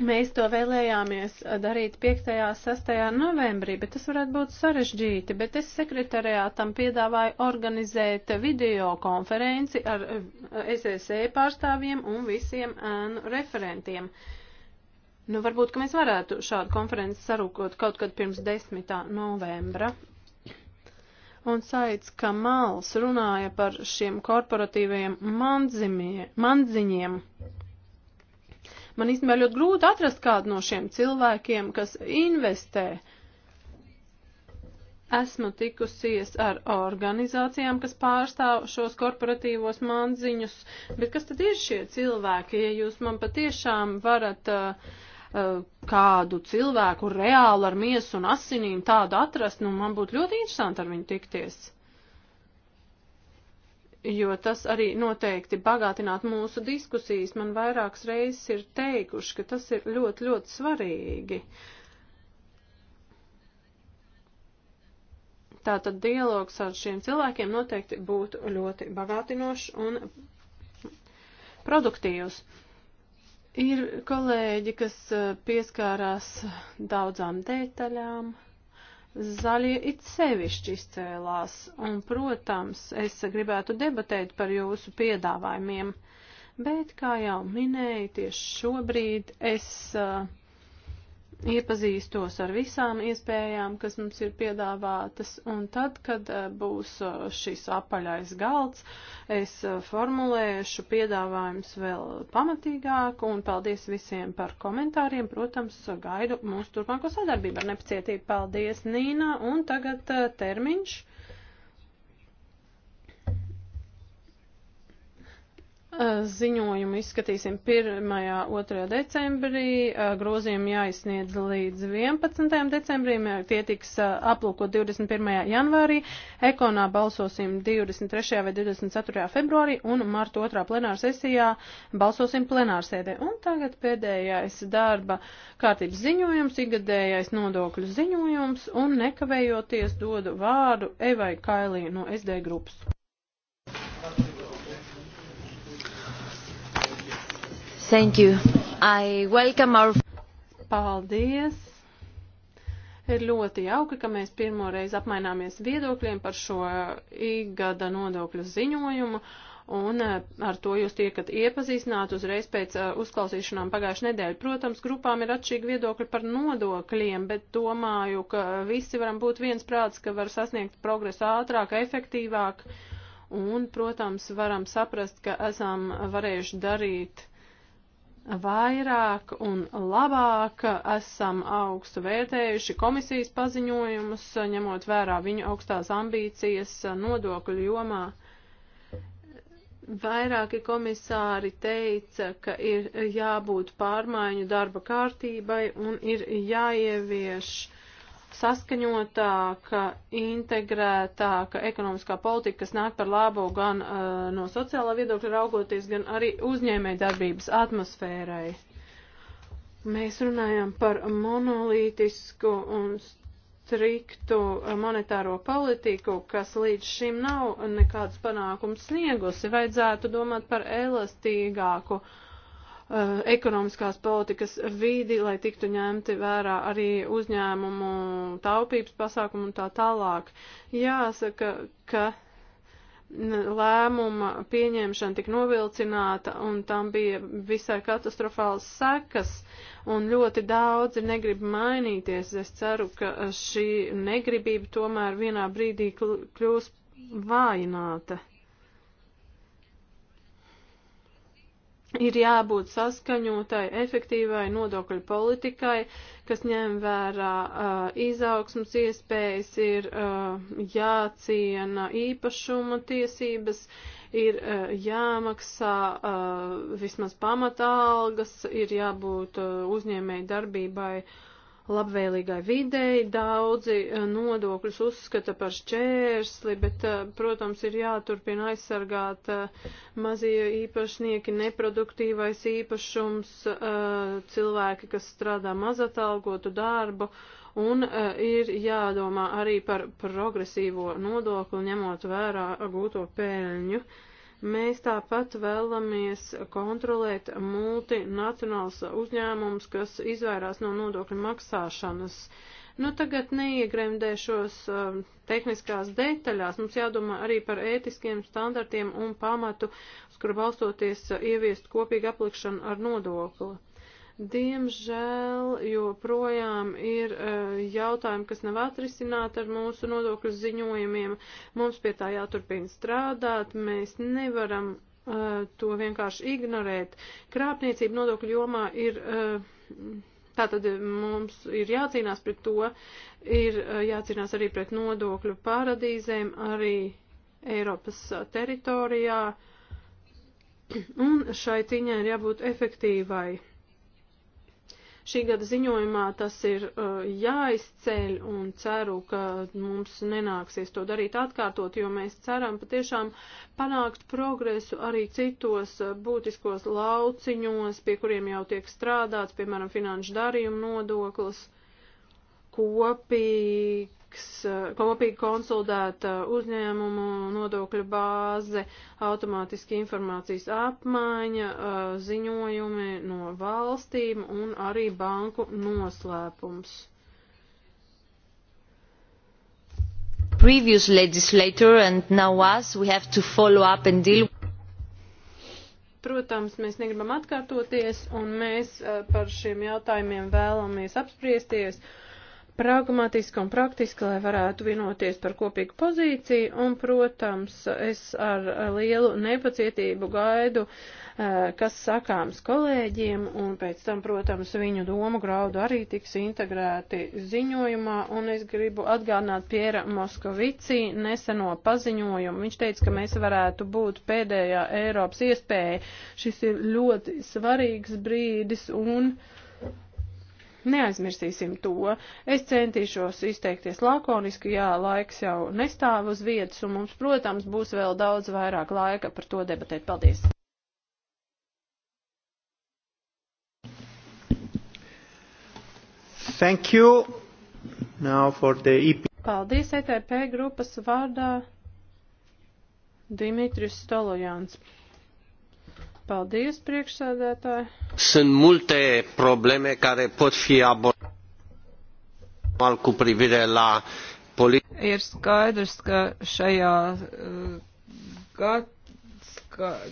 mēs to vēlējāmies darīt 5. 6. novembrī, bet tas varētu būt sarežģīti, bet es sekretariātam piedāvāju organizēt video konferenci ar SEC pārstāvjiem un visiem ēnu referentiem. Uh, Nu, varbūt, ka mēs varētu šādu konferenci sarūkot kaut kad pirms 10. novembra. Un Saits Kamals runāja par šiem korporatīviem mandziņiem. Man īstenībā ļoti grūti atrast kādu no šiem cilvēkiem, kas investē. Esmu tikusies ar organizācijām, kas pārstāv šos korporatīvos manziņus, bet kas tad ir šie cilvēki, ja jūs man patiešām varat uh, Eh, kādu cilvēku reāli ar miesu un asinīm tādu atrast, nu man būtu ļoti interesanti ar viņu tikties. Jo tas arī noteikti bagātinātu mūsu diskusijas. Man vairākas reizes ir teikuši, ka tas ir ļoti, ļoti svarīgi. Tātad dialogs ar šiem cilvēkiem noteikti būtu ļoti bagātinošs un produktīvs. Ir kolēģi, kas eh, pieskārās daudzām detaļām. Zaļie it sevišķi izcēlās, un, protams, es gribētu debatēt par jūsu piedāvājumiem, bet, kā jau minēju, tieši šobrīd es uh, iepazīstos ar visām iespējām, kas mums ir piedāvātas, un tad, kad eh, būs eh, šis apaļais galds, es eh, formulēšu piedāvājums vēl pamatīgāk, un paldies visiem par komentāriem, protams, gaidu mūsu turpmāko sadarbību ar nepacietību. Paldies, Nīna, un tagad termiņš. Ziņojumu izskatīsim 1. 2. decembrī, grozījumi jāizsniedz līdz 11. decembrim, tie tiks aplūkot 21. janvārī, ekonā balsosim 23. vai 24. februārī un marta 2. plenāra sesijā balsosim plenārsēdē. Un tagad pēdējais darba kārtības ziņojums, igadējais nodokļu ziņojums un nekavējoties dodu vārdu Evai Kailī no SD grupas. Thank you. Thank you. I welcome our... Paldies. Ir ļoti jauki, ka mēs pirmo reizi apmaināmies viedokļiem par šo ikgada nodokļu ziņojumu un eh, ar to jūs tiekat iepazīstināti uzreiz pēc eh, uzklausīšanām pagājušajā nedēļā. Protams, grupām ir atšķirīgi viedokļi par nodokļiem, bet domāju, ka visi varam būt viens prāts, ka var sasniegt progresu ātrāk, efektīvāk un, protams, varam saprast, ka esam varējuši darīt vairāk un labāk esam augstu vērtējuši komisijas paziņojumus, ņemot vērā viņu augstās ambīcijas nodokļu jomā. Vairāki komisāri teica, ka ir jābūt pārmaiņu darba kārtībai un ir jāievieš uh, saskaņotāka, integrētāka ekonomiskā politika, kas nāk par labu gan uh, no sociālā viedokļa raugoties, gan arī uzņēmē darbības atmosfērai. Mēs runājam par monolītisku un striktu monetāro politiku, kas līdz šim nav nekāds panākums sniegusi. Vajadzētu domāt par elastīgāku uh, Eh, ekonomiskās politikas vīdi, lai tiktu ņemti vērā arī uzņēmumu taupības pasākumu un tā tālāk. Jāsaka, ka lēmuma pieņemšana tik novilcināta un tam bija visai katastrofāls sekas un ļoti daudzi negrib mainīties. Es ceru, ka šī negribība tomēr vienā brīdī kļūs vājināta. ir jābūt saskaņotai, efektīvai nodokļu politikai, kas ņem vērā uh, izaugsmas iespējas, ir uh, jāciena īpašuma tiesības, ir uh, jāmaksā uh, vismaz pamatālgas, ir jābūt uh, uzņēmēji darbībai uh, labvēlīgai videi. Daudzi eh, nodokļus uzskata par šķērsli, bet, eh, protams, ir jāturpina aizsargāt eh, mazie īpašnieki, neproduktīvais īpašums, cilvēki, kas strādā mazatalgotu darbu. Un uh, ir jādomā arī par progresīvo nodokli, ņemot vērā gūto pēļņu. Uh, Mēs tāpat vēlamies kontrolēt multinacionāls uzņēmums, kas izvairās no nodokļu maksāšanas. Nu, tagad neiegremdēšos um, tehniskās detaļās. Mums jādomā arī par ētiskiem standartiem un pamatu, uz kuru balstoties ieviest kopīgu aplikšanu ar nodokli. Diemžēl joprojām ir uh, jautājumi, kas nav atrisināti ar mūsu nodokļu ziņojumiem. Mums pie tā jāturpina strādāt. Mēs nevaram uh, to vienkārši ignorēt. Krāpniecība nodokļu jomā ir. Uh, Tātad mums ir jācīnās pret to, ir jācīnās arī pret nodokļu paradīzēm, arī Eiropas teritorijā, un šai cīņai ir jābūt efektīvai. Šī gada ziņojumā tas ir uh, jāizceļ un ceru, ka mums nenāksies to darīt atkārtot, jo mēs ceram patiešām panākt progresu arī citos uh, būtiskos lauciņos, pie kuriem jau tiek strādāts, piemēram, finanšu darījumu nodoklis, kopīgi tiks eh, kopīgi konsolidēta eh, uzņēmumu nodokļu bāze, automātiski informācijas apmaiņa, eh, ziņojumi no valstīm un arī banku noslēpums. Previous legislator and now us, we have to follow up and deal protams, mēs negribam atkārtoties, un mēs par šiem jautājumiem vēlamies apspriesties pragmatiski un praktiski, lai varētu vienoties par kopīgu pozīciju, un, protams, es ar lielu nepacietību gaidu, eh, kas sakāms kolēģiem, un pēc tam, protams, viņu domu graudu arī tiks integrēti ziņojumā, un es gribu atgādināt Piera Moskovici neseno paziņojumu. Viņš teica, ka mēs varētu būt pēdējā Eiropas iespēja. Šis ir ļoti svarīgs brīdis, un. Uh, Neaizmirsīsim to. Es centīšos izteikties lakoniski, jā, laiks jau nestāv uz vietas, un mums, protams, būs vēl daudz vairāk laika par to debatēt. Paldies! Thank you. Now for the EP. Paldies ETP grupas vārdā Dimitris Stolojans. Paldies, priekšsēdētāji. Sunt multe probleme care pot fi abordate cu privire la politică. Ir skaidrs, ka šajā uh,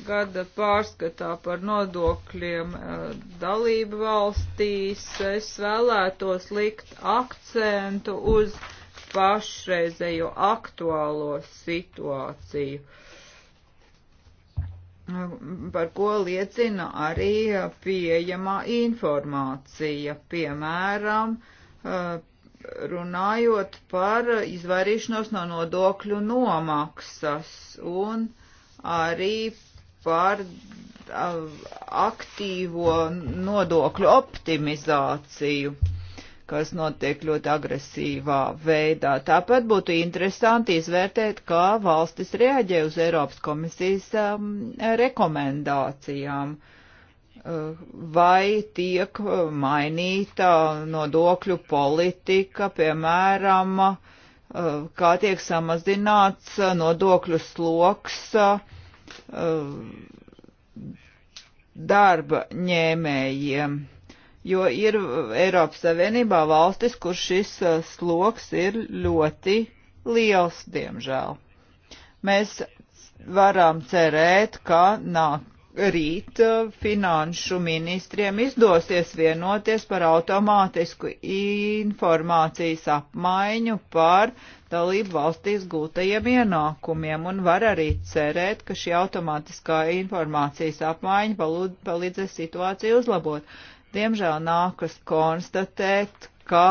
gada pārskatā par nodokļiem uh, dalību valstīs es vēlētos likt akcentu uz pašreizējo aktuālo situāciju. Uh, par ko liecina arī pieejamā informācija, piemēram, eh, runājot par izvairīšanos no nodokļu nomaksas un arī par eh, aktīvo nodokļu optimizāciju kas notiek ļoti agresīvā veidā. Tāpat būtu interesanti izvērtēt, kā valstis reaģē uz Eiropas komisijas um, rekomendācijām. Uh, vai tiek mainīta nodokļu politika, piemēram, uh, kā tiek samazināts nodokļu sloks uh, darba ņēmējiem? jo ir uh, Eiropas Savienībā valstis, kur šis uh, sloks ir ļoti liels, diemžēl. Mēs varam cerēt, ka nāk rīt uh, finanšu ministriem izdosies vienoties par automātisku informācijas apmaiņu par dalību valstīs gūtajiem ienākumiem un var arī cerēt, ka šī automātiskā informācijas apmaiņa palīdzēs situāciju uzlabot. Diemžēl nākas konstatēt, ka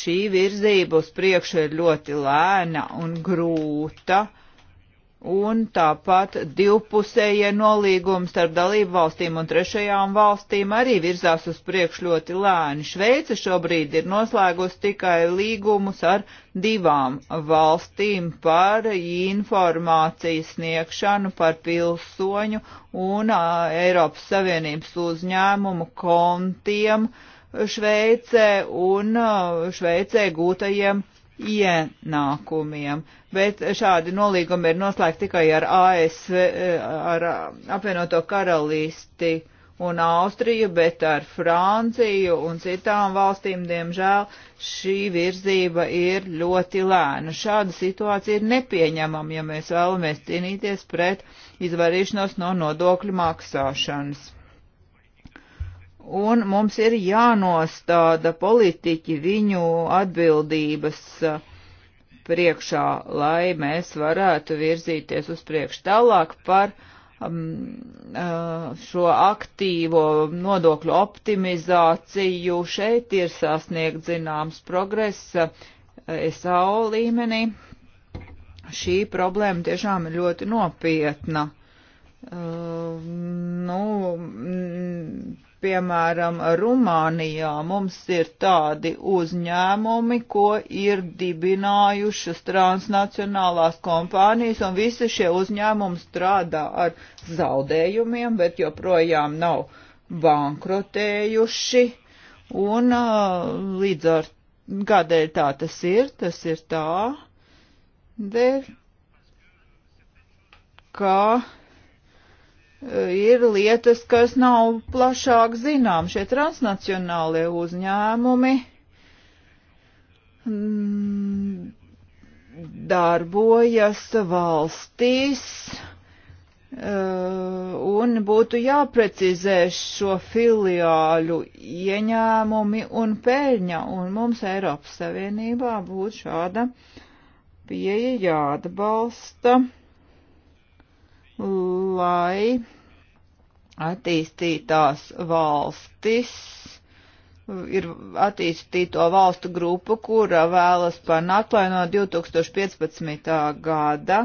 šī virzība uz priekšu ir ļoti lēna un grūta un tāpat divpusējie nolīgumi starp dalību valstīm un trešajām valstīm arī virzās uz priekšu ļoti lēni. Šveice šobrīd ir noslēgusi tikai līgumus ar divām valstīm par informācijas sniegšanu par pilsoņu un uh, Eiropas Savienības uzņēmumu kontiem Šveicē un uh, Šveicē gūtajiem uh, ienākumiem, bet šādi nolīgumi ir noslēgti tikai ar ASV, ar apvienoto karalisti un Austriju, bet ar Franciju un citām valstīm, diemžēl, šī virzība ir ļoti lēna. Šāda situācija ir nepieņemama, ja mēs vēlamies cīnīties pret izvairīšanos no nodokļu maksāšanas un mums ir jānostāda politiķi viņu atbildības uh, priekšā, lai mēs varētu virzīties uz priekšu tālāk par um, uh, šo aktīvo nodokļu optimizāciju. Šeit ir sasniegt zināms progress uh, SAO līmenī. Šī problēma tiešām ir ļoti nopietna. Uh, nu, Piemēram, Rumānijā mums ir tādi uzņēmumi, ko ir dibinājušas transnacionālās kompānijas, un visi šie uzņēmumi strādā ar zaudējumiem, bet joprojām nav bankrotējuši. Un līdz ar kādēļ tā tas ir, tas ir tā, dēļ, ka ir lietas, kas nav plašāk zinām. Šie transnacionālie uzņēmumi mm, darbojas valstīs, eh, un būtu jāprecizē šo filiāļu ieņēmumi un pēļņa, un mums Eiropas Savienībā būtu šāda pieeja jāatbalsta lai attīstītās valstis ir attīstīto valstu grupu, kura vēlas panākt, lai no 2015. gada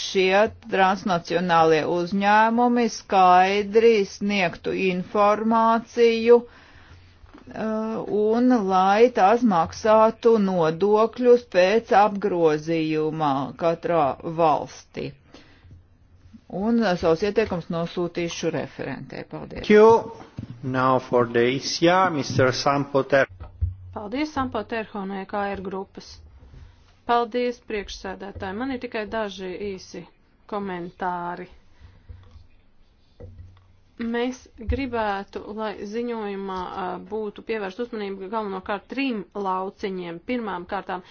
šie transnacionālie uzņēmumi skaidri sniegtu informāciju uh, un lai tās maksātu nodokļus pēc apgrozījumā katrā valstī un uh, savus ieteikums nosūtīšu referentē. Paldies. ICA, Paldies, Sampoterhonē, kā ir grupas. Paldies, priekšsēdētāji. Man ir tikai daži īsi komentāri. Mēs gribētu, lai ziņojumā uh, būtu pievērst uzmanību galvenokārt trim lauciņiem. Pirmām kārtām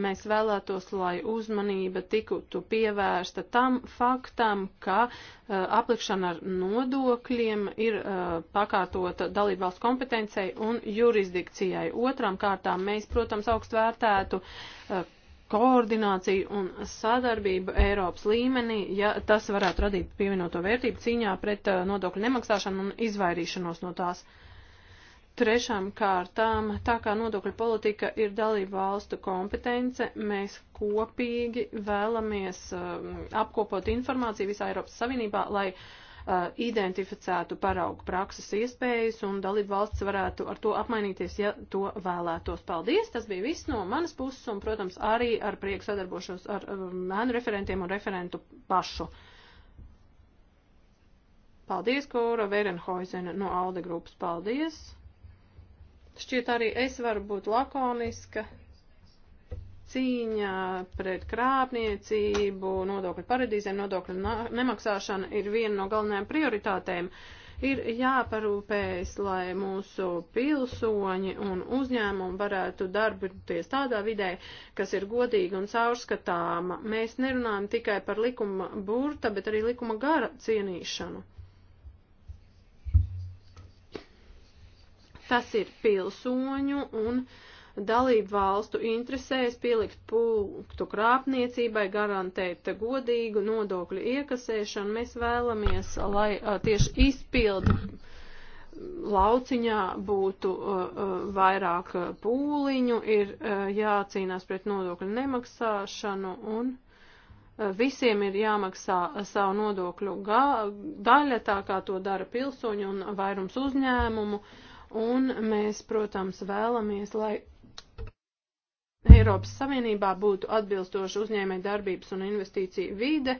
Mēs vēlētos, lai uzmanība tiktu pievērsta tam faktam, ka uh, aplikšana ar nodokļiem ir uh, pakārtota dalībvalsts kompetencei un jurisdikcijai. Otram kārtām mēs, protams, augstu vērtētu uh, koordināciju un sadarbību Eiropas līmenī, ja tas varētu radīt pievienoto vērtību cīņā pret uh, nodokļu nemaksāšanu un izvairīšanos no tās. Uh, Trešām kārtām, tā kā nodokļu politika ir dalību valstu kompetence, mēs kopīgi vēlamies uh, apkopot informāciju visā Eiropas Savienībā, lai uh, identificētu paraugu prakses iespējas un dalību valsts varētu ar to apmainīties, ja to vēlētos. Paldies! Tas bija viss no manas puses un, protams, arī ar prieku sadarbošos ar mēnu um, referentiem un referentu pašu. Paldies, Kora Verenhoizena no Alde grupas. Paldies! Šķiet arī es varu būt lakoniska. Cīņa pret krāpniecību, nodokļu paradīzēm, nodokļu nemaksāšana ir viena no galvenajām prioritātēm. Ir jāparūpējas, lai mūsu pilsoņi un uzņēmumi varētu darboties tādā vidē, kas ir godīga un caurskatāma. Mēs nerunājam tikai par likuma burta, bet arī likuma gara cienīšanu. Tas ir pilsoņu un dalību valstu interesēs pielikt punktu krāpniecībai, garantēt godīgu nodokļu iekasēšanu. Mēs vēlamies, lai tieši izpildu lauciņā būtu uh, vairāk pūliņu, ir uh, jācīnās pret nodokļu nemaksāšanu un uh, visiem ir jāmaksā savu nodokļu daļa, tā kā to dara pilsoņu un vairums uzņēmumu. Uh, un mēs, protams, vēlamies, lai Eiropas Savienībā būtu atbilstoša uzņēmē darbības un investīcija vide,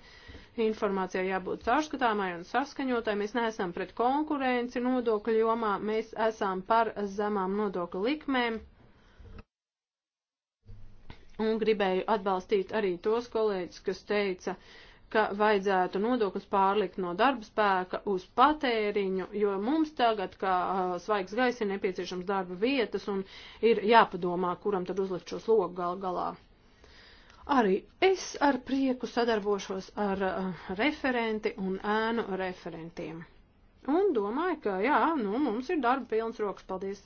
informācijai jābūt caurskatāmai un saskaņotai. Mēs neesam pret konkurenci nodokļu jomā, mēs esam par zemām nodokļu likmēm. Un gribēju atbalstīt arī tos kolēģis, kas teica, uh, ka vajadzētu nodokļus pārlikt no darba spēka uz patēriņu, jo mums tagad, kā svaigs gaiss, ir nepieciešams darba vietas un ir jāpadomā, kuram tad uzlikt šo slogu gal galā. Arī es ar prieku sadarbošos ar referenti un ēnu referentiem. Un domāju, ka jā, nu mums ir darba pilns rokas. Paldies!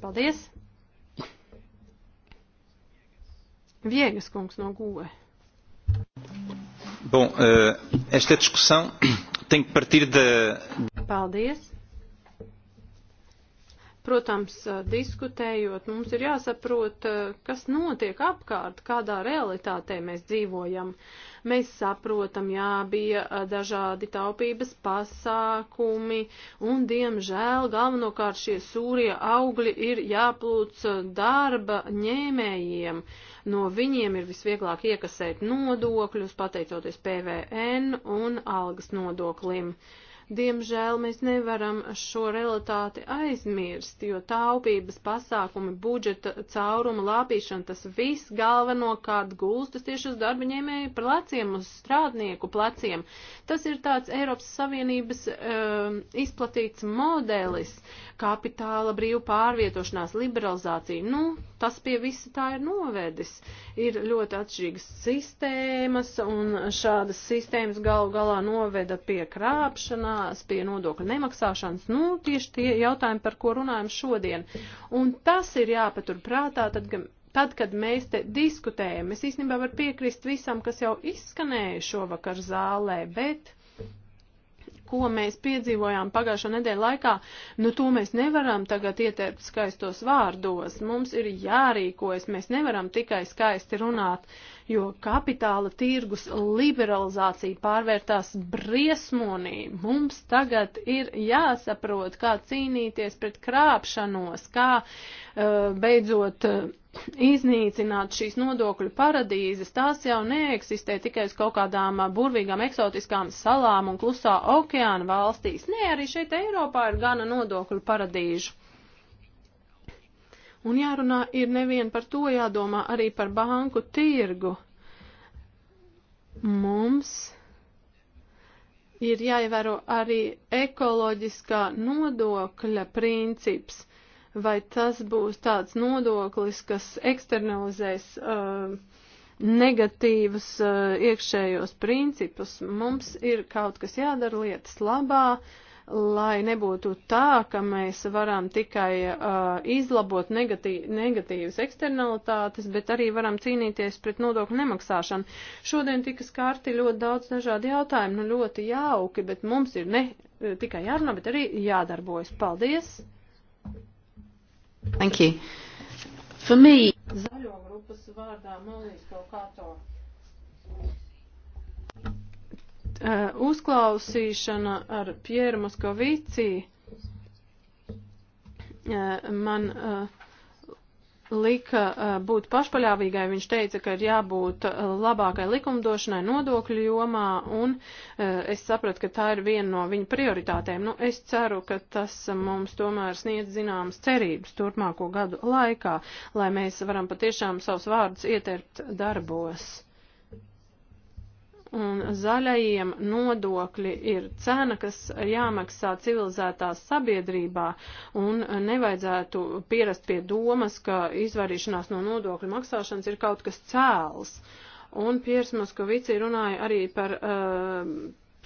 Paldies! Viegas kungs no Gūve. Bom, eh, esta discussão tem que partir da. Paldies! Protams, diskutējot, mums ir jāsaprot, kas notiek apkārt, kādā realitātē mēs dzīvojam. Mēs saprotam, jā, bija dažādi taupības pasākumi, un, diemžēl, galvenokārt šie sūrie augļi ir jāplūc darba ņēmējiem. No viņiem ir visvieglāk iekasēt nodokļus, pateicoties PVN un algas nodoklim. Uh, Diemžēl mēs nevaram šo realitāti aizmirst, jo taupības pasākumi, budžeta cauruma lāpīšana, tas viss galvenokārt gulstas tieši uz darba ņēmēju pleciem, uz strādnieku pleciem. Tas ir tāds Eiropas Savienības um, izplatīts modelis, kapitāla brīvu pārvietošanās, liberalizācija. Nu, tas pie visa tā ir novedis. Ir ļoti atšķirīgas sistēmas, un šādas sistēmas galu galā noveda pie krāpšanās nonāks pie nodokļu nemaksāšanas. Nu, tieši tie jautājumi, par ko runājam šodien. Un tas ir jāpatur prātā, tad, kad tad, kad mēs te diskutējam, es īstenībā varu piekrist visam, kas jau izskanēja šovakar zālē, bet ko mēs piedzīvojām pagājušo nedēļu laikā, nu to mēs nevaram tagad ietērpt skaistos vārdos. Mums ir jārīkojas, mēs nevaram tikai skaisti runāt jo kapitāla tirgus liberalizācija pārvērtās briesmonī. Mums tagad ir jāsaprot, kā cīnīties pret krāpšanos, kā uh, beidzot. Uh, iznīcināt šīs nodokļu paradīzes, tās jau neeksistē tikai uz kaut kādām eh, burvīgām eksotiskām salām un klusā okeāna valstīs. Nē, arī šeit Eiropā ir gana nodokļu paradīžu. Un jārunā ir nevien par to, jādomā arī par banku tirgu. Mums ir jāievēro arī ekoloģiskā nodokļa princips, vai tas būs tāds nodoklis, kas eksternalizēs uh, negatīvus uh, iekšējos principus. Mums ir kaut kas jādara lietas labā, uh, lai nebūtu tā, ka mēs varam tikai uh, izlabot negatīv, negatīvas eksternalitātes, bet arī varam cīnīties pret nodokļu nemaksāšanu. Šodien tika skārti ļoti daudz dažādi jautājumi, nu ļoti jauki, bet mums ir ne eh, tikai jārunā, bet arī jādarbojas. Paldies! Thank you. For me... Zaļo grupas vārdā Molijas Kalkato. Eh, uzklausīšana ar Pieru Moskovici eh, man eh, lika būt pašpaļāvīgai. Viņš teica, ka ir jābūt labākai likumdošanai nodokļu jomā, un es sapratu, ka tā ir viena no viņa prioritātēm. Nu, es ceru, ka tas mums tomēr sniedz zināmas cerības turpmāko gadu laikā, lai mēs varam patiešām savus vārdus ietert darbos. Un zaļajiem nodokļi ir cena, kas jāmaksā civilizētā sabiedrībā, un nevajadzētu pierast pie domas, ka izvairīšanās no nodokļu maksāšanas ir kaut kas cēls. Un Piers Moskovici runāja arī par uh,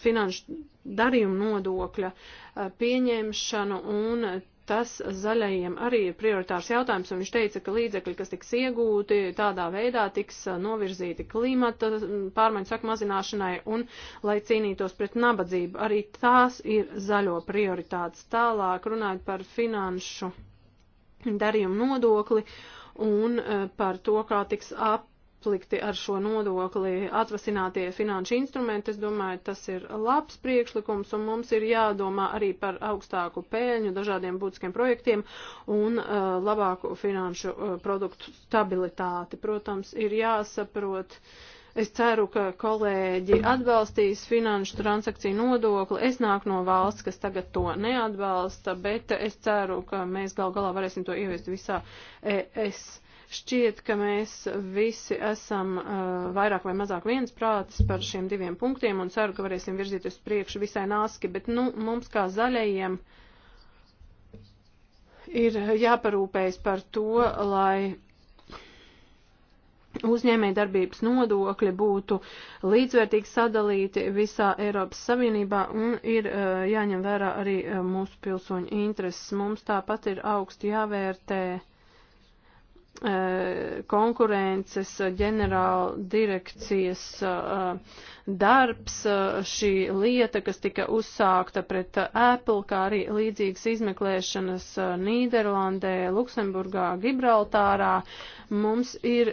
finanšu darījumu nodokļa uh, pieņemšanu un tas zaļajiem arī ir prioritārs jautājums, un viņš teica, ka līdzekļi, kas tiks iegūti, tādā veidā tiks uh, novirzīti klimata mm, pārmaiņu saku mazināšanai un lai cīnītos pret nabadzību. Arī tās ir zaļo prioritātes. Tālāk runājot par finanšu darījumu nodokli un uh, par to, kā tiks ap aplikti ar šo nodokli atvasinātie finanšu instrumenti. Es domāju, tas ir labs priekšlikums un mums ir jādomā arī par augstāku pēļņu dažādiem būtiskiem projektiem un uh, labāku finanšu uh, produktu stabilitāti. Protams, ir jāsaprot. Es ceru, ka kolēģi atbalstīs finanšu transakciju nodokli. Es nāku no valsts, kas tagad to neatbalsta, bet es ceru, ka mēs gal galā varēsim to ieviest visā ES. Šķiet, ka mēs visi esam uh, vairāk vai mazāk viensprātis par šiem diviem punktiem un ceru, ka varēsim virzīties priekšu visai nāski, bet nu, mums kā zaļajiem ir jāparūpējas par to, lai uzņēmējdarbības nodokļi būtu līdzvērtīgi sadalīti visā Eiropas Savienībā un ir uh, jāņem vērā arī uh, mūsu pilsoņu intereses. Mums tāpat ir augsti jāvērtē uh, Eh, konkurences eh, ģenerāla direkcijas uh, eh, darbs, šī lieta, kas tika uzsākta pret Apple, kā arī līdzīgas izmeklēšanas Nīderlandē, Luksemburgā, Gibraltārā, mums ir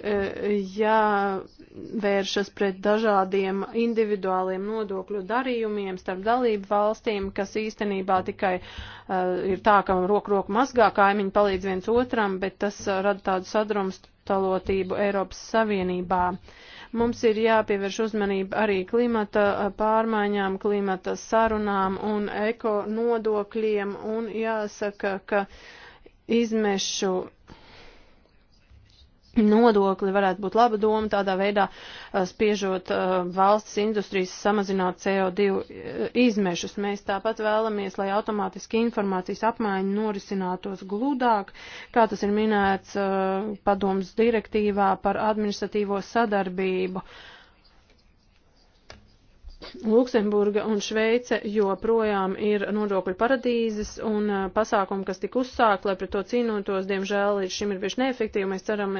jāvēršas pret dažādiem individuāliem nodokļu darījumiem starp dalību valstīm, kas īstenībā tikai ir tā, ka roku roku mazgā, kaimiņi palīdz viens otram, bet tas rada tādu sadrumstalotību Eiropas Savienībā. Uh, Mums ir jāpievērš uzmanība arī klimata pārmaiņām, klimata sarunām un eko nodokļiem un jāsaka, ka izmešu Nodokli varētu būt laba doma, tādā veidā spiežot valsts industrijas samazināt CO2 izmešus. Mēs tāpat vēlamies, lai automātiski informācijas apmaiņa norisinātos gludāk, kā tas ir minēts padoms direktīvā par administratīvo sadarbību. Uh, Luksemburga un Šveice joprojām ir nodokļu paradīzes un pasākumi, kas tika uzsākt, lai pret to cīnotos, diemžēl līdz šim ir bijuši neefektīvi. Mēs ceram,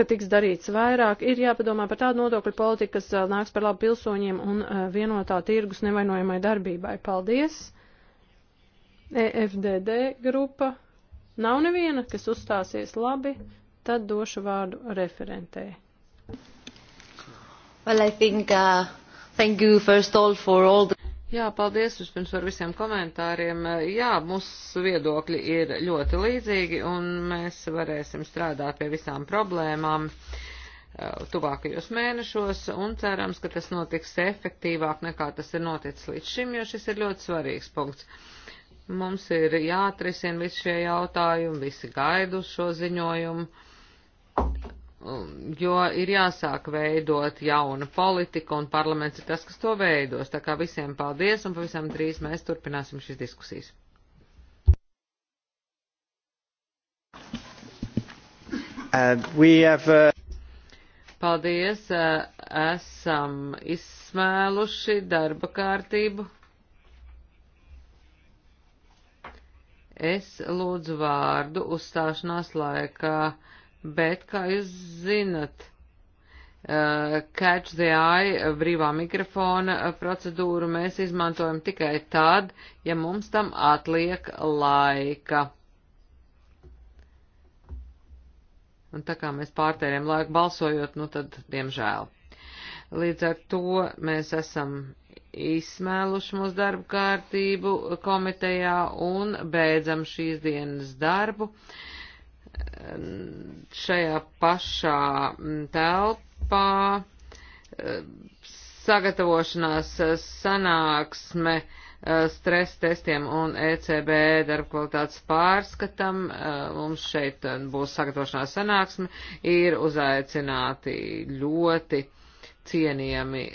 ka tiks darīts vairāk. Ir jāpadomā par tādu nodokļu politiku, kas nāks par labu pilsoņiem un vienotā tirgus nevainojamai darbībai. Paldies! EFDD grupa. Nav neviena, kas uzstāsies labi, tad došu vārdu referentē. Well, I think, uh... Thank you first all for all the... Jā, paldies vispirms par visiem komentāriem. Jā, mūsu viedokļi ir ļoti līdzīgi un mēs varēsim strādāt pie visām problēmām tuvākajos mēnešos un cerams, ka tas notiks efektīvāk nekā tas ir noticis līdz šim, jo šis ir ļoti svarīgs punkts. Mums ir jāatrisina visi šie jautājumi, visi gaida uz šo ziņojumu jo ir jāsāk veidot jauna politika, un parlaments ir tas, kas to veidos. Tā kā visiem paldies, un pavisam drīz mēs turpināsim šīs diskusijas. Uh, have, uh... Paldies, uh, esam izsmēluši darba kārtību. Es lūdzu vārdu uzstāšanās laikā. Uh, bet, kā jūs zinat, uh, catch the eye brīvā mikrofona procedūru mēs izmantojam tikai tad, ja mums tam atliek laika. Un tā kā mēs pārtērējam laiku balsojot, nu tad, diemžēl. Līdz ar to mēs esam izsmēluši mūsu darbu kārtību komitejā un beidzam šīs dienas darbu. Uh, šajā pašā mm, telpā eh, sagatavošanās eh, sanāksme eh, stresa testiem un ECB darba kvalitātes pārskatam. Mums šeit būs sagatavošanās sanāksme. Ir uzaicināti ļoti cienījami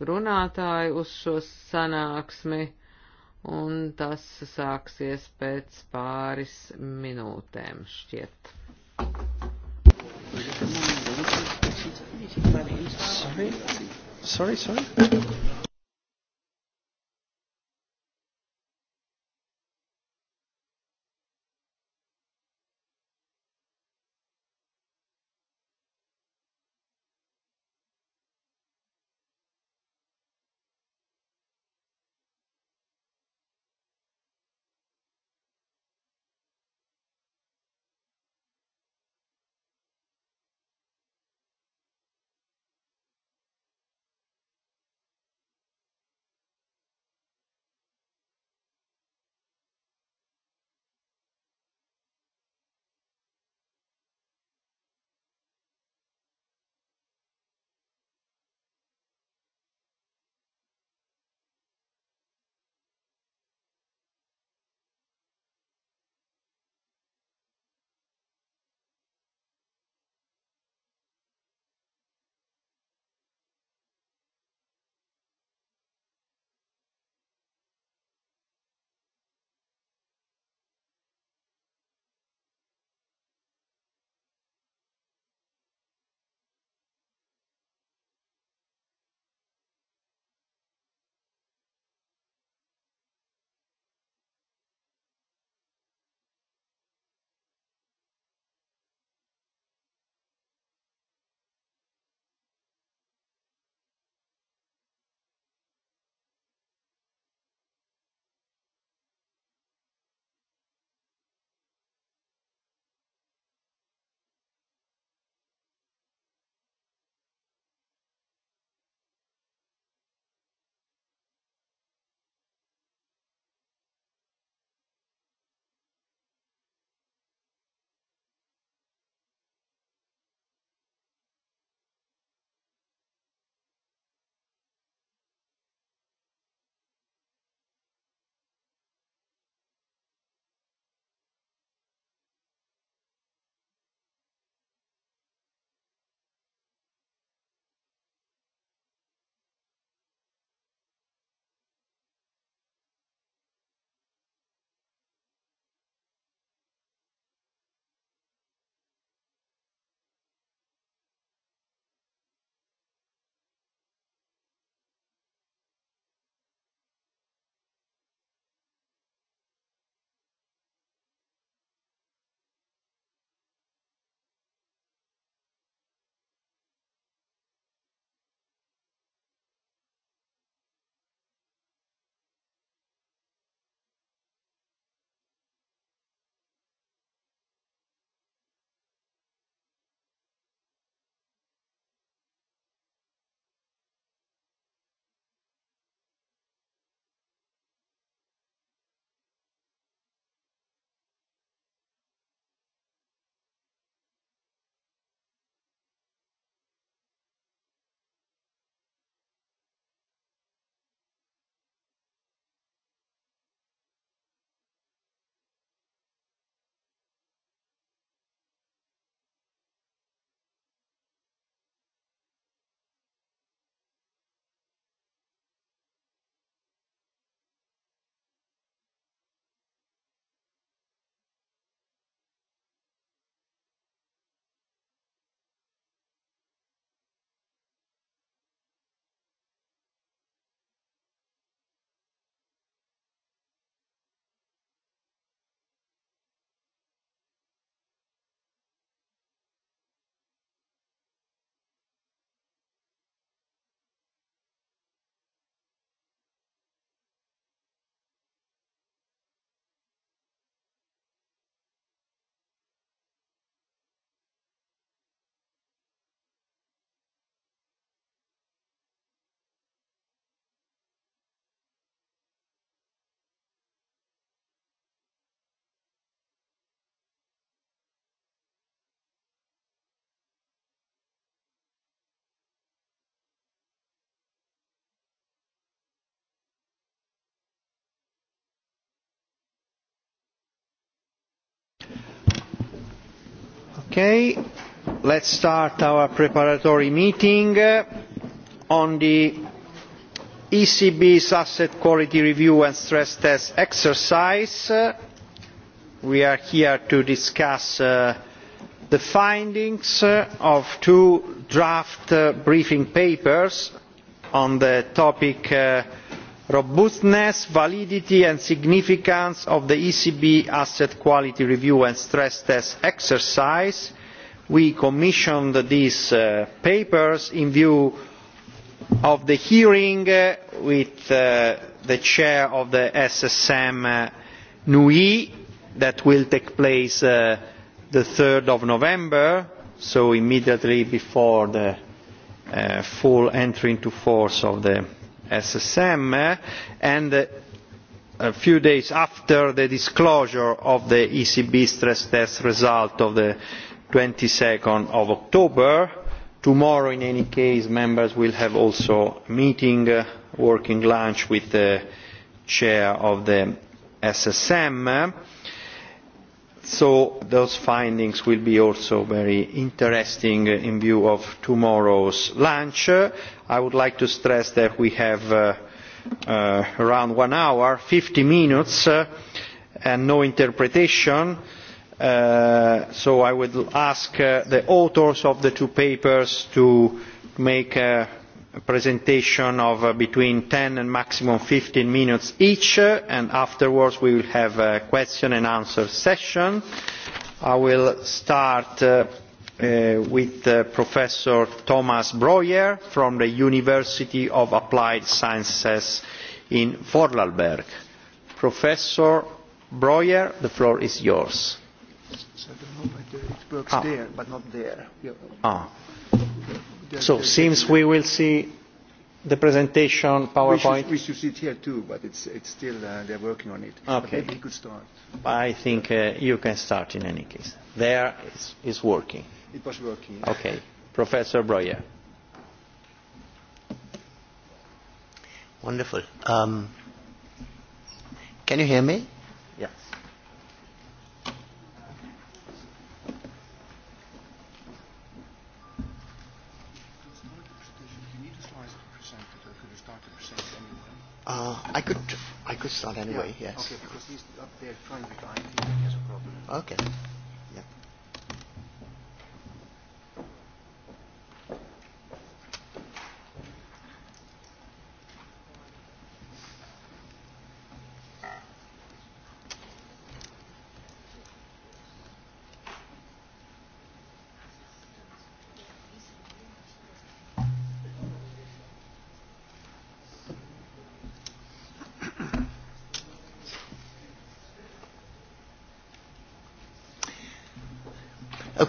runātāji uz šo sanāksmi un tas sāksies pēc pāris minūtēm šķiet. Sorry, sorry. sorry. Okay, let's start our preparatory meeting uh, on the ECB's asset quality review and stress test exercise. Uh, we are here to discuss uh, the findings uh, of two draft uh, briefing papers on the topic uh, robustness validity and significance of the ecb asset quality review and stress test exercise we commissioned these uh, papers in view of the hearing uh, with uh, the chair of the ssm uh, nui that will take place uh, three november so immediately before the uh, full entry into force of the SSM and uh, a few days after the disclosure of the ECB stress test result of the 22nd of October. Tomorrow, in any case, members will have also a meeting, uh, working lunch with the chair of the SSM. Uh, so those findings will be also very interesting in view of tomorrow's lunch. i would like to stress that we have uh, uh, around one hour fifty minutes uh, and no interpretation uh, so i would ask uh, the authors of the two papers to make presentation of uh, between 10 and maximum 15 minutes each, uh, and afterwards we will have a question and answer session. I will start uh, uh, with uh, Professor Thomas Breuer from the University of Applied Sciences in Vorarlberg. Professor Breuer, the floor is yours. So I don't know, but uh, it works ah. there, but not there. Yeah. Ah. So since we will see the presentation PowerPoint. We should, we should sit here too, but it's, it's still uh, they're working on it. Okay. But maybe you could start. I think uh, you can start in any case. There it's, it's working. It was working. Okay. Professor Breuer. Wonderful. Um, can you hear me? Uh, I could, I could start anyway. Yeah. Yes. Okay, because he's up there trying to find. He has a problem. Okay.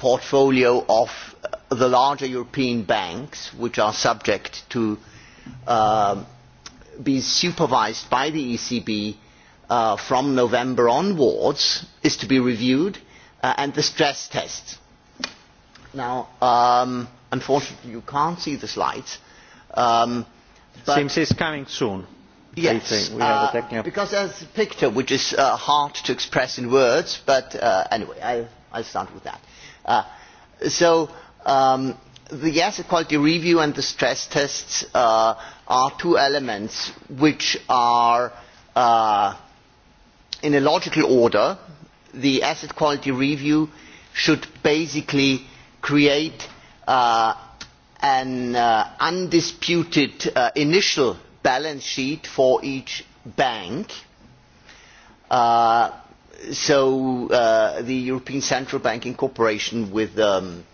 portfolio of the larger European banks, which are subject to uh, be supervised by the ECB uh, from November onwards, is to be reviewed, uh, and the stress tests. Now, um, unfortunately, you can't see the slides. Um, but Seems it's coming soon. Yes, we have a uh, because there's a picture which is uh, hard to express in words, but uh, anyway, I'll, I'll start with that. Uh, so um, the asset quality review and the stress tests uh, are two elements which are uh, in a logical order. The asset quality review should basically create uh, an uh, undisputed uh, initial balance sheet for each bank. Uh, so uh, the European Central Bank, in cooperation with, um,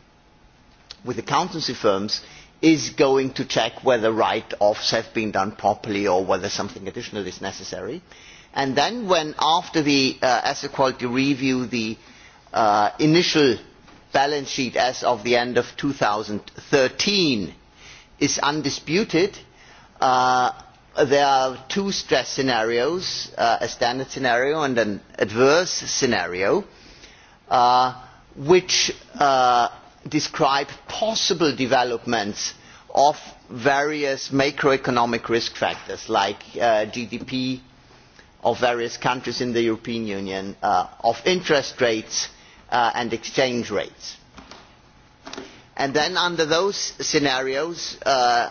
with accountancy firms, is going to check whether write-offs have been done properly or whether something additional is necessary. And then when, after the uh, asset quality review, the uh, initial balance sheet as of the end of 2013 is undisputed, uh, there are two stress scenarios uh, a standard scenario and an adverse scenario uh, which uh, describe possible developments of various macroeconomic risk factors like uh, GDP of various countries in the European Union, uh, of interest rates uh, and exchange rates. And then under those scenarios, uh,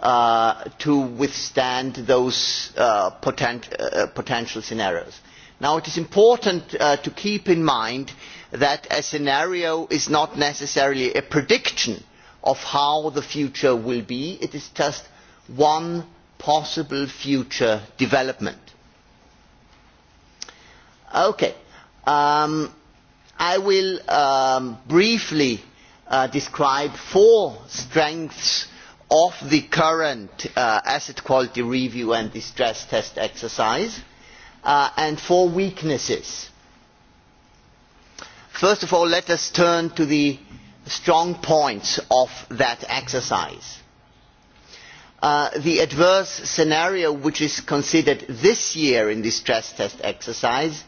uh, to withstand those uh, potent, uh, potential scenarios. Now, it is important uh, to keep in mind that a scenario is not necessarily a prediction of how the future will be. It is just one possible future development. Okay. Um, I will um, briefly uh, describe four strengths of the current uh, asset quality review and the stress test exercise uh, and four weaknesses. First of all, let us turn to the strong points of that exercise. Uh, the adverse scenario which is considered this year in the stress test exercise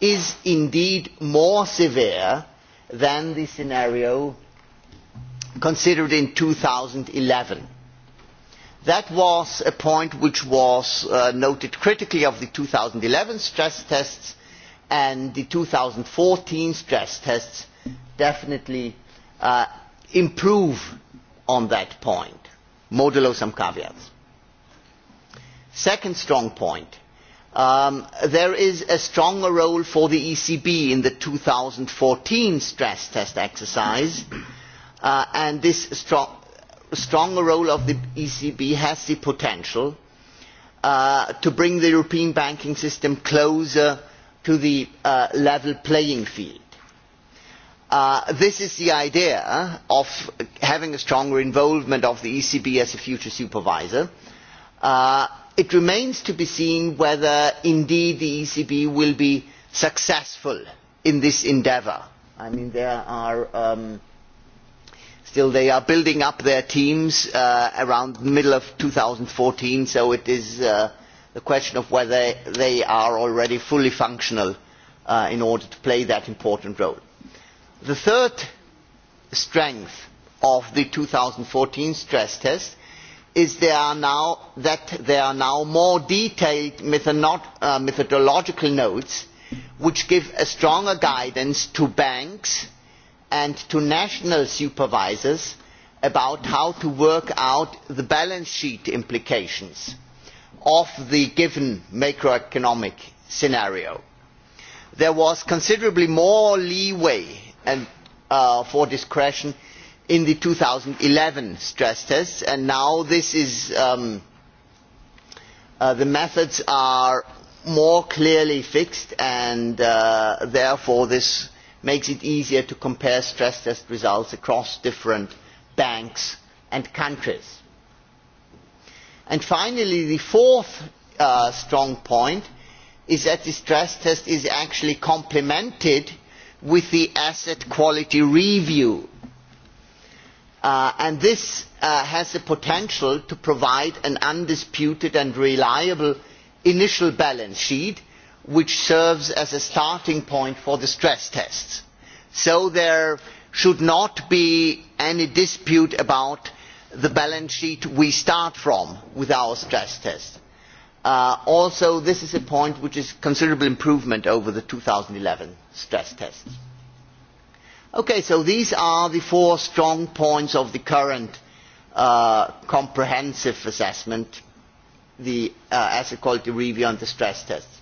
is indeed more severe than the scenario considered in 2011. That was a point which was uh, noted critically of the 2011 stress tests and the 2014 stress tests definitely uh, improve on that point, modulo some caveats. Second strong point, um, there is a stronger role for the ECB in the 2014 stress test exercise uh, and this strong, stronger role of the ECB has the potential uh, to bring the European banking system closer to the uh, level playing field. Uh, this is the idea of having a stronger involvement of the ECB as a future supervisor. Uh, it remains to be seen whether indeed the ECB will be successful in this endeavour. I mean, there are um, still they are building up their teams uh, around the middle of 2014, so it is uh, the question of whether they are already fully functional uh, in order to play that important role. The third strength of the 2014 stress test is there are now, that there are now more detailed methodolog uh, methodological notes which give a stronger guidance to banks uh, and to national supervisors about how to work out the balance sheet implications of the given macroeconomic scenario. there was considerably more leeway and, uh, for discretion in the two thousand and eleven stress tests and now is, um, uh, the methods are more clearly fixed and uh, therefore this makes it easier to compare stress test results across different banks and countries. And finally, the fourth uh, strong point is that the stress test is actually complemented with the asset quality review. Uh, and this uh, has the potential to provide an undisputed and reliable initial balance sheet which serves as a starting point for the stress tests. So there should not be any dispute about the balance sheet we start from with our stress test. Uh, also, this is a point which is considerable improvement over the 2011 stress test. Okay, so these are the four strong points of the current uh, comprehensive assessment, the uh, asset quality review and the stress tests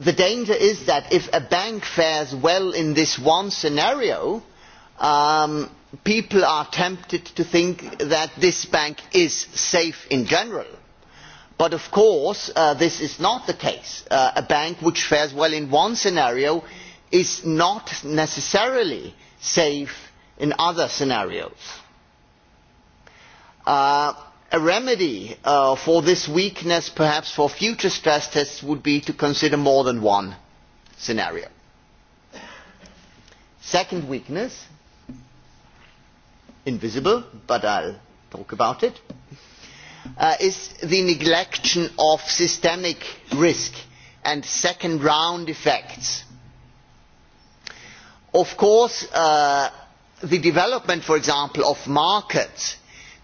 the danger is that if a bank fares well in this one scenario, um, people are tempted to think that this bank is safe in general. But of course, uh, this is not the case. Uh, a bank which fares well in one scenario is not necessarily safe in other scenarios. Uh, a remedy uh, for this weakness perhaps for future stress tests would be to consider more than one scenario. second weakness invisible but i will talk about it uh, is the neglection of systemic risk and second round effects. of course uh, the development for example of markets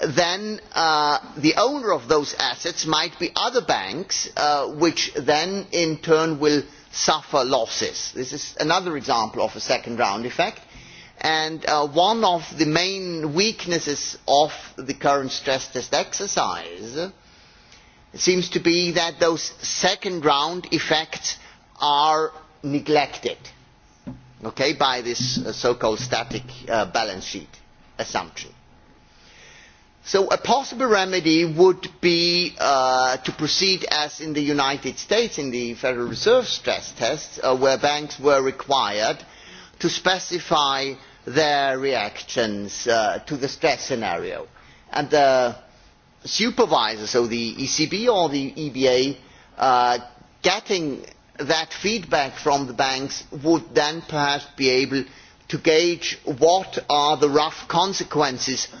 then uh, the owner of those assets might be other banks uh, which then in turn will suffer losses. this is another example of a second round effect and uh, one of the main weaknesses of the current stress test exercise seems to be that those second round effects are neglected okay, by this uh, so called static uh, balance sheet assumption so a possible remedy would be uh, to proceed as in the united states in the federal reserve stress tests uh, where banks were required to specify their reactions uh, to the stress scenario and the supervisor so the ecb or the eba uh, getting that feedback from the banks would then perhaps be able to gauge what are the rough consequences of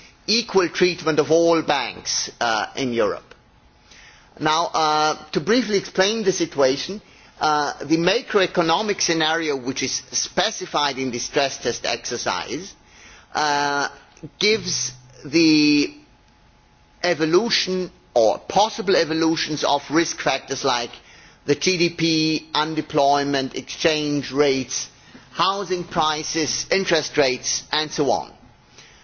equal treatment of all banks uh, in Europe. Now, uh, to briefly explain the situation, uh, the macroeconomic scenario which is specified in the stress test exercise uh, gives the evolution or possible evolutions of risk factors like the GDP, unemployment, exchange rates, housing prices, interest rates, and so on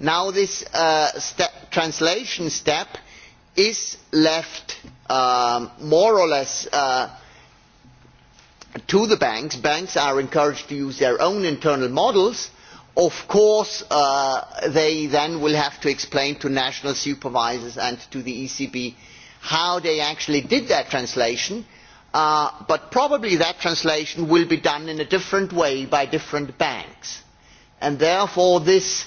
now this uh, step, translation step is left um, more or less uh, to the banks. Banks are encouraged to use their own internal models. Of course, uh, they then will have to explain to national supervisors and to the ECB how they actually did that translation. Uh, but probably that translation will be done in a different way by different banks. And therefore, this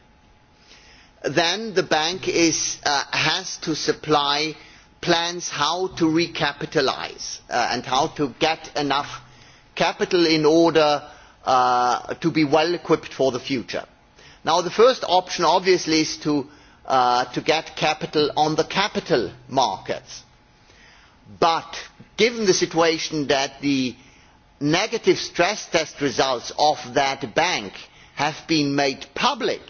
then the bank is, uh, has to supply plans how to recapitalise uh, and how to get enough capital in order uh, to be well equipped for the future. Now, the first option obviously is to, uh, to get capital on the capital markets. But given the situation that the negative stress test results of that bank have been made public, uh,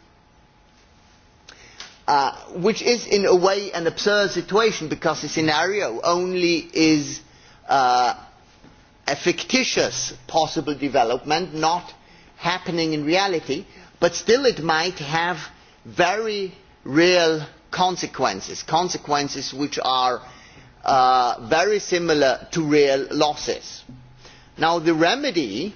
uh, which is in a way an absurd situation because the scenario only is uh, a fictitious possible development, not happening in reality, but still it might have very real consequences, consequences which are uh, very similar to real losses. Now the remedy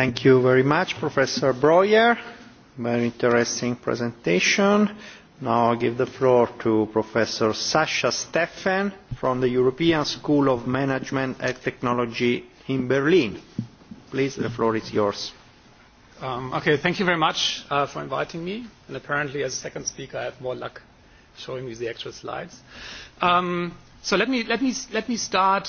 Thank you very much, Professor Breuer. Very interesting presentation. Now I give the floor to Professor Sasha Steffen from the European School of Management and Technology in Berlin. Please, the floor is yours. Um, okay, thank you very much uh, for inviting me. And apparently, as a second speaker, I have more luck showing you the actual slides. Um, so let me, let me, let me start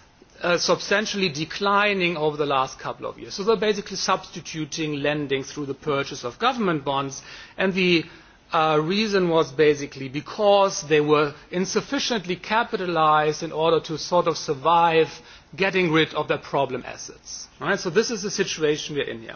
uh, substantially declining over the last couple of years. So they're basically substituting lending through the purchase of government bonds. And the uh, reason was basically because they were insufficiently capitalized in order to sort of survive getting rid of their problem assets. All right? So this is the situation we're in here.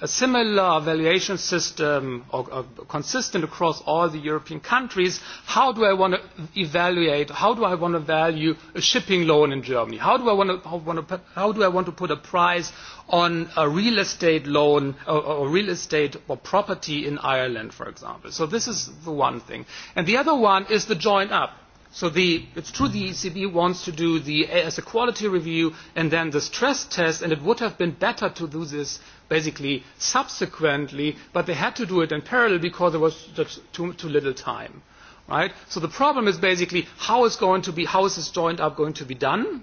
a similar valuation system or, or consistent across all the European countries, how do I want to evaluate, how do I want to value a shipping loan in Germany? How do I want to, how, want to, how do I want to put a price on a real estate loan or, or real estate or property in Ireland, for example? So this is the one thing. And the other one is the join up So the, it's true the ECB wants to do the as a quality review and then the stress test, and it would have been better to do this basically subsequently, but they had to do it in parallel because there was just too, too little time. Right? So the problem is basically how is, going to be, how is this joined up going to be done?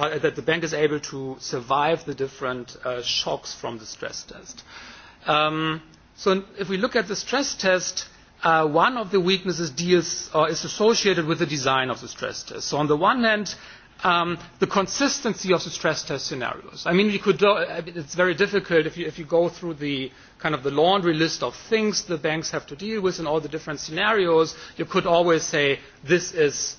uh, that the bank is able to survive the different uh, shocks from the stress test. Um, so if we look at the stress test, uh, one of the weaknesses deals or uh, is associated with the design of the stress test. So on the one hand, um, the consistency of the stress test scenarios. I mean, we could. Do, I uh, mean, it's very difficult if you if you go through the kind of the laundry list of things the banks have to deal with in all the different scenarios. You could always say this is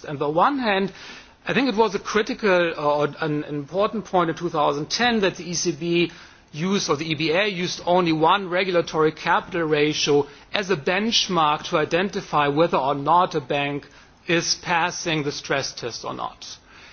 context. on the one hand i think it was a critical uh, or an important point in two thousand and ten that the ecb used or the eba used only one regulatory capital ratio as a benchmark to identify whether or not a bank is passing the stress test or not.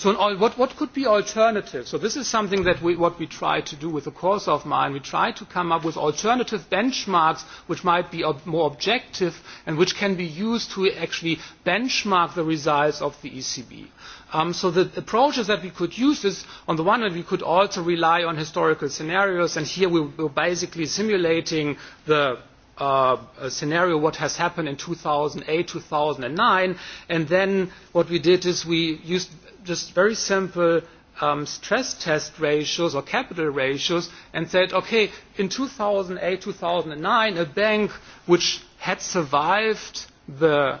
So in all, what, what could be alternatives? So this is something that we, what we try to do with the course of mine. We try to come up with alternative benchmarks which might be ob more objective and which can be used to actually benchmark the results of the ECB. Um, so the approaches that we could use is, on the one hand, we could also rely on historical scenarios, and here we were basically simulating the uh, scenario what has happened in 2008, 2009, and then what we did is we used just very simple um, stress test ratios or capital ratios and said, okay, in 2008, 2009, a bank which had survived the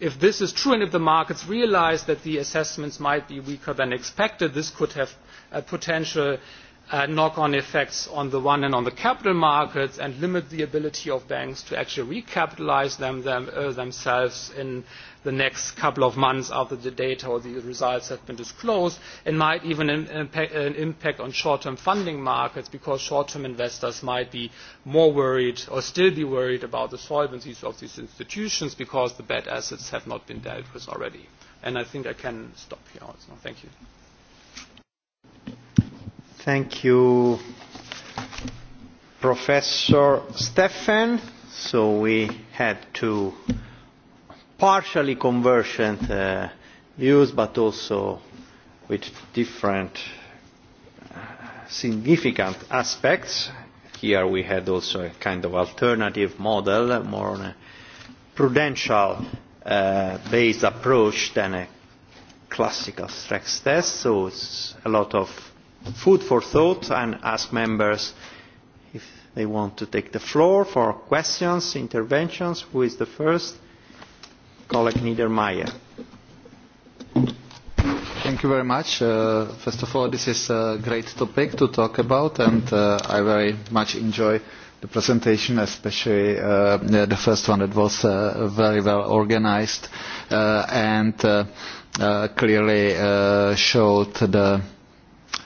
if this is true and if the markets realise that the assessments might be weaker than expected this could have uh, potential uh, knock on effects on the one hand on the capital markets and limit the ability of banks to actually recapitalise them, them, uh, themselves in the next couple of months after the data or the results have been disclosed and might even impact, an uh, impact on short-term funding markets because short-term investors might be more worried or still be worried about the solvencies of these institutions because the bad assets have not been dealt with already. And I think I can stop here also. Thank you. Thank you, Professor Stefan. So we had to partially convergent uh, views, but also with different uh, significant aspects. Here we had also a kind of alternative model, uh, more on a prudential uh, based approach than a classical stress test. So it's a lot of food for thought and ask members if they want to take the floor for questions, interventions. Who is the first? Uh, colleague Niedermayer. Thank you very much. Uh, first of all, this is a great topic to talk about, and uh, I very much enjoy the presentation, especially uh, the first one that was uh, very well organized uh, and uh, uh, clearly uh, showed the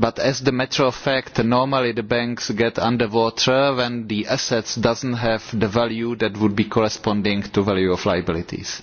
but as a matter of fact normally the banks get under water when the assets do not have the value that would be corresponding to the value of liabilities.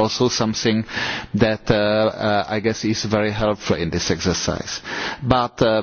also something that uh, uh, I guess is very helpful in this exercise. But uh,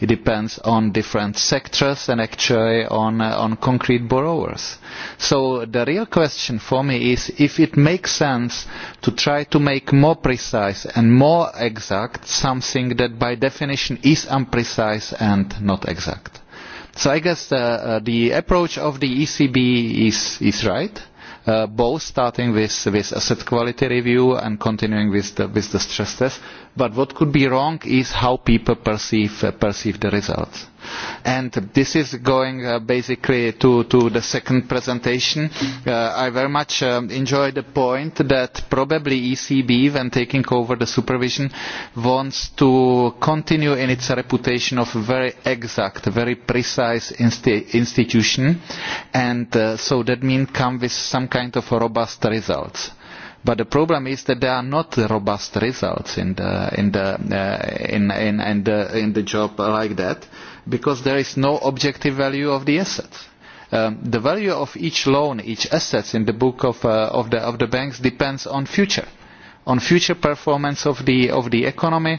It depends on different sectors and actually on, uh, on concrete borrowers. So the real question for me is if it makes sense to try to make more precise and more exact something that by definition is imprecise and not exact. So I guess the, uh, the approach of the ECB is, is right, uh, both starting with, with asset quality review and continuing with the, with the stress test but what could be wrong is how people perceive, uh, perceive the results. And this is going uh, basically to, to the second presentation. Uh, I very much um, enjoy the point that probably ECB, when taking over the supervision, wants to continue in its reputation of a very exact, very precise insti institution. And uh, so that means come with some kind of robust results. Uh, But the problem is that there are not robust results in the in the uh, in in in the in the job like that, because there is no objective value of the assets. Um, the value of each loan, each assets in the book of uh, of the of the banks depends on future on future performance of the of the economy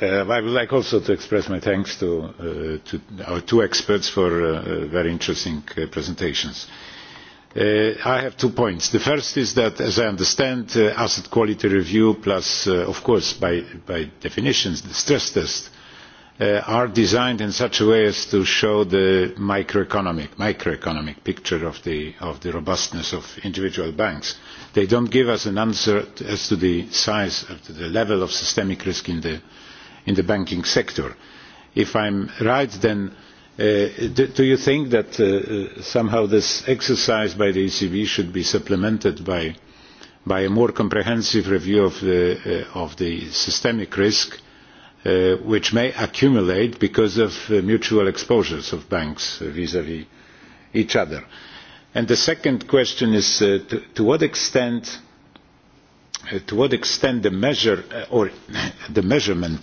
Uh, I would like also to express my thanks to, uh, to our two experts for uh, uh, very interesting uh, presentations. Uh, I have two points. The first is that, as I understand, uh, asset quality review plus, uh, of course, by, by definitions, the stress test uh, are designed in such a way as to show the microeconomic, microeconomic picture of the, of the robustness of individual banks. They don't give us an answer as to the size, to the level of systemic risk in the, uh, in the banking sector. if i am right then uh, do, do you think that uh, somehow this exercise by the ecb should be supplemented by, by a more comprehensive review of the, uh, of the systemic risk Uh, which may accumulate because of uh, mutual exposures of banks vis a vis each other. And the second question is uh, to, to what extent uh, to what extent the measure uh, or *coughs* the measurement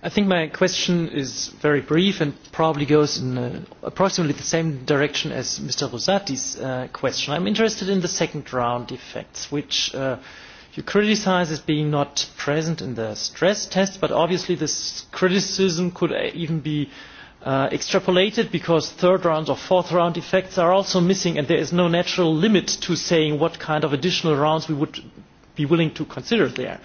I think my question is very brief and probably goes in uh, approximately the same direction as Mr. Rosati's uh, question. I'm interested in the second round effects, which uh, you criticize as being not present in the stress test, but obviously this criticism could uh, even be uh, extrapolated because third round or fourth round effects are also missing and there is no natural limit to saying what kind of additional rounds we would be willing to consider there. Uh,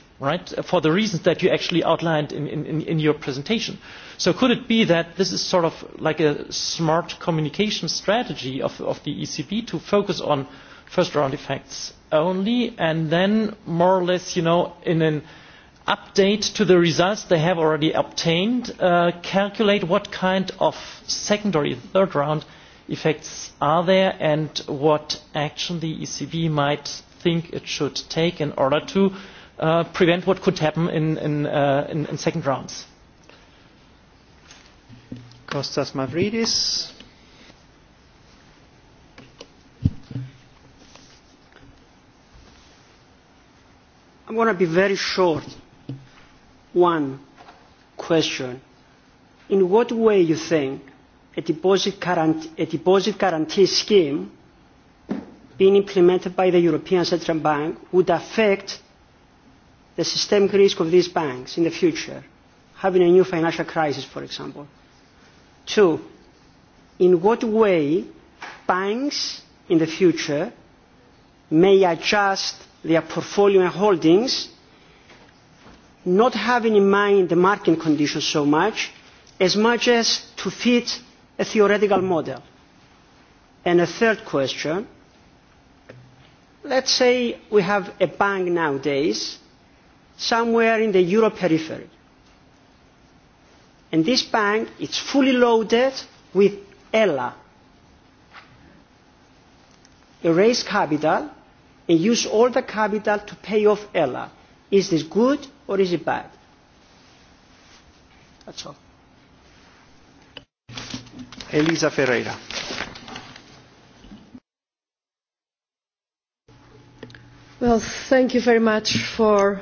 right, for the reasons that you actually outlined in, in, in your presentation. So could it be that this is sort of like a smart communication strategy of, of the ECB to focus on first round effects only and then more or less, you know, in an update to the results they have already obtained, uh, calculate what kind of secondary, third round effects are there and what action the ECB might think it should take in order to uh, uh, prevent what could happen in, in, uh, in, in second rounds. Kostas Mavridis. I'm going to be very short. One question. In what way you think a deposit, guarantee, a deposit guarantee scheme being implemented by the European Central Bank would affect the systemic risk of these banks in the future, having a new financial crisis, for example. Two, in what way banks in the future may adjust their portfolio and holdings, not having in mind the market conditions so much, as much as to fit a theoretical model. And a third question, let's say we have a bank nowadays somewhere in the euro periphery. And this bank is fully loaded with ELA. You raise capital and use all the capital to pay off ELA. Is this good or is it bad? That's all. Elisa Ferreira. Well, thank you very much for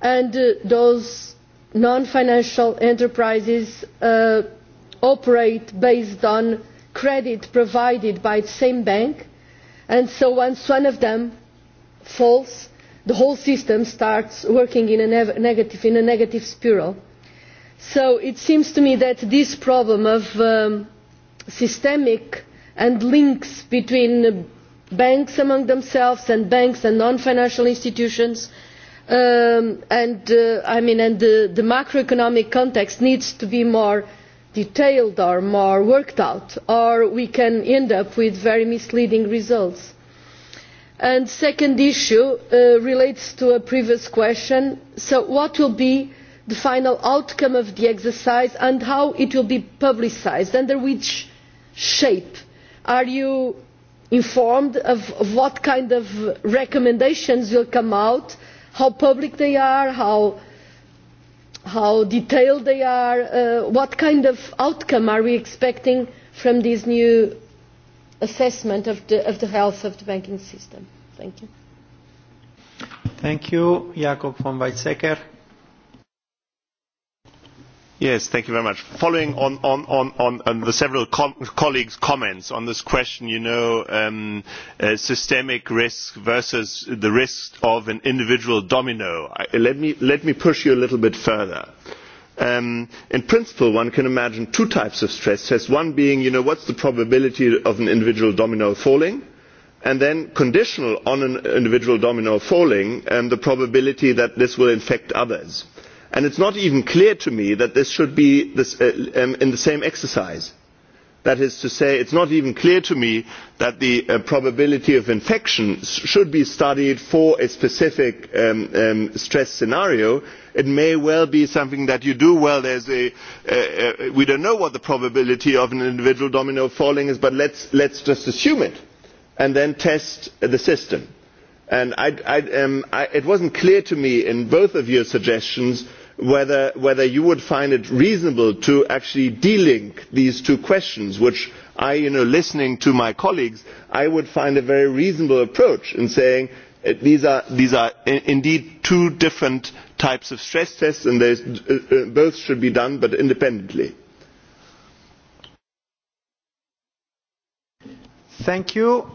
and uh, those non-financial enterprises uh, operate based on credit provided by the same bank and so once one of them falls the whole system starts working in a, ne negative, in a negative spiral. So it seems to me that this problem of um, systemic and links between banks among themselves and banks and non-financial institutions uh, um, and, uh, I mean, and the, the macroeconomic context needs to be more detailed or more worked out, or we can end up with very misleading results. And the second issue uh, relates to a previous question. So what will be the final outcome of the exercise and how it will be publicised? Under which shape? Are you informed of, of what kind of recommendations will come out? Uh, how public they are, how, how detailed they are, uh, what kind of outcome are we expecting from this new assessment of the, of the health of the banking system. Thank you. Thank you, Jakob von Weizsäcker. Yes, thank you very much. Following on, on, on, on, on the several com colleagues' comments on this question, you know, um, uh, systemic risk versus the risk of an individual domino, I, let, me, let me push you a little bit further. Um, in principle, one can imagine two types of stress tests, one being, you know, what's the probability of an individual domino falling? And then conditional on an individual domino falling, and um, the probability that this will infect others and it is not even clear to me that this should be this, uh, um, in the same exercise. that is to say it is not even clear to me that the uh, probability of infection should be studied for a specific um, um, stress scenario. it may well be something that you do well a, uh, uh we do not know what the probability of an individual domino falling is but let us just assume it and then test the system and I, I, um, I, it wasn't clear to me in both of your suggestions whether, whether you would find it reasonable to actually de-link these two questions, which I, you know, listening to my colleagues, I would find a very reasonable approach in saying uh, these are, these are in, indeed two different types of stress tests and uh, uh, both should be done but independently. Thank you.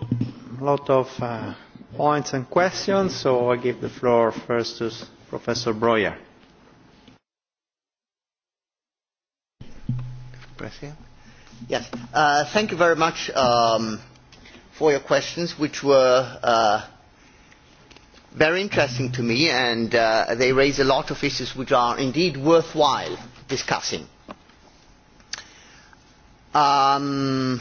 A lot of uh, points and questions, so I give the floor first to Professor Breuer. President? Yes. Uh, thank you very much um, for your questions, which were uh, very interesting to me, and uh, they raise a lot of issues which are indeed worthwhile discussing. Um,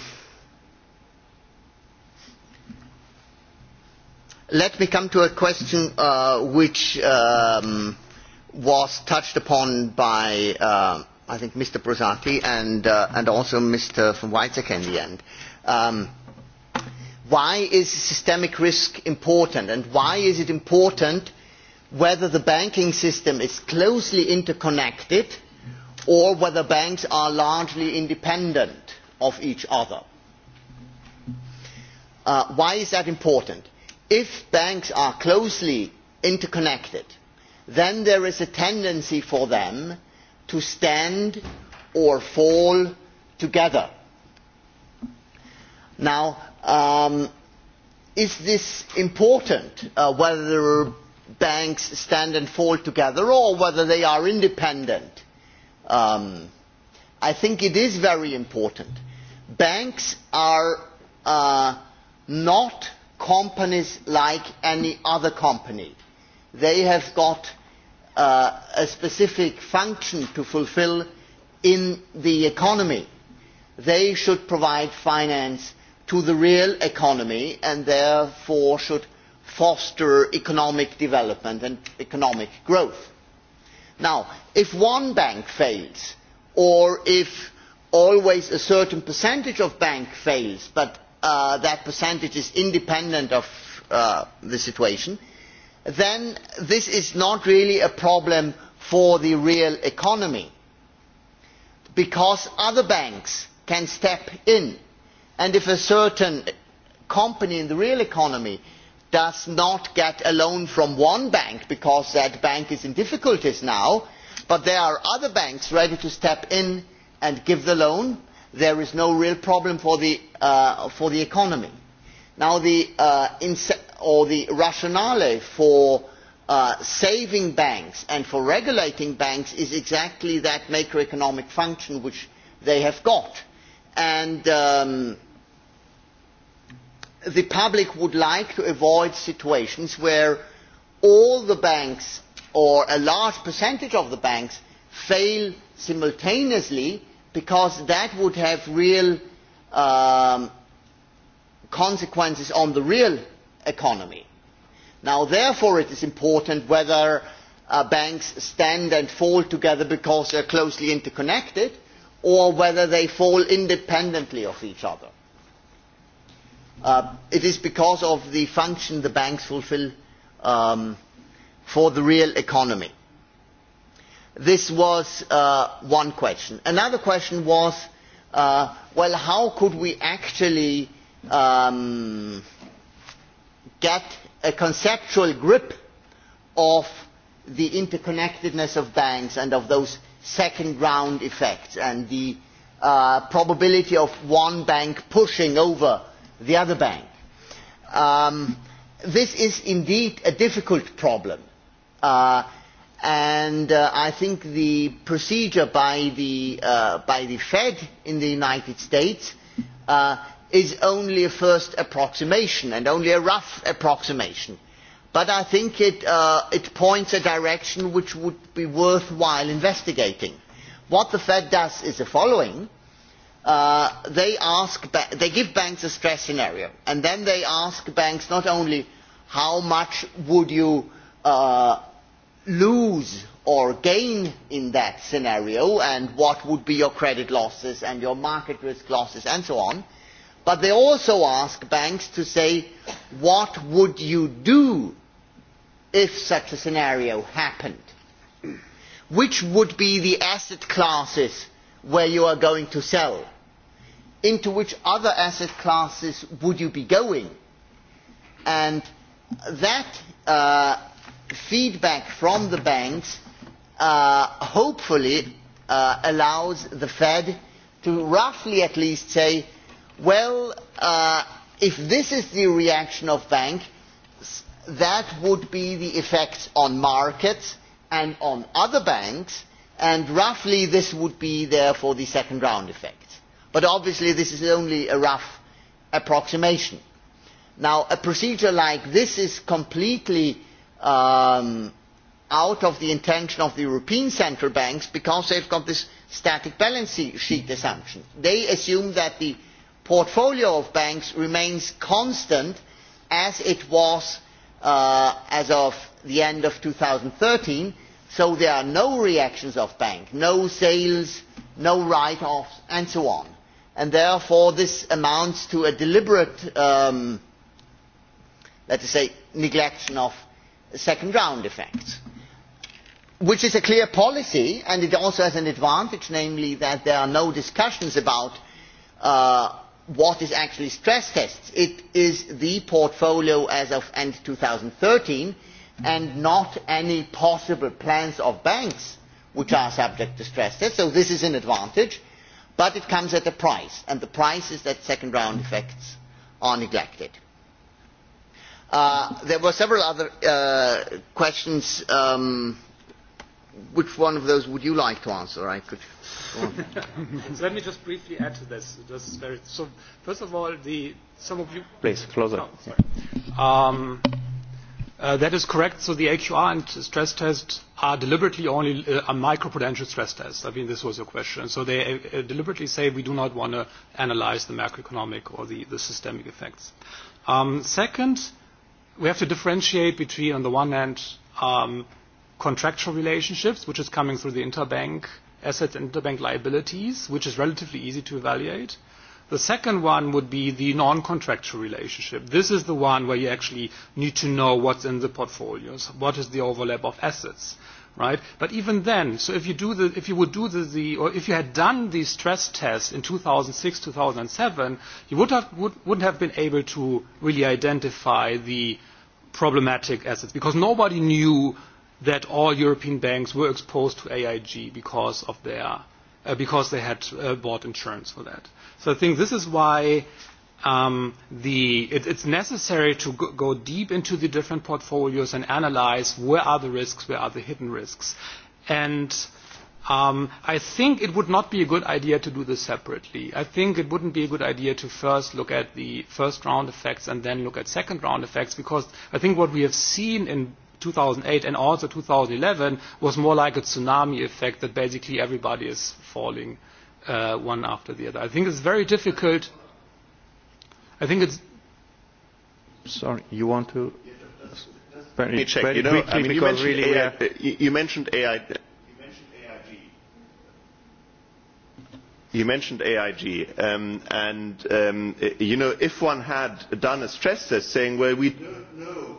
let me come to a question uh, which um, was touched upon by, uh, I think, Mr. Brosati and, uh, and also Mr. von Weizsäcker in the end. Um, why is systemic risk important and why is it important whether the banking system is closely interconnected or whether banks are largely independent of each other? Uh, why is that important? if banks are closely interconnected then there is a tendency for them to stand or fall together. Now, um, is this important, uh, whether banks stand and fall together or whether they are independent? Um, I think it is very important. Banks are uh, not companies like any other company. They have got uh, a specific function to fulfill in the economy. They should provide finance to the real economy and therefore should foster economic development and economic growth. Now, if one bank fails, or if always a certain percentage of banks fails, but uh, that percentage is independent of uh, the situation, then this is not really a problem for the real economy because other banks can step in and if a certain company in the real economy does not get a loan from one bank because that bank is in difficulties now but there are other banks ready to step in and give the loan there is no real problem for the, uh, for the economy. Now, the, uh, inse- or the rationale for uh, saving banks and for regulating banks is exactly that macroeconomic function which they have got. And um, the public would like to avoid situations where all the banks or a large percentage of the banks fail simultaneously because that would have real um, consequences on the real economy. Now, therefore, it is important whether uh, banks stand and fall together because they are closely interconnected or whether they fall independently of each other. Uh, it is because of the function the banks fulfill um, for the real economy. This was uh, one question. Another question was, uh, well, how could we actually um, get a conceptual grip of the interconnectedness of banks and of those second round effects and the uh, probability of one bank pushing over the other bank. Um, this is indeed a difficult problem. Uh, and uh, I think the procedure by the, uh, by the Fed in the United States uh, is only a first approximation and only a rough approximation. But I think it, uh, it points a direction which would be worthwhile investigating. What the Fed does is the following. Uh, they, ask ba- they give banks a stress scenario, and then they ask banks not only how much would you uh, lose or gain in that scenario and what would be your credit losses and your market risk losses and so on. But they also ask banks to say, what would you do if such a scenario happened? Which would be the asset classes where you are going to sell? Into which other asset classes would you be going? And that uh, feedback from the banks uh, hopefully uh, allows the Fed to roughly at least say, well, uh, if this is the reaction of banks, that would be the effects on markets and on other banks, and roughly this would be therefore the second round effect. But obviously this is only a rough approximation. Now, a procedure like this is completely um, out of the intention of the European central banks because they've got this static balance sheet assumption. They assume that the portfolio of banks remains constant as it was uh, as of the end of 2013, so there are no reactions of bank, no sales, no write-offs, and so on. And therefore, this amounts to a deliberate, um, let us say, neglection of second round effect which is a clear policy and it also has an advantage namely that there are no discussions about uh, what is actually stress tests. It is the portfolio as of end 2013 and not any possible plans of banks which are subject to stress tests. So this is an advantage, but it comes at a price, and the price is that second round effects are neglected. Uh, there were several other uh, questions. Um, which one of those would you like to answer? I could. *laughs* so let me just briefly add to this. this very, so first of all, the some of you. Please closer. No, oh, sorry. Um, uh, that is correct. So the AQR and stress test are deliberately only uh, a microprudential stress test. I mean, this was your question. So they uh, uh deliberately say we do not want to analyze the macroeconomic or the, the systemic effects. Um, second, uh, we have to differentiate between, on the one hand, um, contractual relationships, which is coming through the interbank assets and interbank liabilities, which is relatively easy to evaluate. The second one would be the non-contractual relationship. This is the one where you actually need to know what's in the portfolios, what is the overlap of assets. Uh, right? But even then, so if you, do the, if you would do the, the, or if you had done the stress test in 2006, 2007, you would have, would, wouldn't have been able to really identify the problematic assets because nobody knew that all European banks were exposed to AIG because of their, uh, because they had uh, bought insurance for that. So I think this is why um, the, it, it's necessary to go, go deep into the different portfolios and analyze where are the risks, where are the hidden risks. And um, I think it would not be a good idea to do this separately. I think it wouldn't be a good idea to first look at the first round effects and then look at second round effects because I think what we have seen in 2008 and also 2011 was more like a tsunami effect that basically everybody is falling uh, one after the other. I think it's very difficult. I think it's. Sorry, you want to. Very, Let me check. Very you know, quickly, I mean, you mentioned, really uh, AI, uh, uh, you mentioned AI. You mentioned AIG, um, and um, uh, you know, if one had done a stress test saying, "Well, we don't know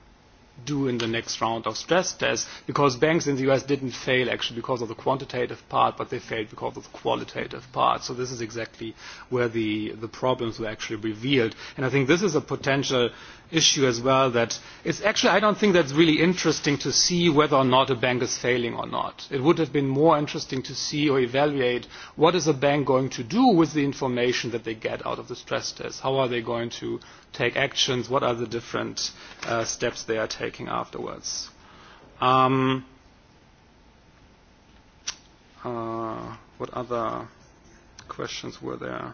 do in the next round of stress tests because banks in the US didn't fail actually because of the quantitative part, but they failed because of the qualitative part. So this is exactly where the, the problems were actually revealed. And I think this is a potential issue as well that it's actually, I don't think that's really interesting to see whether or not a bank is failing or not. It would have been more interesting to see or evaluate what is a bank going to do with the information that they get out of the stress test. How are they going to take actions, what are the different uh, steps they are taking afterwards. Um, uh, what other questions were there?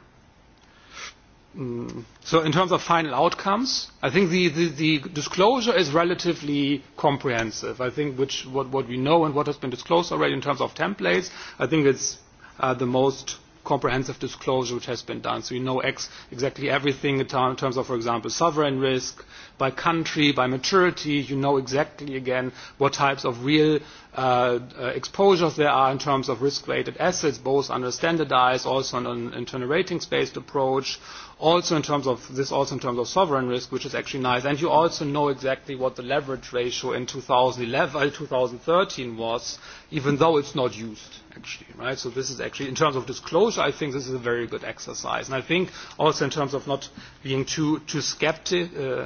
Mm. So in terms of final outcomes, I think the, the, the disclosure is relatively comprehensive. I think which, what, what we know and what has been disclosed already in terms of templates, I think it's uh, the most comprehensive disclosure which has been done. So you know ex exactly everything in terms of, for example, sovereign risk, uh, by country, by maturity. You know exactly, again, what types of real uh, uh exposures there are in terms of risk-weighted assets, both under standardized, also on an internal ratings-based approach, also in terms of this also in terms of sovereign risk, which is actually nice. And you also know exactly what the leverage ratio in 2011, uh, 2013 was, even though it's not used actually, right? So this is actually, in terms of disclosure, I think this is a very good exercise. And I think also in terms of not being too, too skeptic, uh,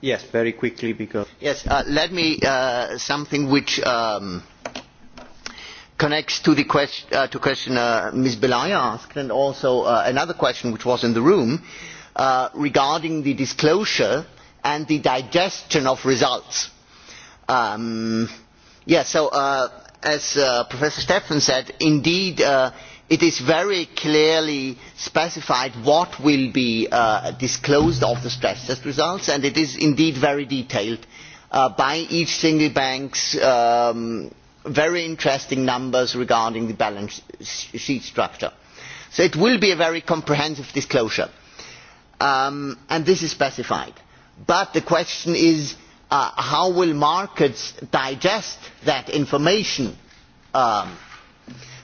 Yes, very quickly because. Yes, uh, let me uh, something which um, connects to the question, uh, to question uh, Ms. Belay asked, and also uh, another question which was in the room uh, regarding the disclosure and the digestion of results. Um, yes, yeah, so uh, as uh, Professor Steffen said, indeed. Uh, it is very clearly specified what will be uh, disclosed of the stress test results and it is indeed very detailed uh, by each single bank's um, very interesting numbers regarding the balance sheet structure. So it will be a very comprehensive disclosure. Um, and this is specified. But the question is uh, how will markets digest that information um,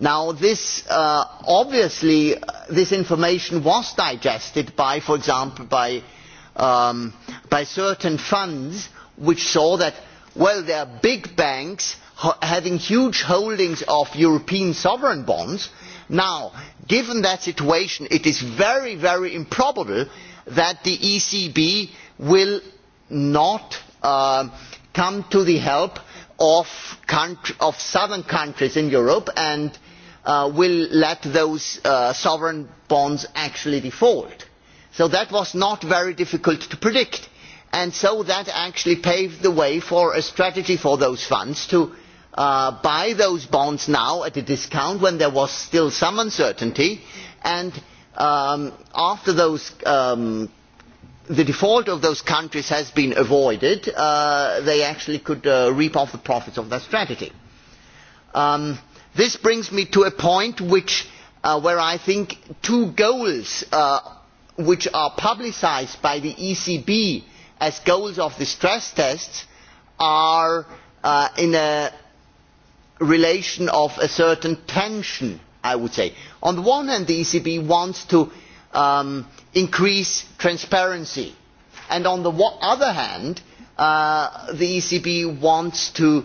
now this uh, obviously this information was digested by for example by um, by certain funds which saw that well there are big banks having huge holdings of european sovereign bonds now given that situation it is very very improbable that the ecb will not uh, come to the help of, country, of southern countries in europe and uh, uh, will let those uh, sovereign bonds actually default. So that was not very difficult to predict. And so that actually paved the way for a strategy for those funds to uh, buy those bonds now at a discount when there was still some uncertainty. And um, after those, um, the default of those countries has been avoided, uh, they actually could uh, reap off the profits of that strategy. Um, this brings me to a point which, uh, where i think two goals uh, which are publicised by the ecb as goals of the stress tests are uh, in a relation of a certain tension i would say. on the one hand the ecb wants to um, increase transparency and on the other hand uh, the ecb wants to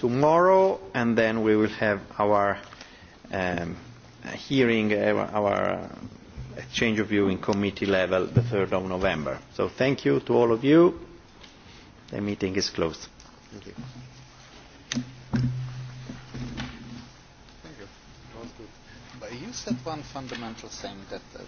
tomorrow, and then we will have our um, hearing, uh, our uh, exchange of view in committee level the 3rd of November. So thank you to all of you. The meeting is closed. Thank you. Thank you. That was good. But you said one fundamental thing that uh,